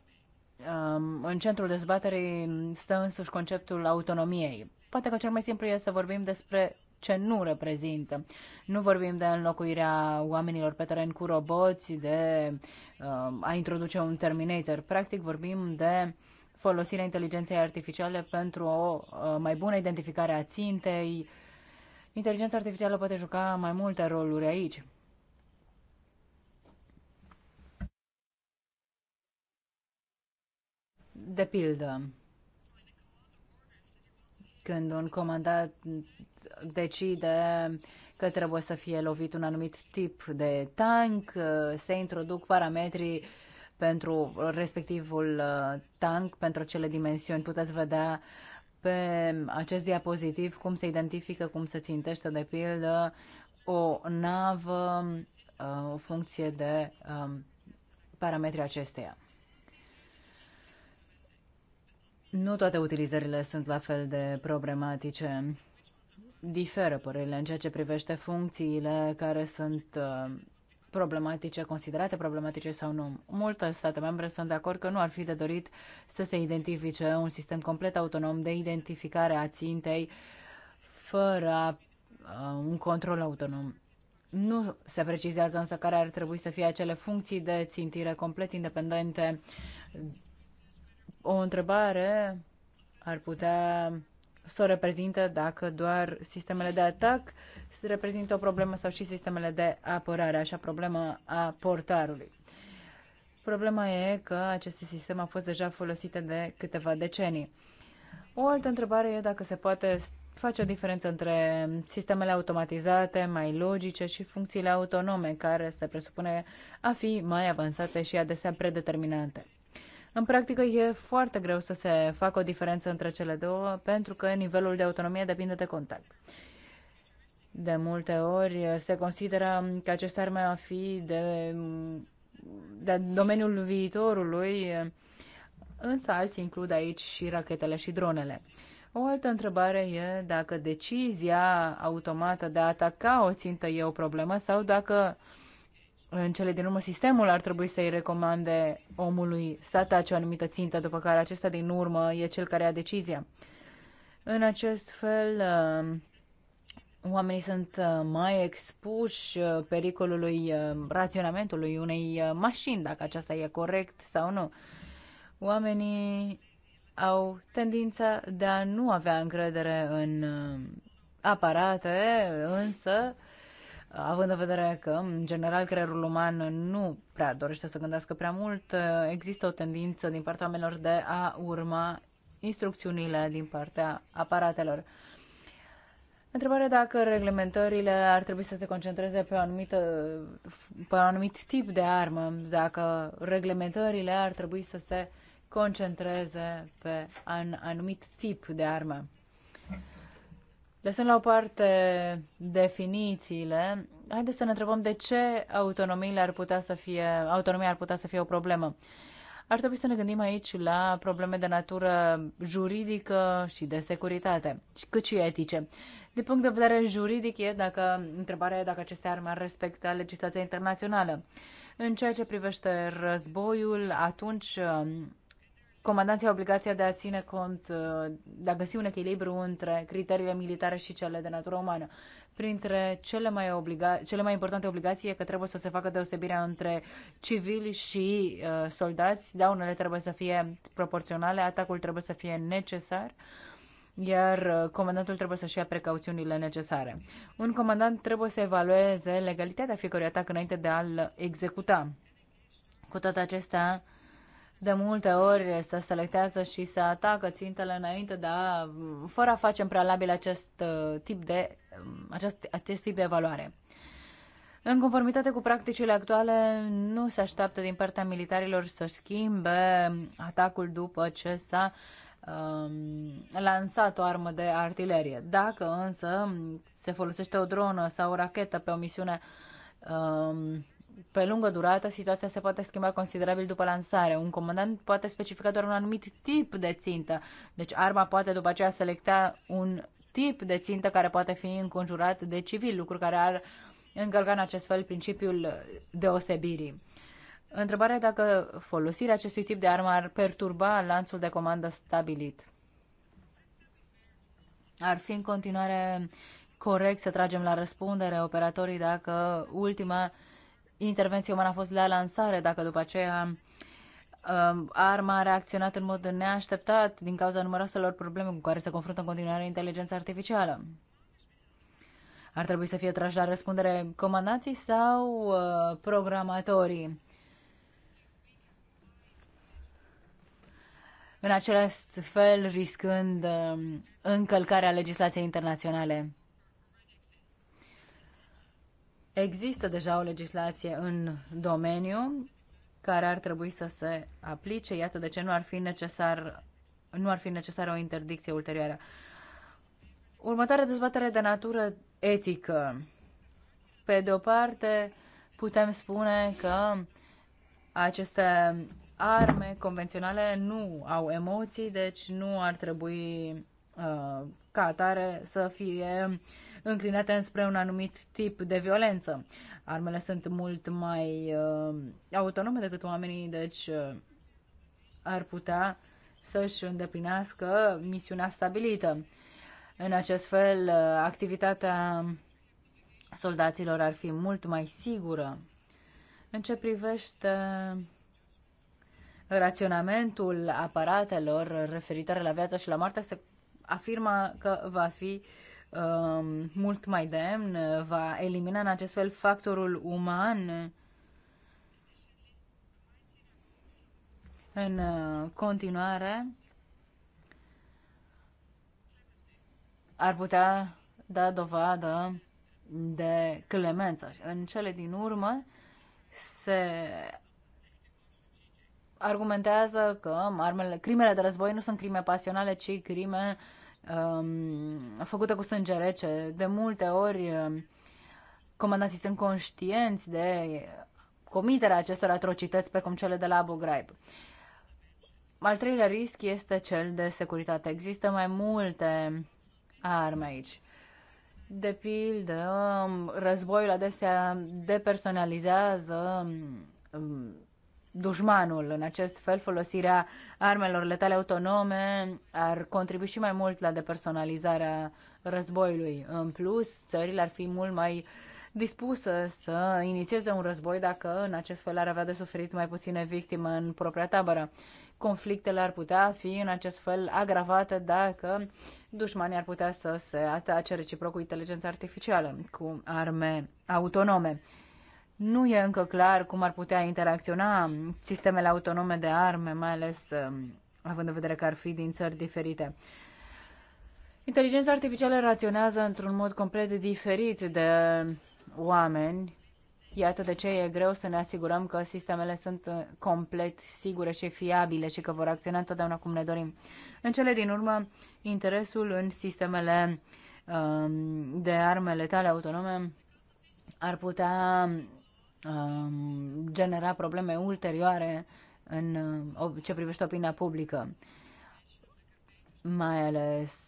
um, în centrul dezbaterii stă însuși conceptul autonomiei. Poate că cel mai simplu este să vorbim despre ce nu reprezintă. Nu vorbim de înlocuirea oamenilor pe teren cu roboți, de um, a introduce un Terminator. Practic vorbim de folosirea inteligenței artificiale pentru o uh, mai bună identificare a țintei. Inteligența artificială poate juca mai multe roluri aici. De pildă, când un comandat decide că trebuie să fie lovit un anumit tip de tank, se introduc parametrii pentru respectivul uh, tank, pentru cele dimensiuni. Puteți vedea pe acest diapozitiv cum se identifică, cum se țintește, de pildă, o navă, uh, o funcție de um, parametrii acesteia. Nu toate utilizările sunt la fel de problematice. Diferă părerile în ceea ce privește funcțiile care sunt uh, problematice, considerate problematice sau nu. Multe state membre sunt de acord că nu ar fi de dorit să se identifice un sistem complet autonom de identificare a țintei fără uh, un control autonom. Nu se precizează însă care ar trebui să fie acele funcții de țintire complet independente o întrebare ar putea să o reprezintă dacă doar sistemele de atac reprezintă o problemă sau și sistemele de apărare, așa problema a portarului. Problema e că aceste sisteme au fost deja folosite de câteva decenii. O altă întrebare e dacă se poate face o diferență între sistemele automatizate, mai logice și funcțiile autonome, care se presupune a fi mai avansate și adesea predeterminante. În practică e foarte greu să se facă o diferență între cele două pentru că nivelul de autonomie depinde de contact. De multe ori se consideră că acesta ar mai fi de, de domeniul viitorului, însă alții includ aici și rachetele și dronele. O altă întrebare e dacă decizia automată de a ataca o țintă e o problemă sau dacă uh, în cele din urmă sistemul ar trebui să-i recomande omului să atace o anumită țintă, după care acesta din urmă e cel care ia decizia. În acest fel, uh, oamenii sunt uh, mai expuși uh, pericolului raționamentului unei mașini, dacă aceasta e corect sau nu. Oamenii au tendința de a nu avea încredere în aparate, însă având în vedere că, în general, creierul uman nu prea dorește să gândească prea mult, există o tendință din partea oamenilor de a urma instrucțiunile din partea aparatelor. Întrebarea dacă reglementările ar trebui să se concentreze pe, o anumită, pe un anumit tip de armă, dacă reglementările ar trebui să se concentreze pe un anumit tip de armă. Lăsând la o parte definițiile, haideți să ne întrebăm de ce autonomiile ar putea să fie, autonomia ar putea să fie o problemă. Ar trebui să ne gândim aici la probleme de natură juridică și de securitate, cât și etice. Din punct de vedere juridic e dacă, întrebarea e dacă aceste arme ar respecta legislația internațională. În ceea ce privește războiul, atunci comandanții au obligația de a ține cont, uh, de a găsi un echilibru între criteriile militare și cele de natură umană. Printre cele mai, obliga- cele mai importante obligații e că trebuie să se facă deosebirea între civili și uh, soldați. Daunele trebuie să fie proporționale, atacul trebuie să fie necesar iar uh, comandantul trebuie să-și ia precauțiunile necesare. Un comandant trebuie să evalueze legalitatea fiecărui atac înainte de a-l executa. Cu toate acestea, de multe ori se selectează și se atacă țintele înainte, dar fără a face în prealabil acest uh, tip de, um, acest, acest tip de evaluare. În conformitate cu practicile actuale, nu se așteaptă din partea militarilor să schimbe atacul după ce s-a um, lansat o armă de artilerie. Dacă însă se folosește o dronă sau o rachetă pe o misiune um, pe lungă durată situația se poate schimba considerabil după lansare. Un comandant poate specifica doar un anumit tip de țintă. Deci arma poate după aceea selecta un tip de țintă care poate fi înconjurat de civil, lucru care ar încălca în acest fel principiul deosebirii. Întrebarea dacă folosirea acestui tip de armă ar perturba lanțul de comandă stabilit. Ar fi în continuare corect să tragem la răspundere operatorii dacă ultima intervenție umană a fost la lansare, dacă după aceea um, arma a reacționat în mod neașteptat din cauza numeroaselor probleme cu care se confruntă în continuare inteligența artificială. Ar trebui să fie trași la răspundere comandații sau uh, programatorii. În acest fel riscând uh, încălcarea legislației internaționale. Există deja o legislație în domeniu care ar trebui să se aplice, iată de ce nu ar fi necesar nu ar fi necesară o interdicție ulterioară. Următoarea dezbatere de natură etică. Pe de o parte, putem spune că aceste arme convenționale nu au emoții, deci nu ar trebui uh, ca atare să fie înclinate înspre un anumit tip de violență. Armele sunt mult mai uh, autonome decât oamenii, deci uh, ar putea să-și îndeplinească misiunea stabilită. În acest fel, uh, activitatea soldaților ar fi mult mai sigură. În ce privește raționamentul aparatelor referitoare la viață și la moarte, se afirmă că va fi Um, mult mai demn, va elimina în acest fel factorul uman în uh, continuare ar putea da dovadă de clemență. În cele din urmă se argumentează că armele, crimele de război nu sunt crime pasionale, ci crime uh, um, făcută cu sânge rece. De multe ori um, comandanții sunt conștienți de comiterea acestor atrocități pe cum cele de la Abu Ghraib. Al treilea risc este cel de securitate. Există mai multe arme aici. De pildă, um, războiul adesea depersonalizează um, dușmanul. În acest fel, folosirea armelor letale autonome ar contribui și mai mult la depersonalizarea războiului. În plus, țările ar fi mult mai dispusă să inițieze un război dacă în acest fel ar avea de suferit mai puține victime în propria tabără. Conflictele ar putea fi în acest fel agravate dacă dușmanii ar putea să se atace reciproc cu inteligența artificială, cu arme autonome. Nu e încă clar cum ar putea interacționa sistemele autonome de arme, mai ales um, având în vedere că ar fi din țări diferite. Inteligența artificială raționează într-un mod complet diferit de oameni. Iată de ce e greu să ne asigurăm că sistemele sunt uh, complet sigure și fiabile și că vor acționa întotdeauna cum ne dorim. În cele din urmă, interesul în sistemele um, de arme letale autonome ar putea Um, genera probleme ulterioare în uh, ce privește opinia publică. Mai ales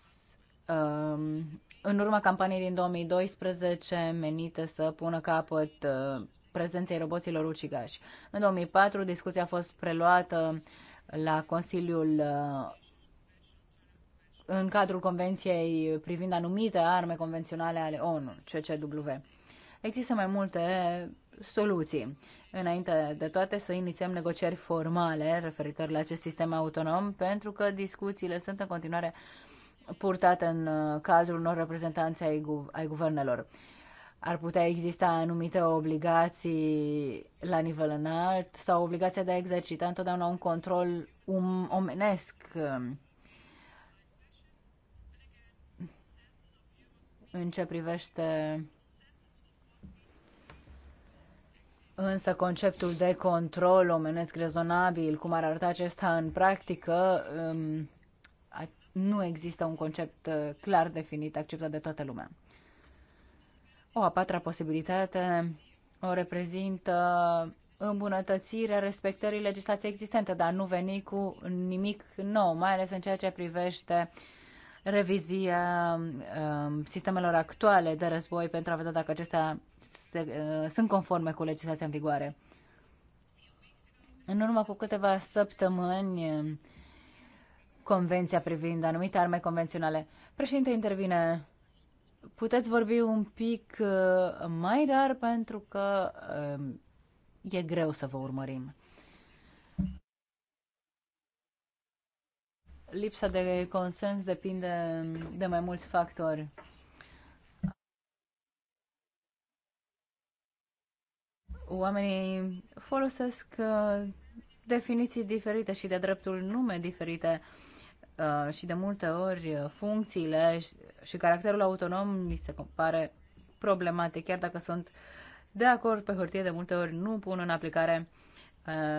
um, în urma campaniei din 2012 menite să pună capăt uh, prezenței roboților ucigași. În 2004 discuția a fost preluată la Consiliul uh, în cadrul Convenției privind anumite arme convenționale ale ONU, CCW. Există mai multe soluții. Înainte de toate să inițiem negocieri formale referitor la acest sistem autonom, pentru că discuțiile sunt în continuare purtate în uh, cadrul unor reprezentanți ai, gu- ai guvernelor. Ar putea exista anumite obligații la nivel înalt sau obligația de a exercita întotdeauna un control um- omenesc um, în ce privește Însă conceptul de control omenesc rezonabil, cum ar arăta acesta în practică, um, nu există un concept uh, clar definit, acceptat de toată lumea. O a patra posibilitate o reprezintă îmbunătățirea respectării legislației existente, dar nu veni cu nimic nou, mai ales în ceea ce privește revizia um, sistemelor actuale de război pentru a vedea dacă acestea se, uh, sunt conforme cu legislația în vigoare. În urmă cu câteva săptămâni, convenția privind anumite arme convenționale. Președinte intervine. Puteți vorbi un pic uh, mai rar pentru că uh, e greu să vă urmărim. Lipsa de consens depinde de mai mulți factori. oamenii folosesc uh, definiții diferite și de dreptul nume diferite uh, și de multe ori uh, funcțiile și caracterul autonom li se compare problematic, chiar dacă sunt de acord pe hârtie, de multe ori nu pun în aplicare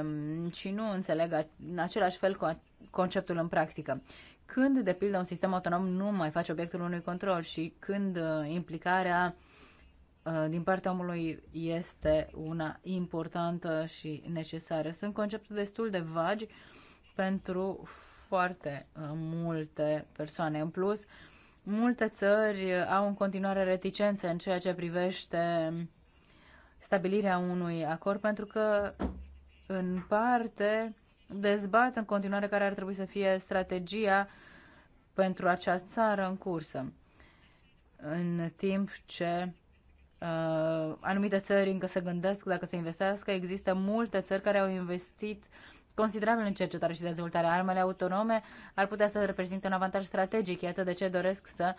um, și nu înțeleg în același fel conceptul în practică. Când, de pildă, un sistem autonom nu mai face obiectul unui control și când implicarea uh, Uh, din partea omului este una importantă și necesară. Sunt concepte destul de vagi pentru foarte uh, multe persoane. În plus, multe țări au în continuare reticențe în ceea ce privește stabilirea unui acord, pentru că, în parte, dezbat în continuare care ar trebui să fie strategia pentru acea țară în cursă, în timp ce Uh, anumite țări încă se gândesc dacă se investească. Există multe țări care au investit considerabil în cercetare și dezvoltare. Armele autonome ar putea să reprezinte un avantaj strategic, iată de ce doresc să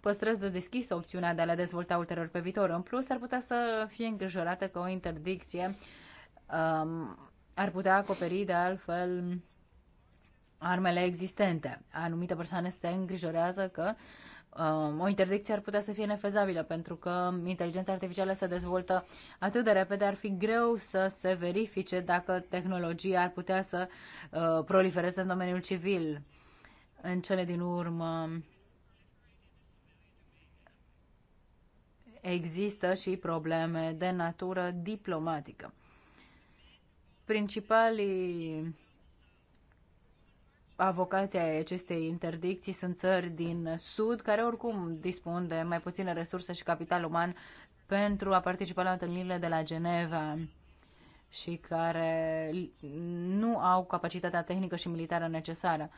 păstrez de deschisă opțiunea de a le dezvolta ulterior pe viitor. În plus, ar putea să fie îngrijorată că o interdicție um, ar putea acoperi de altfel armele existente. Anumite persoane se îngrijorează că uh, Um, o interdicție ar putea să fie nefezabilă, pentru că inteligența artificială se dezvoltă atât de repede, ar fi greu să se verifice dacă tehnologia ar putea să uh, prolifereze în domeniul civil. În cele din urmă, există și probleme de natură diplomatică. Principalii avocația acestei interdicții sunt țări din Sud, care oricum dispun de mai puține resurse și capital uman pentru a participa la întâlnirile de la Geneva și care nu au capacitatea tehnică și militară necesară.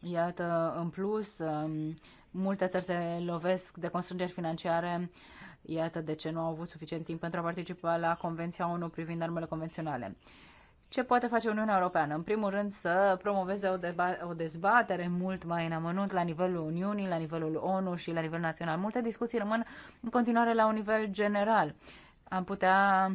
Iată, în plus, um, multe țări se lovesc de constrângeri financiare. Iată de ce nu au avut suficient timp pentru a participa la Convenția ONU privind armele convenționale. Ce poate face Uniunea Europeană? În primul rând să promoveze o, deba- o dezbatere mult mai în amănunt la nivelul Uniunii, la nivelul ONU și la nivel național. Multe discuții rămân în continuare la un nivel general. Am putea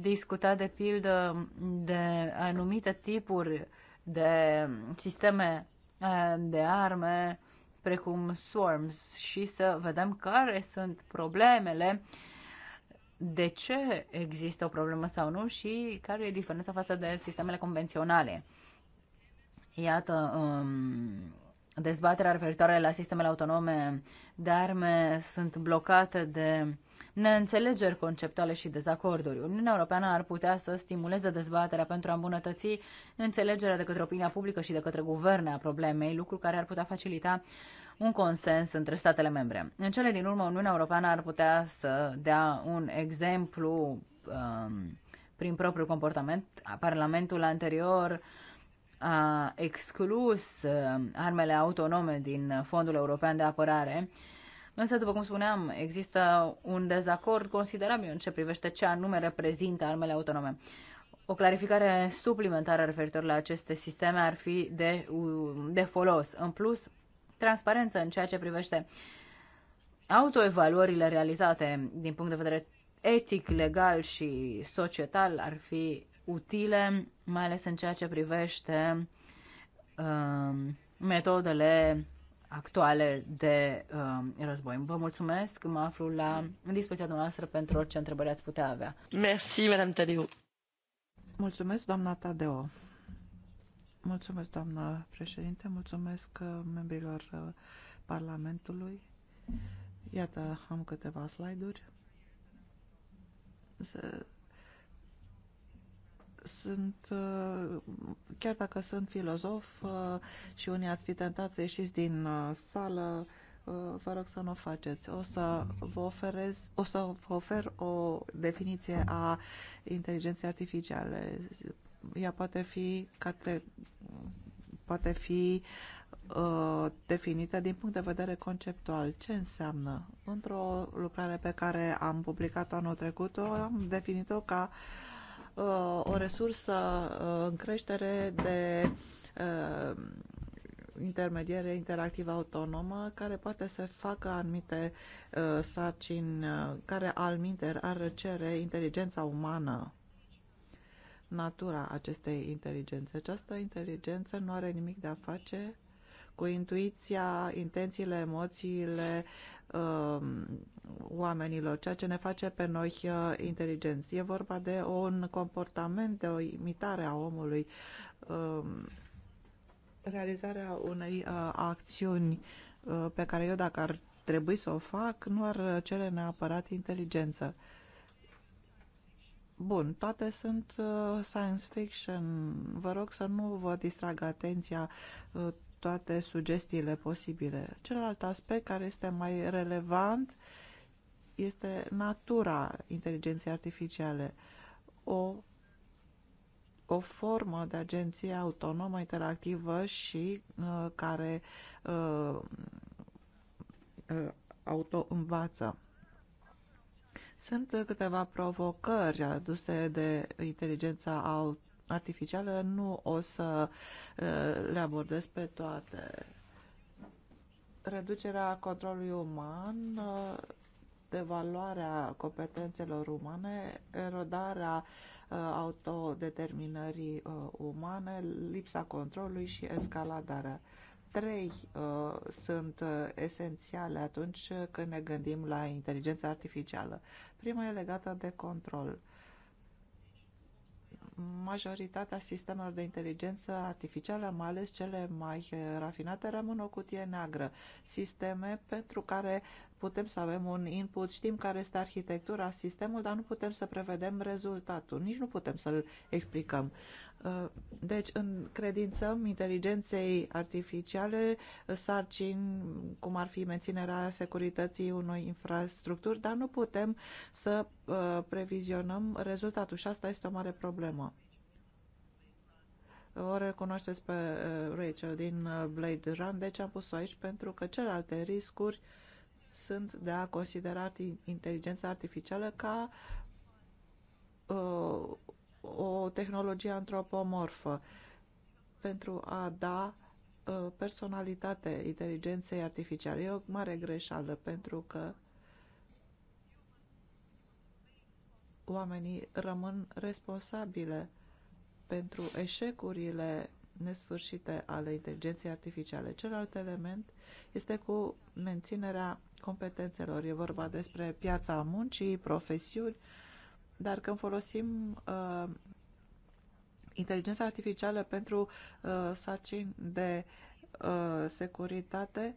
discuta de pildă de anumite tipuri de sisteme eh, de arme precum swarms și să vedem care sunt problemele uh, de ce există o problemă sau nu și care e diferența față de sistemele convenționale. Iată, um, dezbaterea referitoare la sistemele autonome de arme sunt blocate de neînțelegeri conceptuale și dezacorduri. Uniunea Europeană ar putea să stimuleze dezbaterea pentru a îmbunătăți înțelegerea de către opinia publică și de către guverne a problemei, lucru care ar putea facilita un consens între statele membre. În cele din urmă, Uniunea Europeană ar putea să dea un exemplu um, prin propriul comportament. Parlamentul anterior a exclus um, armele autonome din Fondul European de Apărare, însă, după cum spuneam, există un dezacord considerabil în ce privește ce anume reprezintă armele autonome. O clarificare suplimentară referitor la aceste sisteme ar fi de, de folos. În plus, transparență în ceea ce privește autoevaluările realizate din punct de vedere etic, legal și societal ar fi utile, mai ales în ceea ce privește uh, metodele actuale de uh, război. Vă mulțumesc, mă aflu la dispoziția noastră pentru orice întrebări ați putea avea. Merci, Madame Tadeu. Mulțumesc, doamna Tadeu. Mulțumesc, doamnă președinte, mulțumesc uh, membrilor uh, Parlamentului. Iată, am câteva slide-uri. Sunt, uh, chiar dacă sunt filozof și unii ați fi tentați să ieșiți din sală, vă rog să nu o faceți. O să vă, oferez, o să vă ofer o definiție a inteligenței artificiale ea poate fi, cate, poate fi uh, definită din punct de vedere conceptual. Ce înseamnă? Într-o lucrare pe care am publicat-o anul trecut, o am definit-o ca uh, o resursă uh, în creștere de uh, intermediere interactivă autonomă care poate să facă anumite uh, sarcini uh, care alminter ar cere inteligența umană natura acestei inteligențe. Această inteligență nu are nimic de a face cu intuiția, intențiile, emoțiile uh, oamenilor, ceea ce ne face pe noi uh, inteligenți. E vorba de un comportament, de o imitare a omului, uh, realizarea unei uh, acțiuni uh, pe care eu, dacă ar trebui să o fac, nu ar cere neapărat inteligență. Uh, Bun, toate sunt uh, science fiction. Vă rog să nu vă distragă atenția uh, toate sugestiile posibile. Celălalt aspect care este mai relevant este natura inteligenței artificiale. O, o formă de agenție autonomă, interactivă și uh, care uh, uh, auto-învață. Sunt câteva provocări aduse de inteligența artificială. Nu o să le abordez pe toate. Reducerea controlului uman, devaluarea competențelor umane, erodarea autodeterminării umane, lipsa controlului și escaladarea trei uh, sunt uh, esențiale atunci când ne gândim la inteligența artificială. Prima e legată de control. Majoritatea sistemelor de inteligență artificială, mai ales cele mai rafinate, rămân o cutie neagră. Sisteme pentru care putem să avem un input, știm care este arhitectura, sistemul, dar nu putem să prevedem rezultatul, nici nu putem să-l explicăm. Uh, deci în încredințăm inteligenței artificiale sarcini, cum ar fi menținerea securității unei infrastructuri, dar nu putem să uh, previzionăm rezultatul și asta este o mare problemă. O recunoașteți pe uh, Rachel din Blade Run, deci am pus-o aici pentru că celelalte riscuri uh, sunt de a considera inteligența artificială ca uh, o tehnologie antropomorfă pentru a da uh, personalitate inteligenței artificiale. E o mare greșeală pentru că oamenii rămân responsabile pentru eșecurile nesfârșite ale inteligenței artificiale. Celălalt element este cu menținerea competențelor. E vorba despre piața muncii, profesiuni, dar când folosim uh, inteligența artificială pentru uh, sarcini de uh, securitate,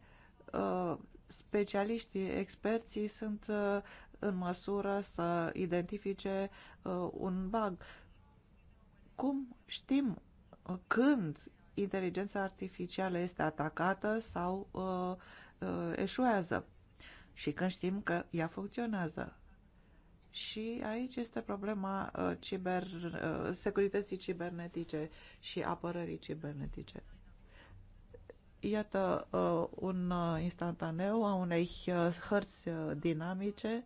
uh, specialiștii, experții sunt uh, în măsură să identifice uh, un bug. Cum știm când inteligența artificială este atacată sau uh, uh, eșuează? și când știm că ea funcționează. Și aici este problema uh, ciber, uh, securității cibernetice și apărării cibernetice. Iată uh, un uh, instantaneu a unei uh, hărți uh, dinamice.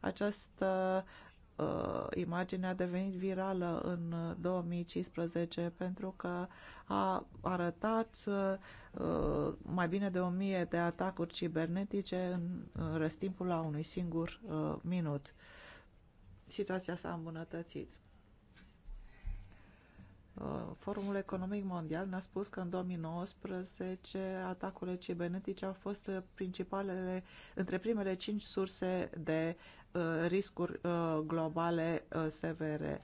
Această uh, uh, a devenit virală în 2015 uh, pentru că a arătat uh, mai bine de o mie de atacuri cibernetice în răstimpul la unui singur uh, minut. Situația s-a îmbunătățit. Uh, Forumul Economic Mondial ne-a spus că în 2019 atacurile cibernetice au fost uh, principalele, între primele cinci surse de Uh, riscuri uh, globale uh, severe.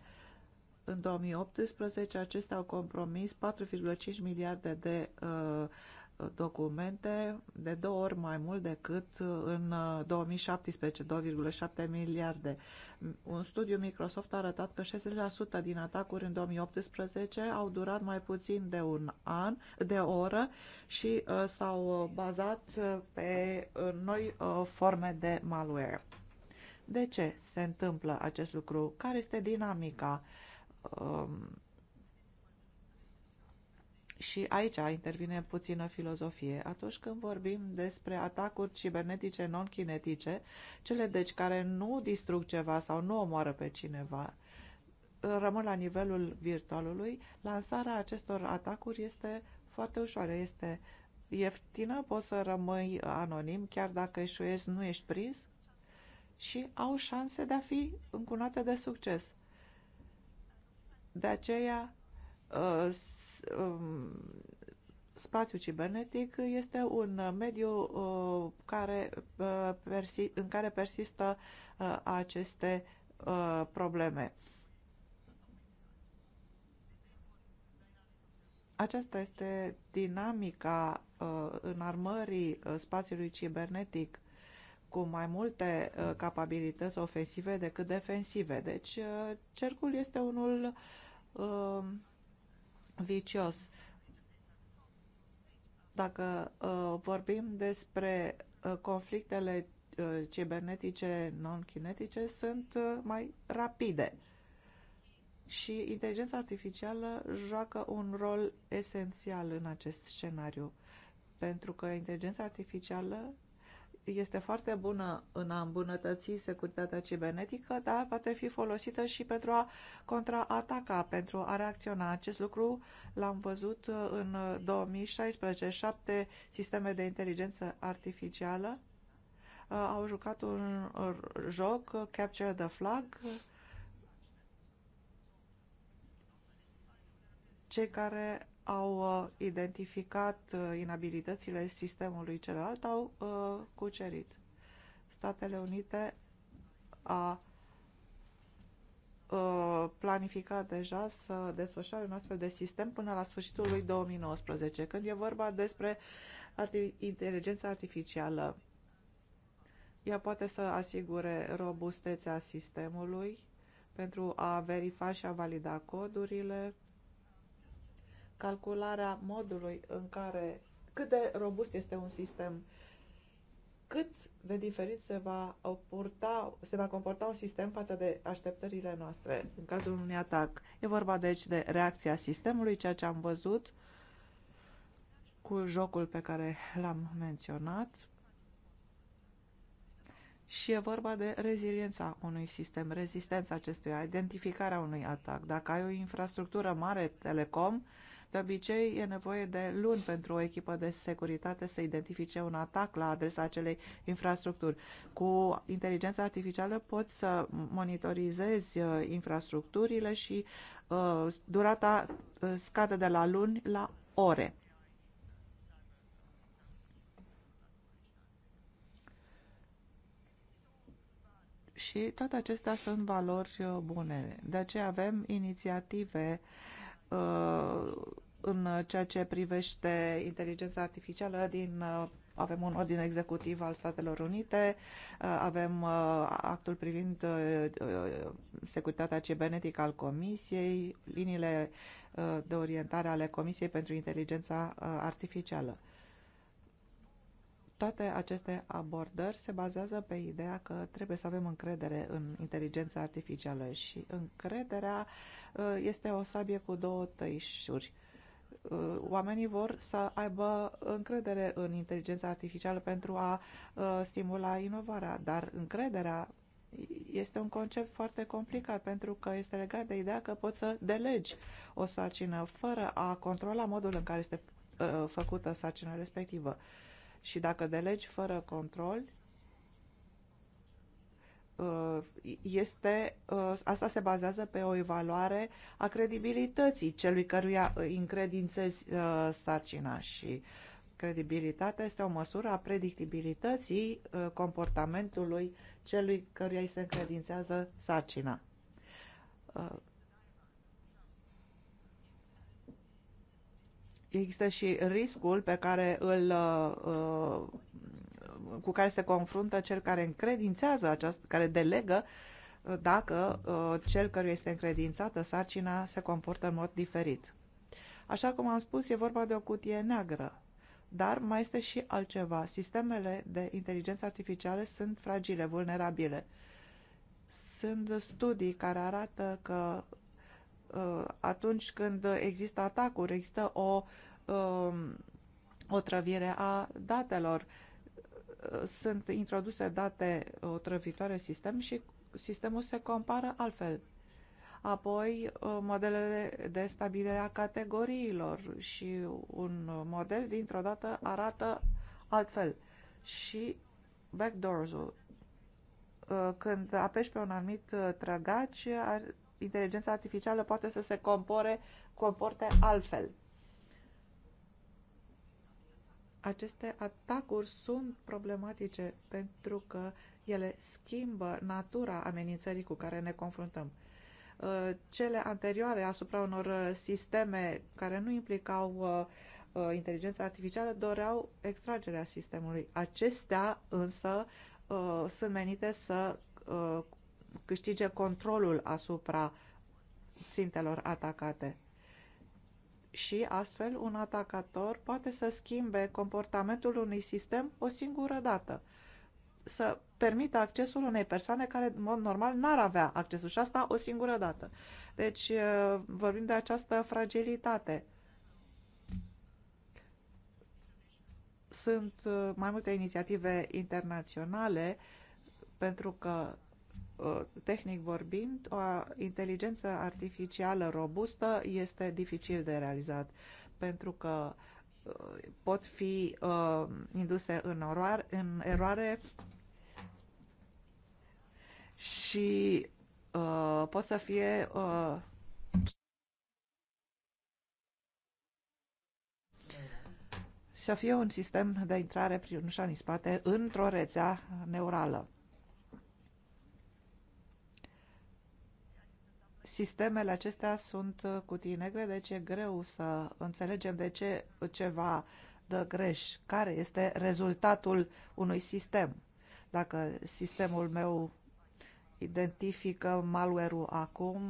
În 2018 acestea au compromis 4,5 miliarde de documente, de două ori mai mult decât în 2017, 2,7 miliarde. Un studiu Microsoft a arătat că 60% din atacuri în 2018 au durat mai puțin de un an, de o oră și uh, s-au bazat pe uh, noi uh, forme de malware. De ce se întâmplă acest lucru? Care este dinamica? Um, și aici intervine puțină filozofie. Atunci când vorbim despre atacuri cibernetice non-kinetice, cele deci care nu distrug ceva sau nu omoară pe cineva, rămân la nivelul virtualului, lansarea acestor atacuri este foarte ușoară, este ieftină, poți să rămâi anonim, chiar dacă eșuiezi, nu ești prins și au șanse de a fi încunate de succes. De aceea, uh, um, spațiul cibernetic este un mediu uh, care, uh, în care persistă aceste probleme. Aceasta este dinamica uh, armării uh, spațiului cibernetic cu mai multe uh, capabilități ofensive decât defensive. Deci uh, cercul este unul uh, vicios. Dacă uh, vorbim despre uh, conflictele uh, cibernetice non-kinetice sunt mai rapide și inteligența artificială joacă un rol esențial în acest scenariu pentru că inteligența artificială este foarte bună în a îmbunătăți securitatea cibernetică, dar poate fi folosită și pentru a contraataca, pentru a reacționa. Acest lucru l-am văzut în 2016. Șapte sisteme de inteligență artificială uh, au jucat un joc, Capture the Flag, cei care au uh, identificat uh, inabilitățile sistemului celălalt, au uh, cucerit. Statele Unite a planificat deja să desfășoare un astfel de sistem până la sfârșitul lui 2019, când e vorba despre arti inteligența artificială. Ea poate să asigure robustețea sistemului pentru a verifica și a valida codurile, calcularea modului în care, cât de robust este un sistem, cât de diferit se va, oporta, se va comporta un sistem față de așteptările noastre în cazul unui atac. E vorba deci de reacția sistemului, ceea ce am văzut cu jocul pe care l-am menționat, și e vorba de reziliența unui sistem, rezistența acestuia, identificarea unui atac. Dacă ai o infrastructură mare telecom, de obicei, e nevoie de luni pentru o echipă de securitate să identifice un atac la adresa acelei infrastructuri. Cu inteligența artificială poți să monitorizezi uh, infrastructurile și uh, durata uh, scade de la luni la ore. și toate acestea sunt valori uh, bune. De aceea avem inițiative uh, Uh, în ceea ce privește inteligența artificială din uh, avem un ordin executiv al Statelor Unite, uh, avem actul privind securitatea cibernetică al Comisiei, liniile de orientare ale Comisiei pentru Inteligența Artificială. Toate aceste abordări se bazează pe ideea că trebuie să avem încredere în inteligența artificială și încrederea uh, este o sabie cu două tăișuri uh, oamenii vor să aibă încredere în inteligența artificială pentru a uh, stimula inovarea, dar încrederea este un concept foarte complicat pentru că este legat de ideea că poți să delegi o sarcină fără a controla modul în care este făcută sarcina respectivă. Uh, și dacă delegi fără control, uh, este, uh, asta se bazează pe o evaluare a credibilității celui căruia îi încredințezi uh, sarcina și credibilitatea este o măsură a predictibilității comportamentului celui căruia îi se încredințează sarcina. există și riscul pe care îl, uh, cu care se confruntă cel care încredințează, această, care delegă, uh, dacă uh, cel căruia este încredințată sarcina se comportă în mod diferit. Așa cum am spus, e vorba de o cutie neagră. Dar mai este și altceva. Sistemele de inteligență artificială sunt fragile, vulnerabile. Sunt studii care arată că Uh, atunci când există atacuri, există o um, otrăvire a datelor. Uh, sunt introduse date otrăvitoare sistem și sistemul se compară altfel. Apoi, uh, modelele de stabilire a categoriilor și un model dintr-o dată arată altfel. Și backdoors-ul. Când apeși pe un anumit trăgaci, inteligența artificială poate să se compore, comporte altfel. Aceste atacuri sunt problematice pentru că ele schimbă natura amenințării cu care ne confruntăm. Uh, cele anterioare asupra unor uh, sisteme care nu implicau uh, inteligența artificială doreau extragerea sistemului. Acestea însă sunt menite să câștige controlul asupra țintelor atacate. Și astfel un atacator poate să schimbe comportamentul unui sistem o singură dată. Să permită accesul unei persoane care în mod normal n-ar avea accesul și asta o singură dată. Deci uh, vorbim de această fragilitate. Sunt uh, mai multe inițiative internaționale pentru că tehnic vorbind, o inteligență artificială robustă este dificil de realizat, pentru că uh, pot fi uh, induse în, oroar, în eroare și uh, pot să fie uh, să fie un sistem de intrare prin ușa în spate într-o rețea neurală. sistemele acestea sunt uh, cutii negre, deci e greu să înțelegem de ce ceva dă greș, care este rezultatul unui sistem. Dacă sistemul meu identifică malware-ul acum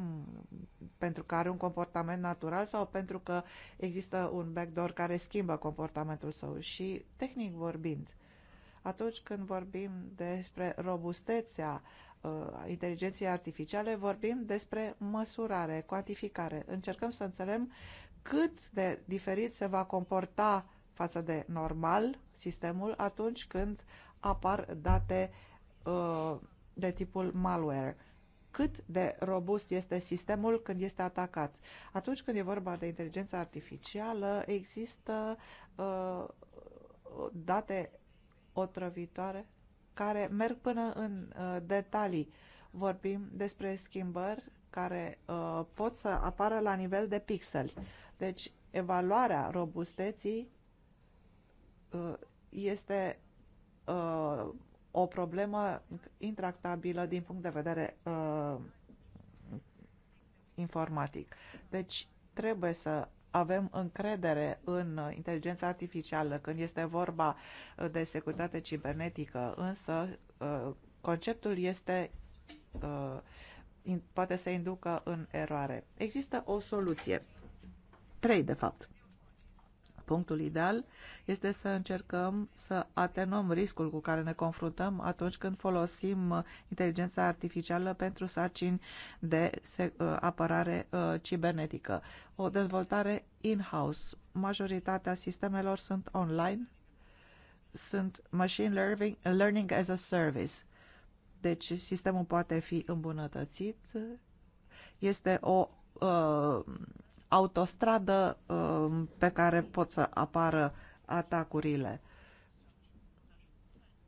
pentru că are un comportament natural sau pentru că există un backdoor care schimbă comportamentul său și tehnic vorbind, atunci când vorbim despre robustețea Uh, inteligenței artificiale, vorbim despre măsurare, cuantificare. Încercăm să înțelegem cât de diferit se va comporta față de normal sistemul atunci când apar date uh, de tipul malware. Cât de robust este sistemul când este atacat. Atunci când e vorba de inteligență artificială, există uh, date otrăvitoare care merg până în uh, detalii. Vorbim despre schimbări care uh, pot să apară la nivel de pixeli. Deci, evaluarea robusteții uh, este o problemă intractabilă din punct de vedere informatic. Deci, trebuie să avem încredere în inteligența artificială când este vorba uh, de securitate cibernetică, însă uh, conceptul este uh, poate să inducă în eroare. Există o soluție. Trei, de fapt. Punctul ideal este să încercăm să atenuăm riscul cu care ne confruntăm atunci când folosim uh, inteligența artificială pentru sarcini de uh, apărare uh, cibernetică. O dezvoltare in-house. Majoritatea sistemelor sunt online, sunt machine learning, learning as a service. Deci sistemul poate fi îmbunătățit. Este o autostradă um, pe care pot să apară atacurile.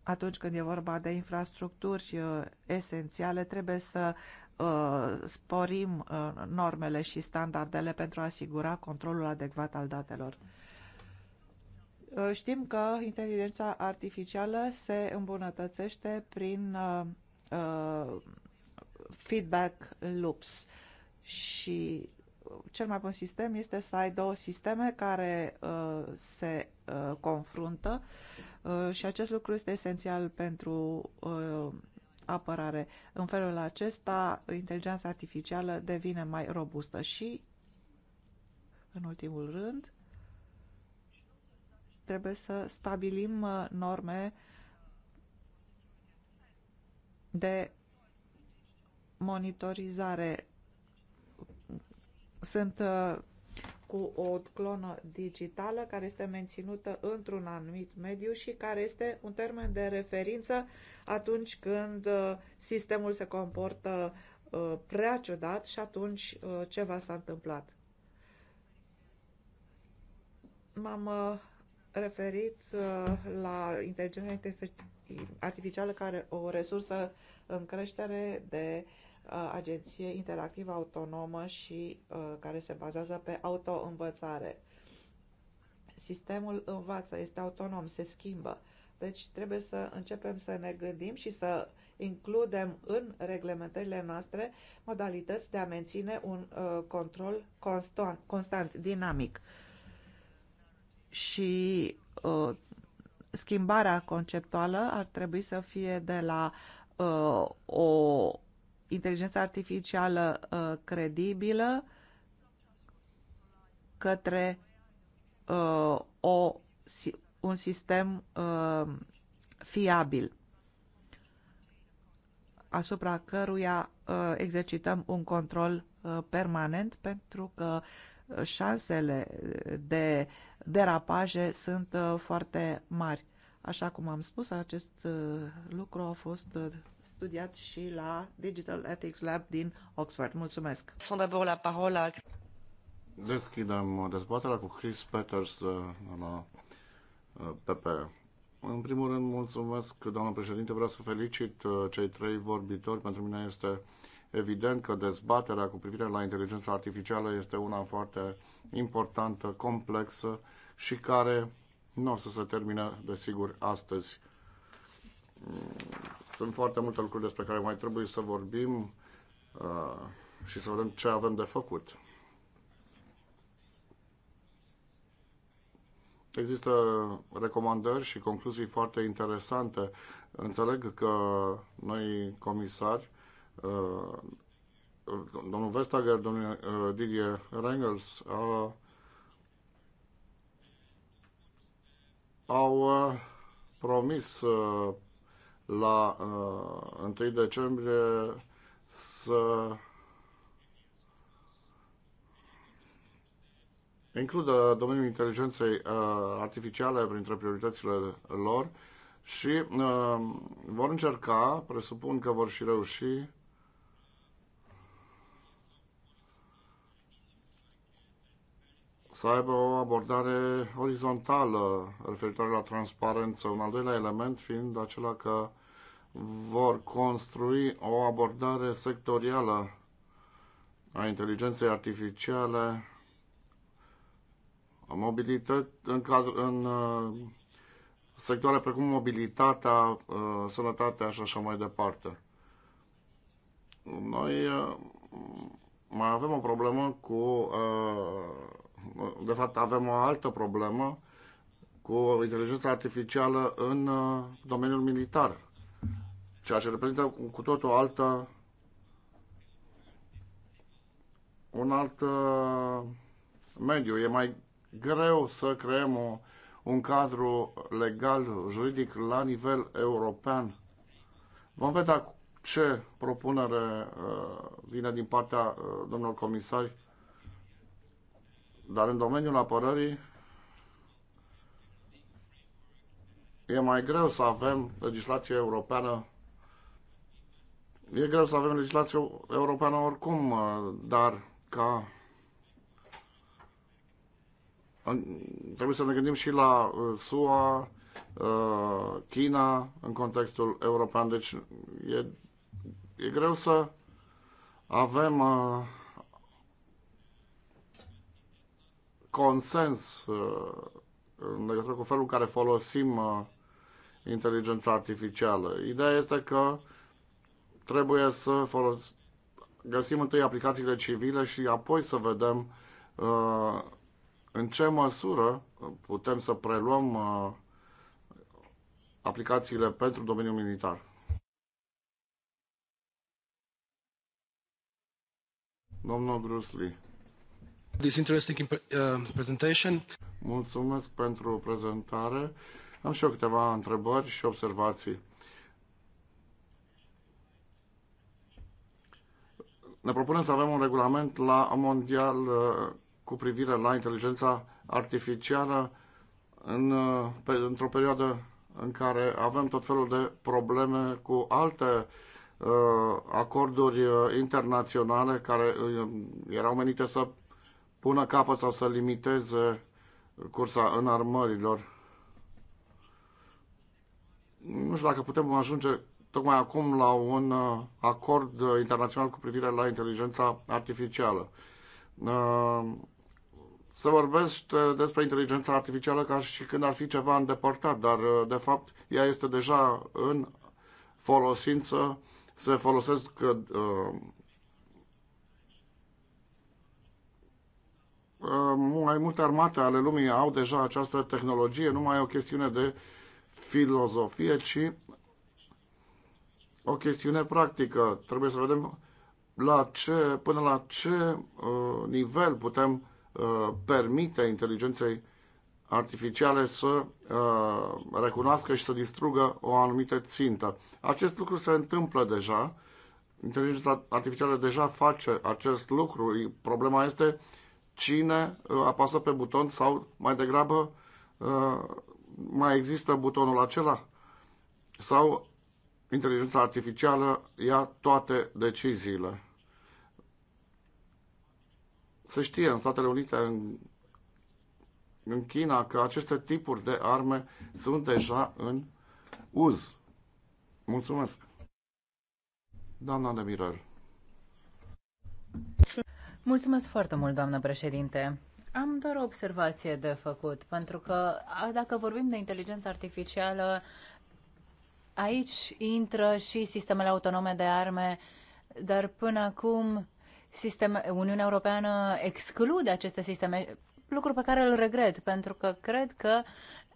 Atunci când e vorba de infrastructuri uh, esențiale, trebuie să uh, sporim uh, normele și standardele pentru a asigura controlul adecvat al datelor. Știm că inteligența artificială se îmbunătățește prin feedback loops și cel mai bun sistem este să ai două sisteme care uh, se uh, confruntă uh, și acest lucru este esențial pentru uh, apărare. În felul acesta, inteligența artificială devine mai robustă și, în ultimul rând, trebuie să stabilim uh, norme de monitorizare sunt uh, cu o clonă digitală care este menținută într-un anumit mediu și care este un termen de referință atunci când uh, sistemul se comportă uh, prea ciudat și atunci ceva s-a întâmplat. M-am referit la inteligența artificială care o resursă în creștere de Uh, agenție interactivă autonomă și uh, care se bazează pe autoînvățare. Sistemul învață, este autonom, se schimbă. Deci trebuie să începem să ne gândim și să includem în reglementările noastre modalități de a menține un uh, control constant, constant, dinamic. Și uh, schimbarea conceptuală ar trebui să fie de la uh, o inteligența artificială uh, credibilă către uh, o, un sistem uh, fiabil asupra căruia uh, exercităm un control uh, permanent pentru că uh, șansele de derapaje sunt uh, foarte mari. Așa cum am spus, acest uh, lucru a fost uh, studiat și la Digital Ethics Lab din Oxford. Mulțumesc! Sunt la parola. Deschidem dezbaterea cu Chris Peters de la PP. Uh, În primul rând, mulțumesc, doamnă președinte, vreau să felicit uh, cei trei vorbitori. Pentru mine este evident că dezbaterea cu privire la inteligența artificială este una foarte importantă, complexă și care nu o să se termine, desigur, astăzi. Sunt foarte multe lucruri despre care mai trebuie să vorbim uh, și să vedem ce avem de făcut. Există recomandări și concluzii foarte interesante. Înțeleg că noi comisari, uh, domnul Vestager, domnul uh, Didier Rengels, au promis la uh, 1 decembrie să includă domeniul inteligenței uh, artificiale printre prioritățile lor și uh, vor încerca, presupun că vor și reuși, să aibă o abordare orizontală referitoare la transparență. Un al doilea element fiind acela că vor construi o abordare sectorială a inteligenței artificiale, a mobilități, în, cadr, în uh, sectoare precum mobilitatea, uh, sănătatea și așa mai departe. Noi uh, mai avem o problemă cu uh, de fapt avem o altă problemă cu inteligența artificială în uh, domeniul militar, ceea ce reprezintă cu tot o altă un alt uh, mediu. E mai greu să creăm o, un cadru legal, juridic, la nivel european. Vom vedea ce propunere uh, vine din partea domnilor comisari dar în domeniul apărării e mai greu să avem legislație europeană. E greu să avem legislație europeană oricum, dar ca trebuie să ne gândim și la uh, SUA, uh, China în contextul european. Deci e, e greu să avem uh, consens uh, în legătură cu felul în care folosim uh, inteligența artificială. Ideea este că trebuie să folos- găsim întâi aplicațiile civile și apoi să vedem uh, în ce măsură putem să preluăm aplicațiile pentru domeniul militar. Domnul Bruce Lee. This interesting uh, presentation. Mulțumesc pentru prezentare. Am și eu câteva întrebări și observații. Ne propunem să avem un regulament la mondial uh, cu privire la inteligența artificială în, uh, pe, într-o perioadă în care avem tot felul de probleme cu alte uh, acorduri internaționale care uh, erau menite să pună capăt sau să limiteze cursa înarmărilor. Nu știu dacă putem ajunge tocmai acum la un uh, acord uh, internațional cu privire la inteligența artificială. Uh, se vorbește despre inteligența artificială ca și când ar fi ceva îndepărtat, dar de fapt ea este deja în folosință, se folosesc mai multe armate ale lumii au deja această tehnologie, nu mai e o chestiune de filozofie, ci o chestiune practică. Trebuie să vedem la ce, până la ce uh, nivel putem uh, permite inteligenței artificiale să uh, recunoască și să distrugă o anumită țintă. Acest lucru se întâmplă deja. Inteligența artificială deja face acest lucru. Problema este uh, cine uh, apasă pe buton sau mai degrabă uh, mai există butonul acela sau inteligența artificială ia toate deciziile. Se știe în Statele Unite, în, în China, că aceste tipuri de arme sunt deja în uz. Mulțumesc! Doamna de Mirel. Mulțumesc foarte mult, doamnă președinte. Am doar o observație de făcut, pentru că dacă vorbim de inteligență artificială, aici intră și sistemele autonome de arme, dar până acum sisteme, Uniunea Europeană exclude aceste sisteme, lucru pe care îl regret, pentru că cred că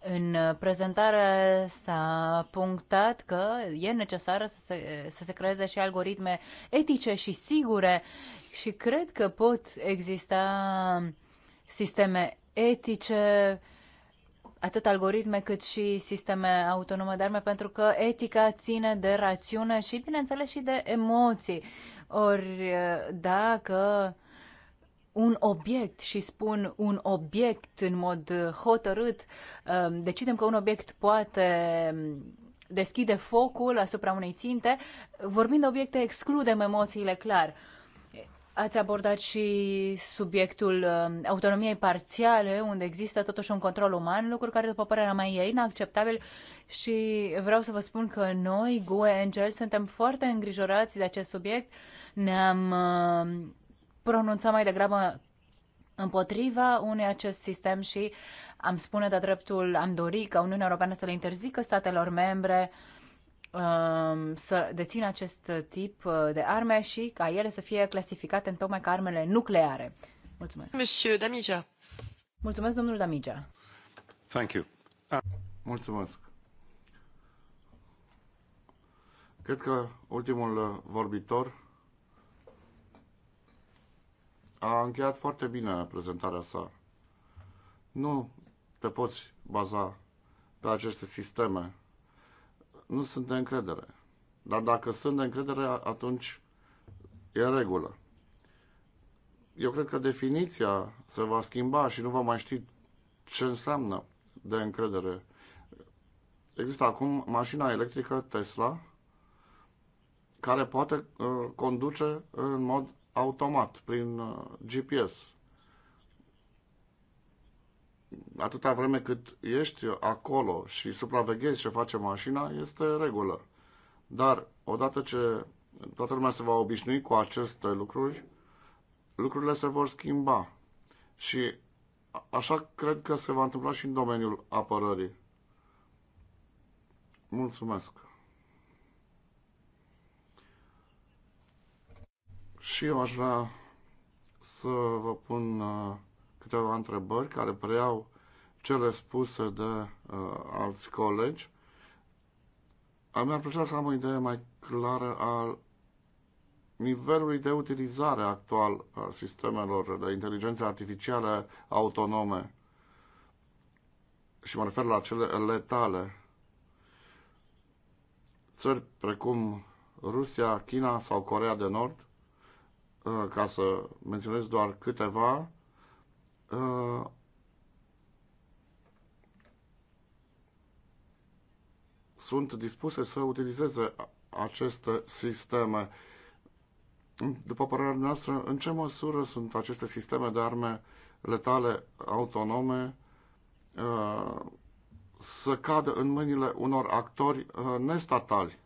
în prezentare s-a punctat că e necesară să se, să se creeze și algoritme etice și sigure și cred că pot exista sisteme etice, atât algoritme cât și sisteme autonome de arme, pentru că etica ține de rațiune și, bineînțeles, și de emoții. Ori dacă uh, un obiect și spun un obiect în mod hotărât, um, decidem că un obiect poate um, deschide focul asupra unei ținte, vorbind de obiecte, excludem emoțiile clar. Ați abordat și subiectul um, autonomiei parțiale, unde există totuși un control uman, lucruri care, după părerea mea, e inacceptabil și vreau să vă spun că noi, GUE Angel, suntem foarte îngrijorați de acest subiect. Ne-am pronunța mai degrabă împotriva unui acest sistem și am spune de dreptul, am dori ca Uniunea Europeană să le interzică statelor membre um, să dețină acest tip uh, de arme și ca ele să fie clasificate în tocmai ca armele nucleare. Mulțumesc. Monsieur Damigea. Mulțumesc, domnul Damigea. Thank you. Uh, Mulțumesc. Cred că ultimul vorbitor a încheiat foarte bine prezentarea sa. Nu te poți baza pe aceste sisteme. Nu sunt de încredere. Dar dacă sunt de încredere, atunci e în regulă. Eu cred că definiția se va schimba și nu va mai ști ce înseamnă de încredere. Există acum mașina electrică Tesla care poate uh, conduce în mod automat, prin uh, GPS. Atâta vreme cât ești acolo și supraveghezi ce face mașina, este regulă. Dar odată ce toată lumea se va obișnui cu aceste lucruri, lucrurile se vor schimba. Și așa cred că se va întâmpla și în domeniul apărării. Mulțumesc! Și eu aș vrea să vă pun uh, câteva întrebări care preiau cele spuse de uh, alți colegi. Mi-ar plăcea să am o idee mai clară a nivelului de utilizare actual a sistemelor de inteligență artificială autonome și mă refer la cele letale. Țări precum Rusia, China sau Corea de Nord Uh, ca să menționez doar câteva, uh, sunt dispuse să utilizeze aceste sisteme. După părerea noastră, în ce măsură sunt aceste sisteme de arme letale autonome uh, să cadă în mâinile unor actori nestatali?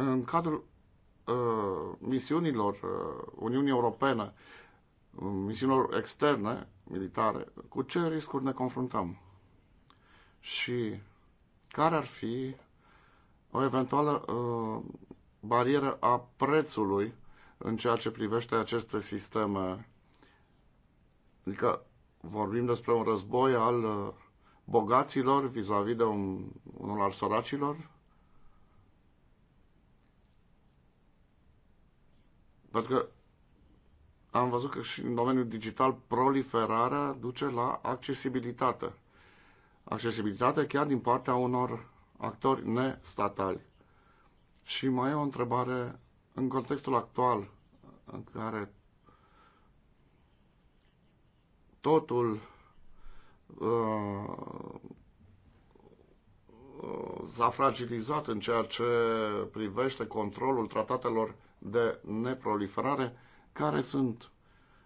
în cadrul uh, misiunilor uh, Uniunii Europene, misiunilor externe, militare, cu ce riscuri ne confruntăm? Și care ar fi o eventuală uh, barieră a prețului în ceea ce privește aceste sisteme? Adică vorbim despre un război al uh, bogaților vis-a-vis -vis de un, unul al săracilor? Pentru că am văzut că și în domeniul digital proliferarea duce la accesibilitate. Accesibilitate chiar din partea unor actori nestatali. Și mai e o întrebare în contextul actual în care totul uh, uh s-a fragilizat în ceea ce privește controlul tratatelor de neproliferare, care sunt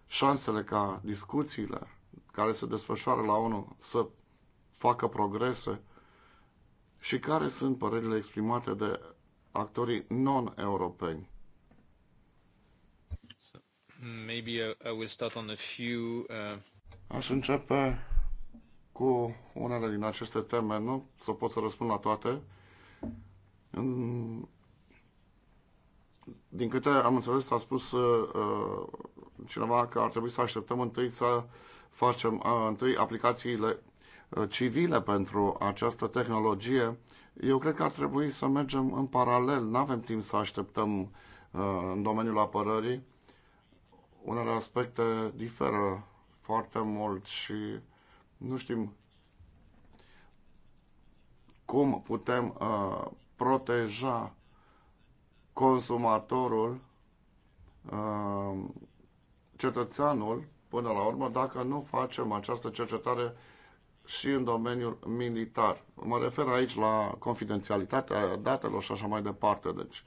șansele ca discuțiile care se desfășoară la ONU să facă progrese și care sunt părerile exprimate de actorii non-europeni. So, uh, uh... Aș începe cu unele din aceste teme, nu să pot să răspund la toate. În din câte am înțeles, a spus uh, uh, cineva că ar trebui să așteptăm întâi să facem uh, întâi aplicațiile uh, civile pentru această tehnologie. Eu cred că ar trebui să mergem în paralel. Nu avem timp să așteptăm uh, în domeniul apărării. Unele aspecte diferă foarte mult și nu știm cum putem uh, proteja consumatorul, uh, cetățeanul, până la urmă, dacă nu facem această cercetare și în domeniul militar. Mă refer aici la confidențialitatea datelor și așa mai departe. Deci,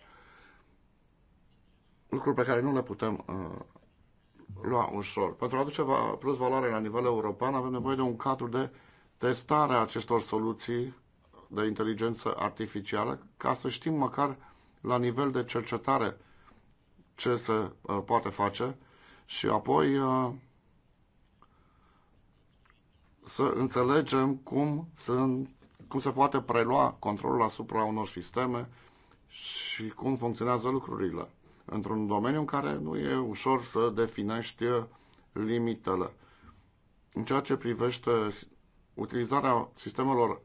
lucruri pe care nu le putem uh, lua ușor. Pentru a aduce plus valoare la nivel european, avem nevoie de un cadru de testare a acestor soluții de inteligență artificială ca să știm măcar la nivel de cercetare ce se uh, poate face și apoi uh, să înțelegem cum, sunt, cum se poate prelua controlul asupra unor sisteme și cum funcționează lucrurile într-un domeniu în care nu e ușor să definești limitele. În ceea ce privește utilizarea sistemelor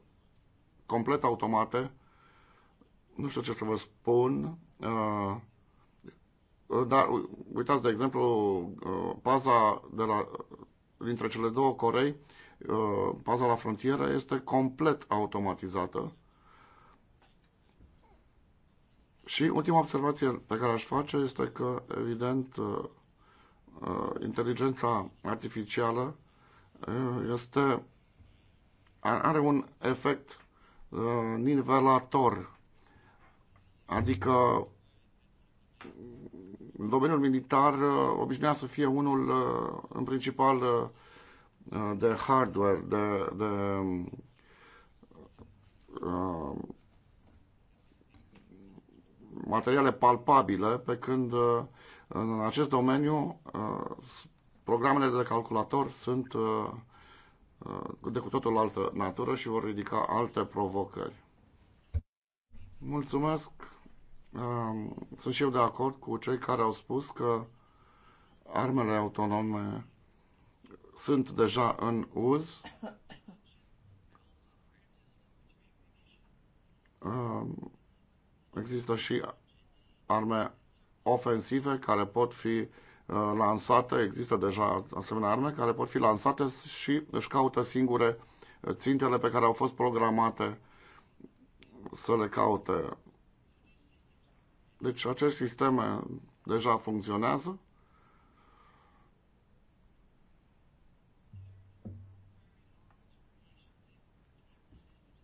complet automate, nu știu ce să vă spun, uh, uh, dar uitați, de exemplu, uh, paza de la, dintre cele două Corei, paza la frontieră este complet automatizată. Și ultima observație pe care aș face este că, evident, inteligența artificială este, are un efect nivelator Adică domeniul militar uh, obișnuia să fie unul uh, în principal uh, de hardware, de, de materiale palpabile, pe când în acest domeniu programele de calculator sunt de cu totul altă natură și vor ridica alte provocări. Mulțumesc! Sunt și eu de acord cu cei care au spus că armele autonome sunt deja în uz. Există și arme ofensive care pot fi uh, lansate, există deja asemenea arme care pot fi lansate și își caută singure țintele pe care au fost programate să le caute. Deci aceste sisteme deja funcționează.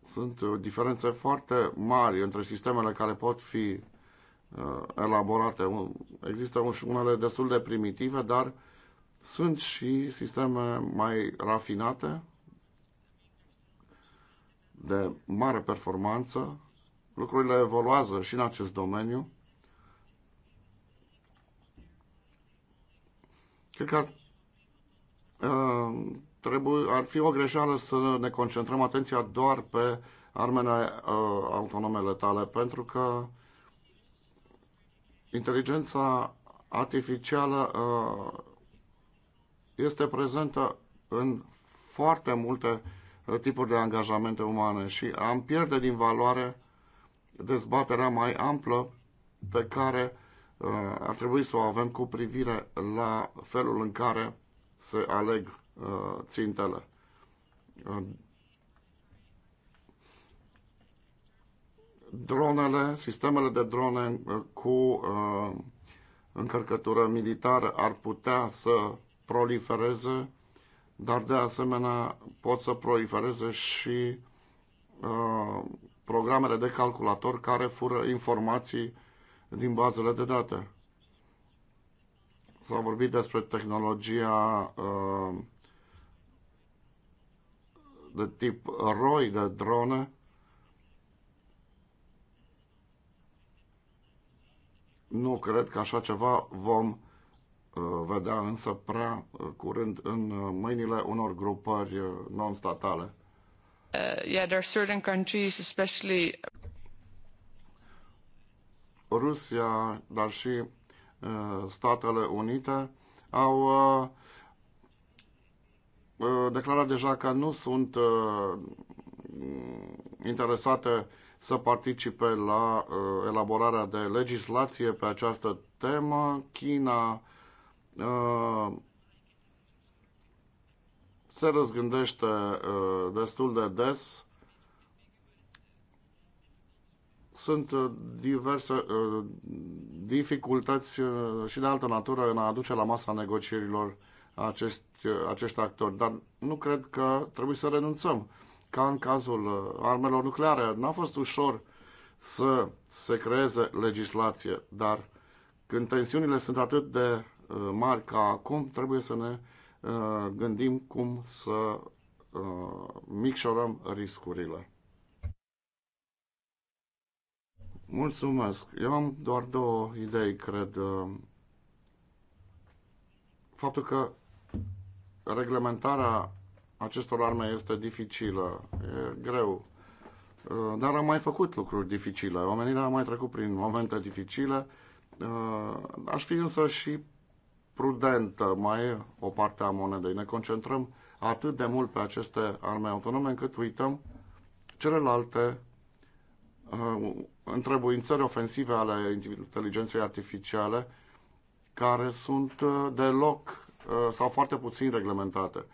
Sunt uh, diferențe foarte mari între sistemele care pot fi uh, elaborate. Există și unele destul de primitive, dar sunt și sisteme mai rafinate, de mare performanță. Lucrurile evoluează și în acest domeniu. Cred că ar, uh, trebuie, ar fi o greșeală să ne concentrăm atenția doar pe armele uh, autonome letale, pentru că inteligența artificială uh, este prezentă în foarte multe tipuri de angajamente umane și am pierde din valoare dezbaterea mai amplă pe care Eh, ar trebui să o avem cu privire la felul în care se aleg eh, țintele. Eh, dronele, sistemele de drone cu încărcătură militară ar putea să prolifereze, dar de asemenea pot să prolifereze și programele de calculator care fură informații din bazele de date. S-a vorbit despre tehnologia uh, de tip roi de drone. Nu cred că așa ceva vom uh, vedea însă prea uh, curând în mâinile unor grupări non-statale. Uh, yeah, there are certain countries, especially Rusia, dar și uh, Statele Unite au uh, uh, declarat deja că nu sunt mm, interesate să participe la elaborarea de legislație pe această temă. China se răzgândește destul de des sunt uh, diverse uh, dificultăți uh, și de altă natură în a aduce la masa negocierilor acești, acești actori, dar nu cred că trebuie să renunțăm, ca în cazul armelor nucleare. N-a fost ușor să se creeze legislație, dar când tensiunile sunt atât de mari ca acum, trebuie să ne gândim cum să micșorăm riscurile. Mulțumesc. Eu am doar două idei, cred. Faptul că reglementarea acestor arme este dificilă, e greu. Dar am mai făcut lucruri dificile. Omenirea a mai trecut prin momente dificile. Aș fi însă și prudentă. Mai e o parte a monedei. Ne concentrăm atât de mult pe aceste arme autonome încât uităm celelalte Uh, întrebuințări ofensive ale inteligenței artificiale care sunt uh, deloc uh, sau foarte puțin reglementate.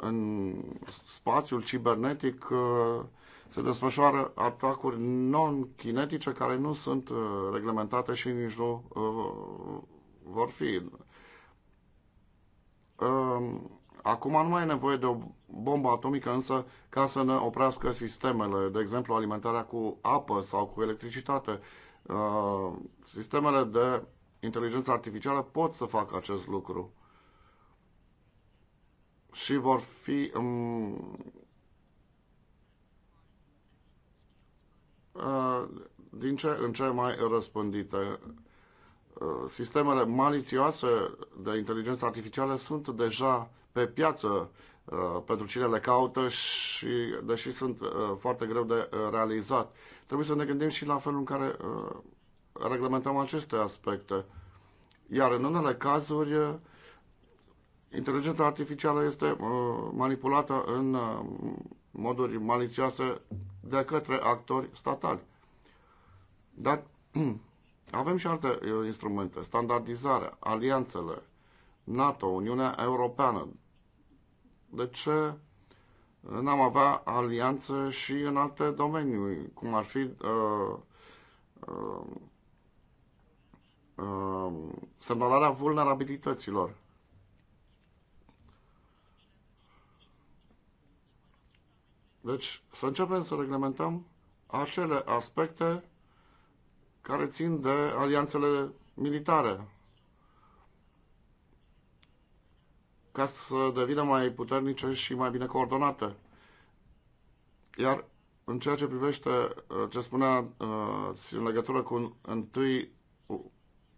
În spațiul cibernetic se desfășoară atacuri non-kinetice care nu sunt reglementate și nici nu vor fi. Uh, Acum nu mai e nevoie de o bombă atomică însă ca să ne oprească sistemele, de exemplu alimentarea cu apă sau cu electricitate. Uh, sistemele de inteligență artificială pot să facă acest lucru și vor fi um, uh, din ce în ce mai răspândite uh, sistemele malițioase de inteligență artificială sunt deja pe piață uh, pentru cine le caută și deși sunt uh, foarte greu de uh, realizat. Trebuie să ne gândim și la felul în care reglementăm aceste aspecte. Iar în unele cazuri, inteligența artificială este manipulată în moduri malițioase de către actori statali. Dar avem și alte instrumente, standardizarea, alianțele, NATO, Uniunea Europeană, de ce n-am avea alianțe și în alte domenii, cum ar fi uh, uh, uh, semnalarea vulnerabilităților. Deci să începem să reglementăm acele aspecte care țin de alianțele militare. ca să devină mai puternice și mai bine coordonate. Iar în ceea ce privește uh, ce spunea uh, în legătură cu întâi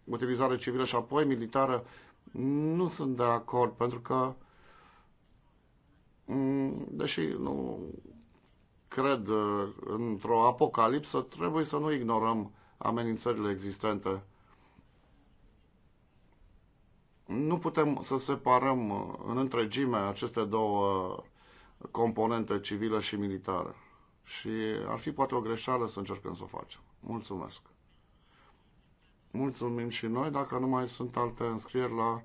utilizare civilă și apoi militară, nu sunt de acord, pentru că mm, deși nu cred uh, într-o apocalipsă, trebuie să nu ignorăm amenințările existente. Nu putem să separăm uh, în întregime aceste două componente civilă și militară. Și ar fi poate o greșeală să încercăm să o facem. Mulțumesc! Mulțumim și noi, dacă nu mai sunt alte înscrieri la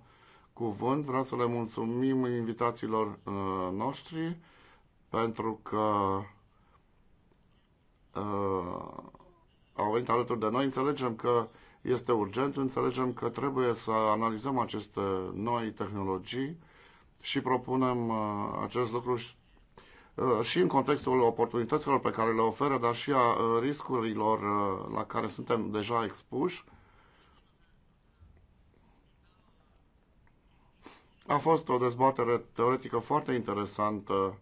cuvânt, vreau să le mulțumim invitațiilor uh, noștri pentru că uh, au venit alături de noi. Înțelegem că este urgent. Înțelegem că trebuie să analizăm aceste noi tehnologii și propunem uh, acest lucru uh, și în contextul oportunităților pe care le oferă, dar și a uh, riscurilor la care suntem deja expuși. A fost o dezbatere teoretică foarte interesantă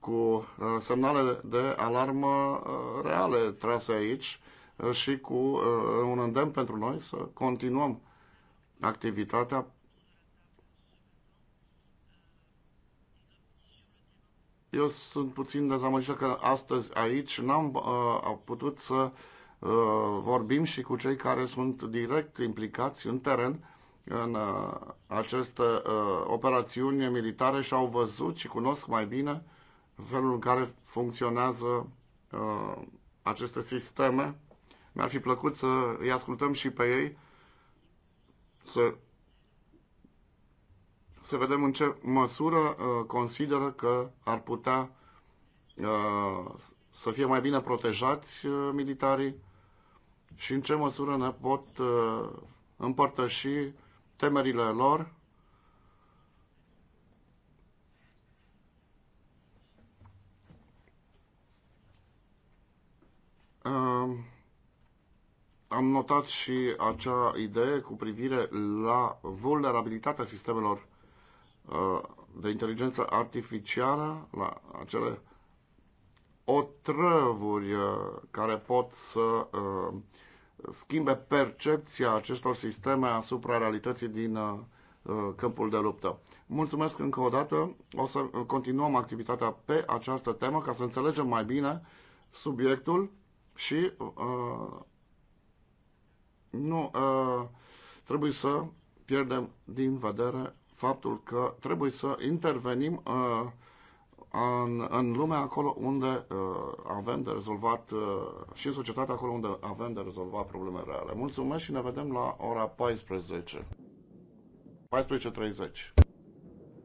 cu semnale de alarmă reale trase aici Uh, și cu uh, un îndemn pentru noi să continuăm activitatea Eu sunt puțin dezamăgită că astăzi aici n-am uh, putut să uh, vorbim și cu cei care sunt direct implicați în teren în uh, aceste uh, operațiuni militare și au văzut și cunosc mai bine felul în care funcționează uh, aceste sisteme mi-ar fi plăcut să îi ascultăm și pe ei, să, să vedem în ce măsură uh, consideră că ar putea uh, să fie mai bine protejați uh, militarii și în ce măsură ne pot uh, împărtăși temerile lor um, am notat și acea idee cu privire la vulnerabilitatea sistemelor uh, de inteligență artificială, la acele otrăvuri uh, care pot să uh, schimbe percepția acestor sisteme asupra realității din câmpul de luptă. Mulțumesc încă o dată. O să continuăm activitatea pe această temă ca să înțelegem mai bine subiectul și uh, nu ă, trebuie să pierdem din vedere faptul că trebuie să intervenim ă, în, în lumea acolo unde ă, avem de rezolvat și în societatea acolo unde avem de rezolvat probleme reale. Mulțumesc și ne vedem la ora 14. 14.30.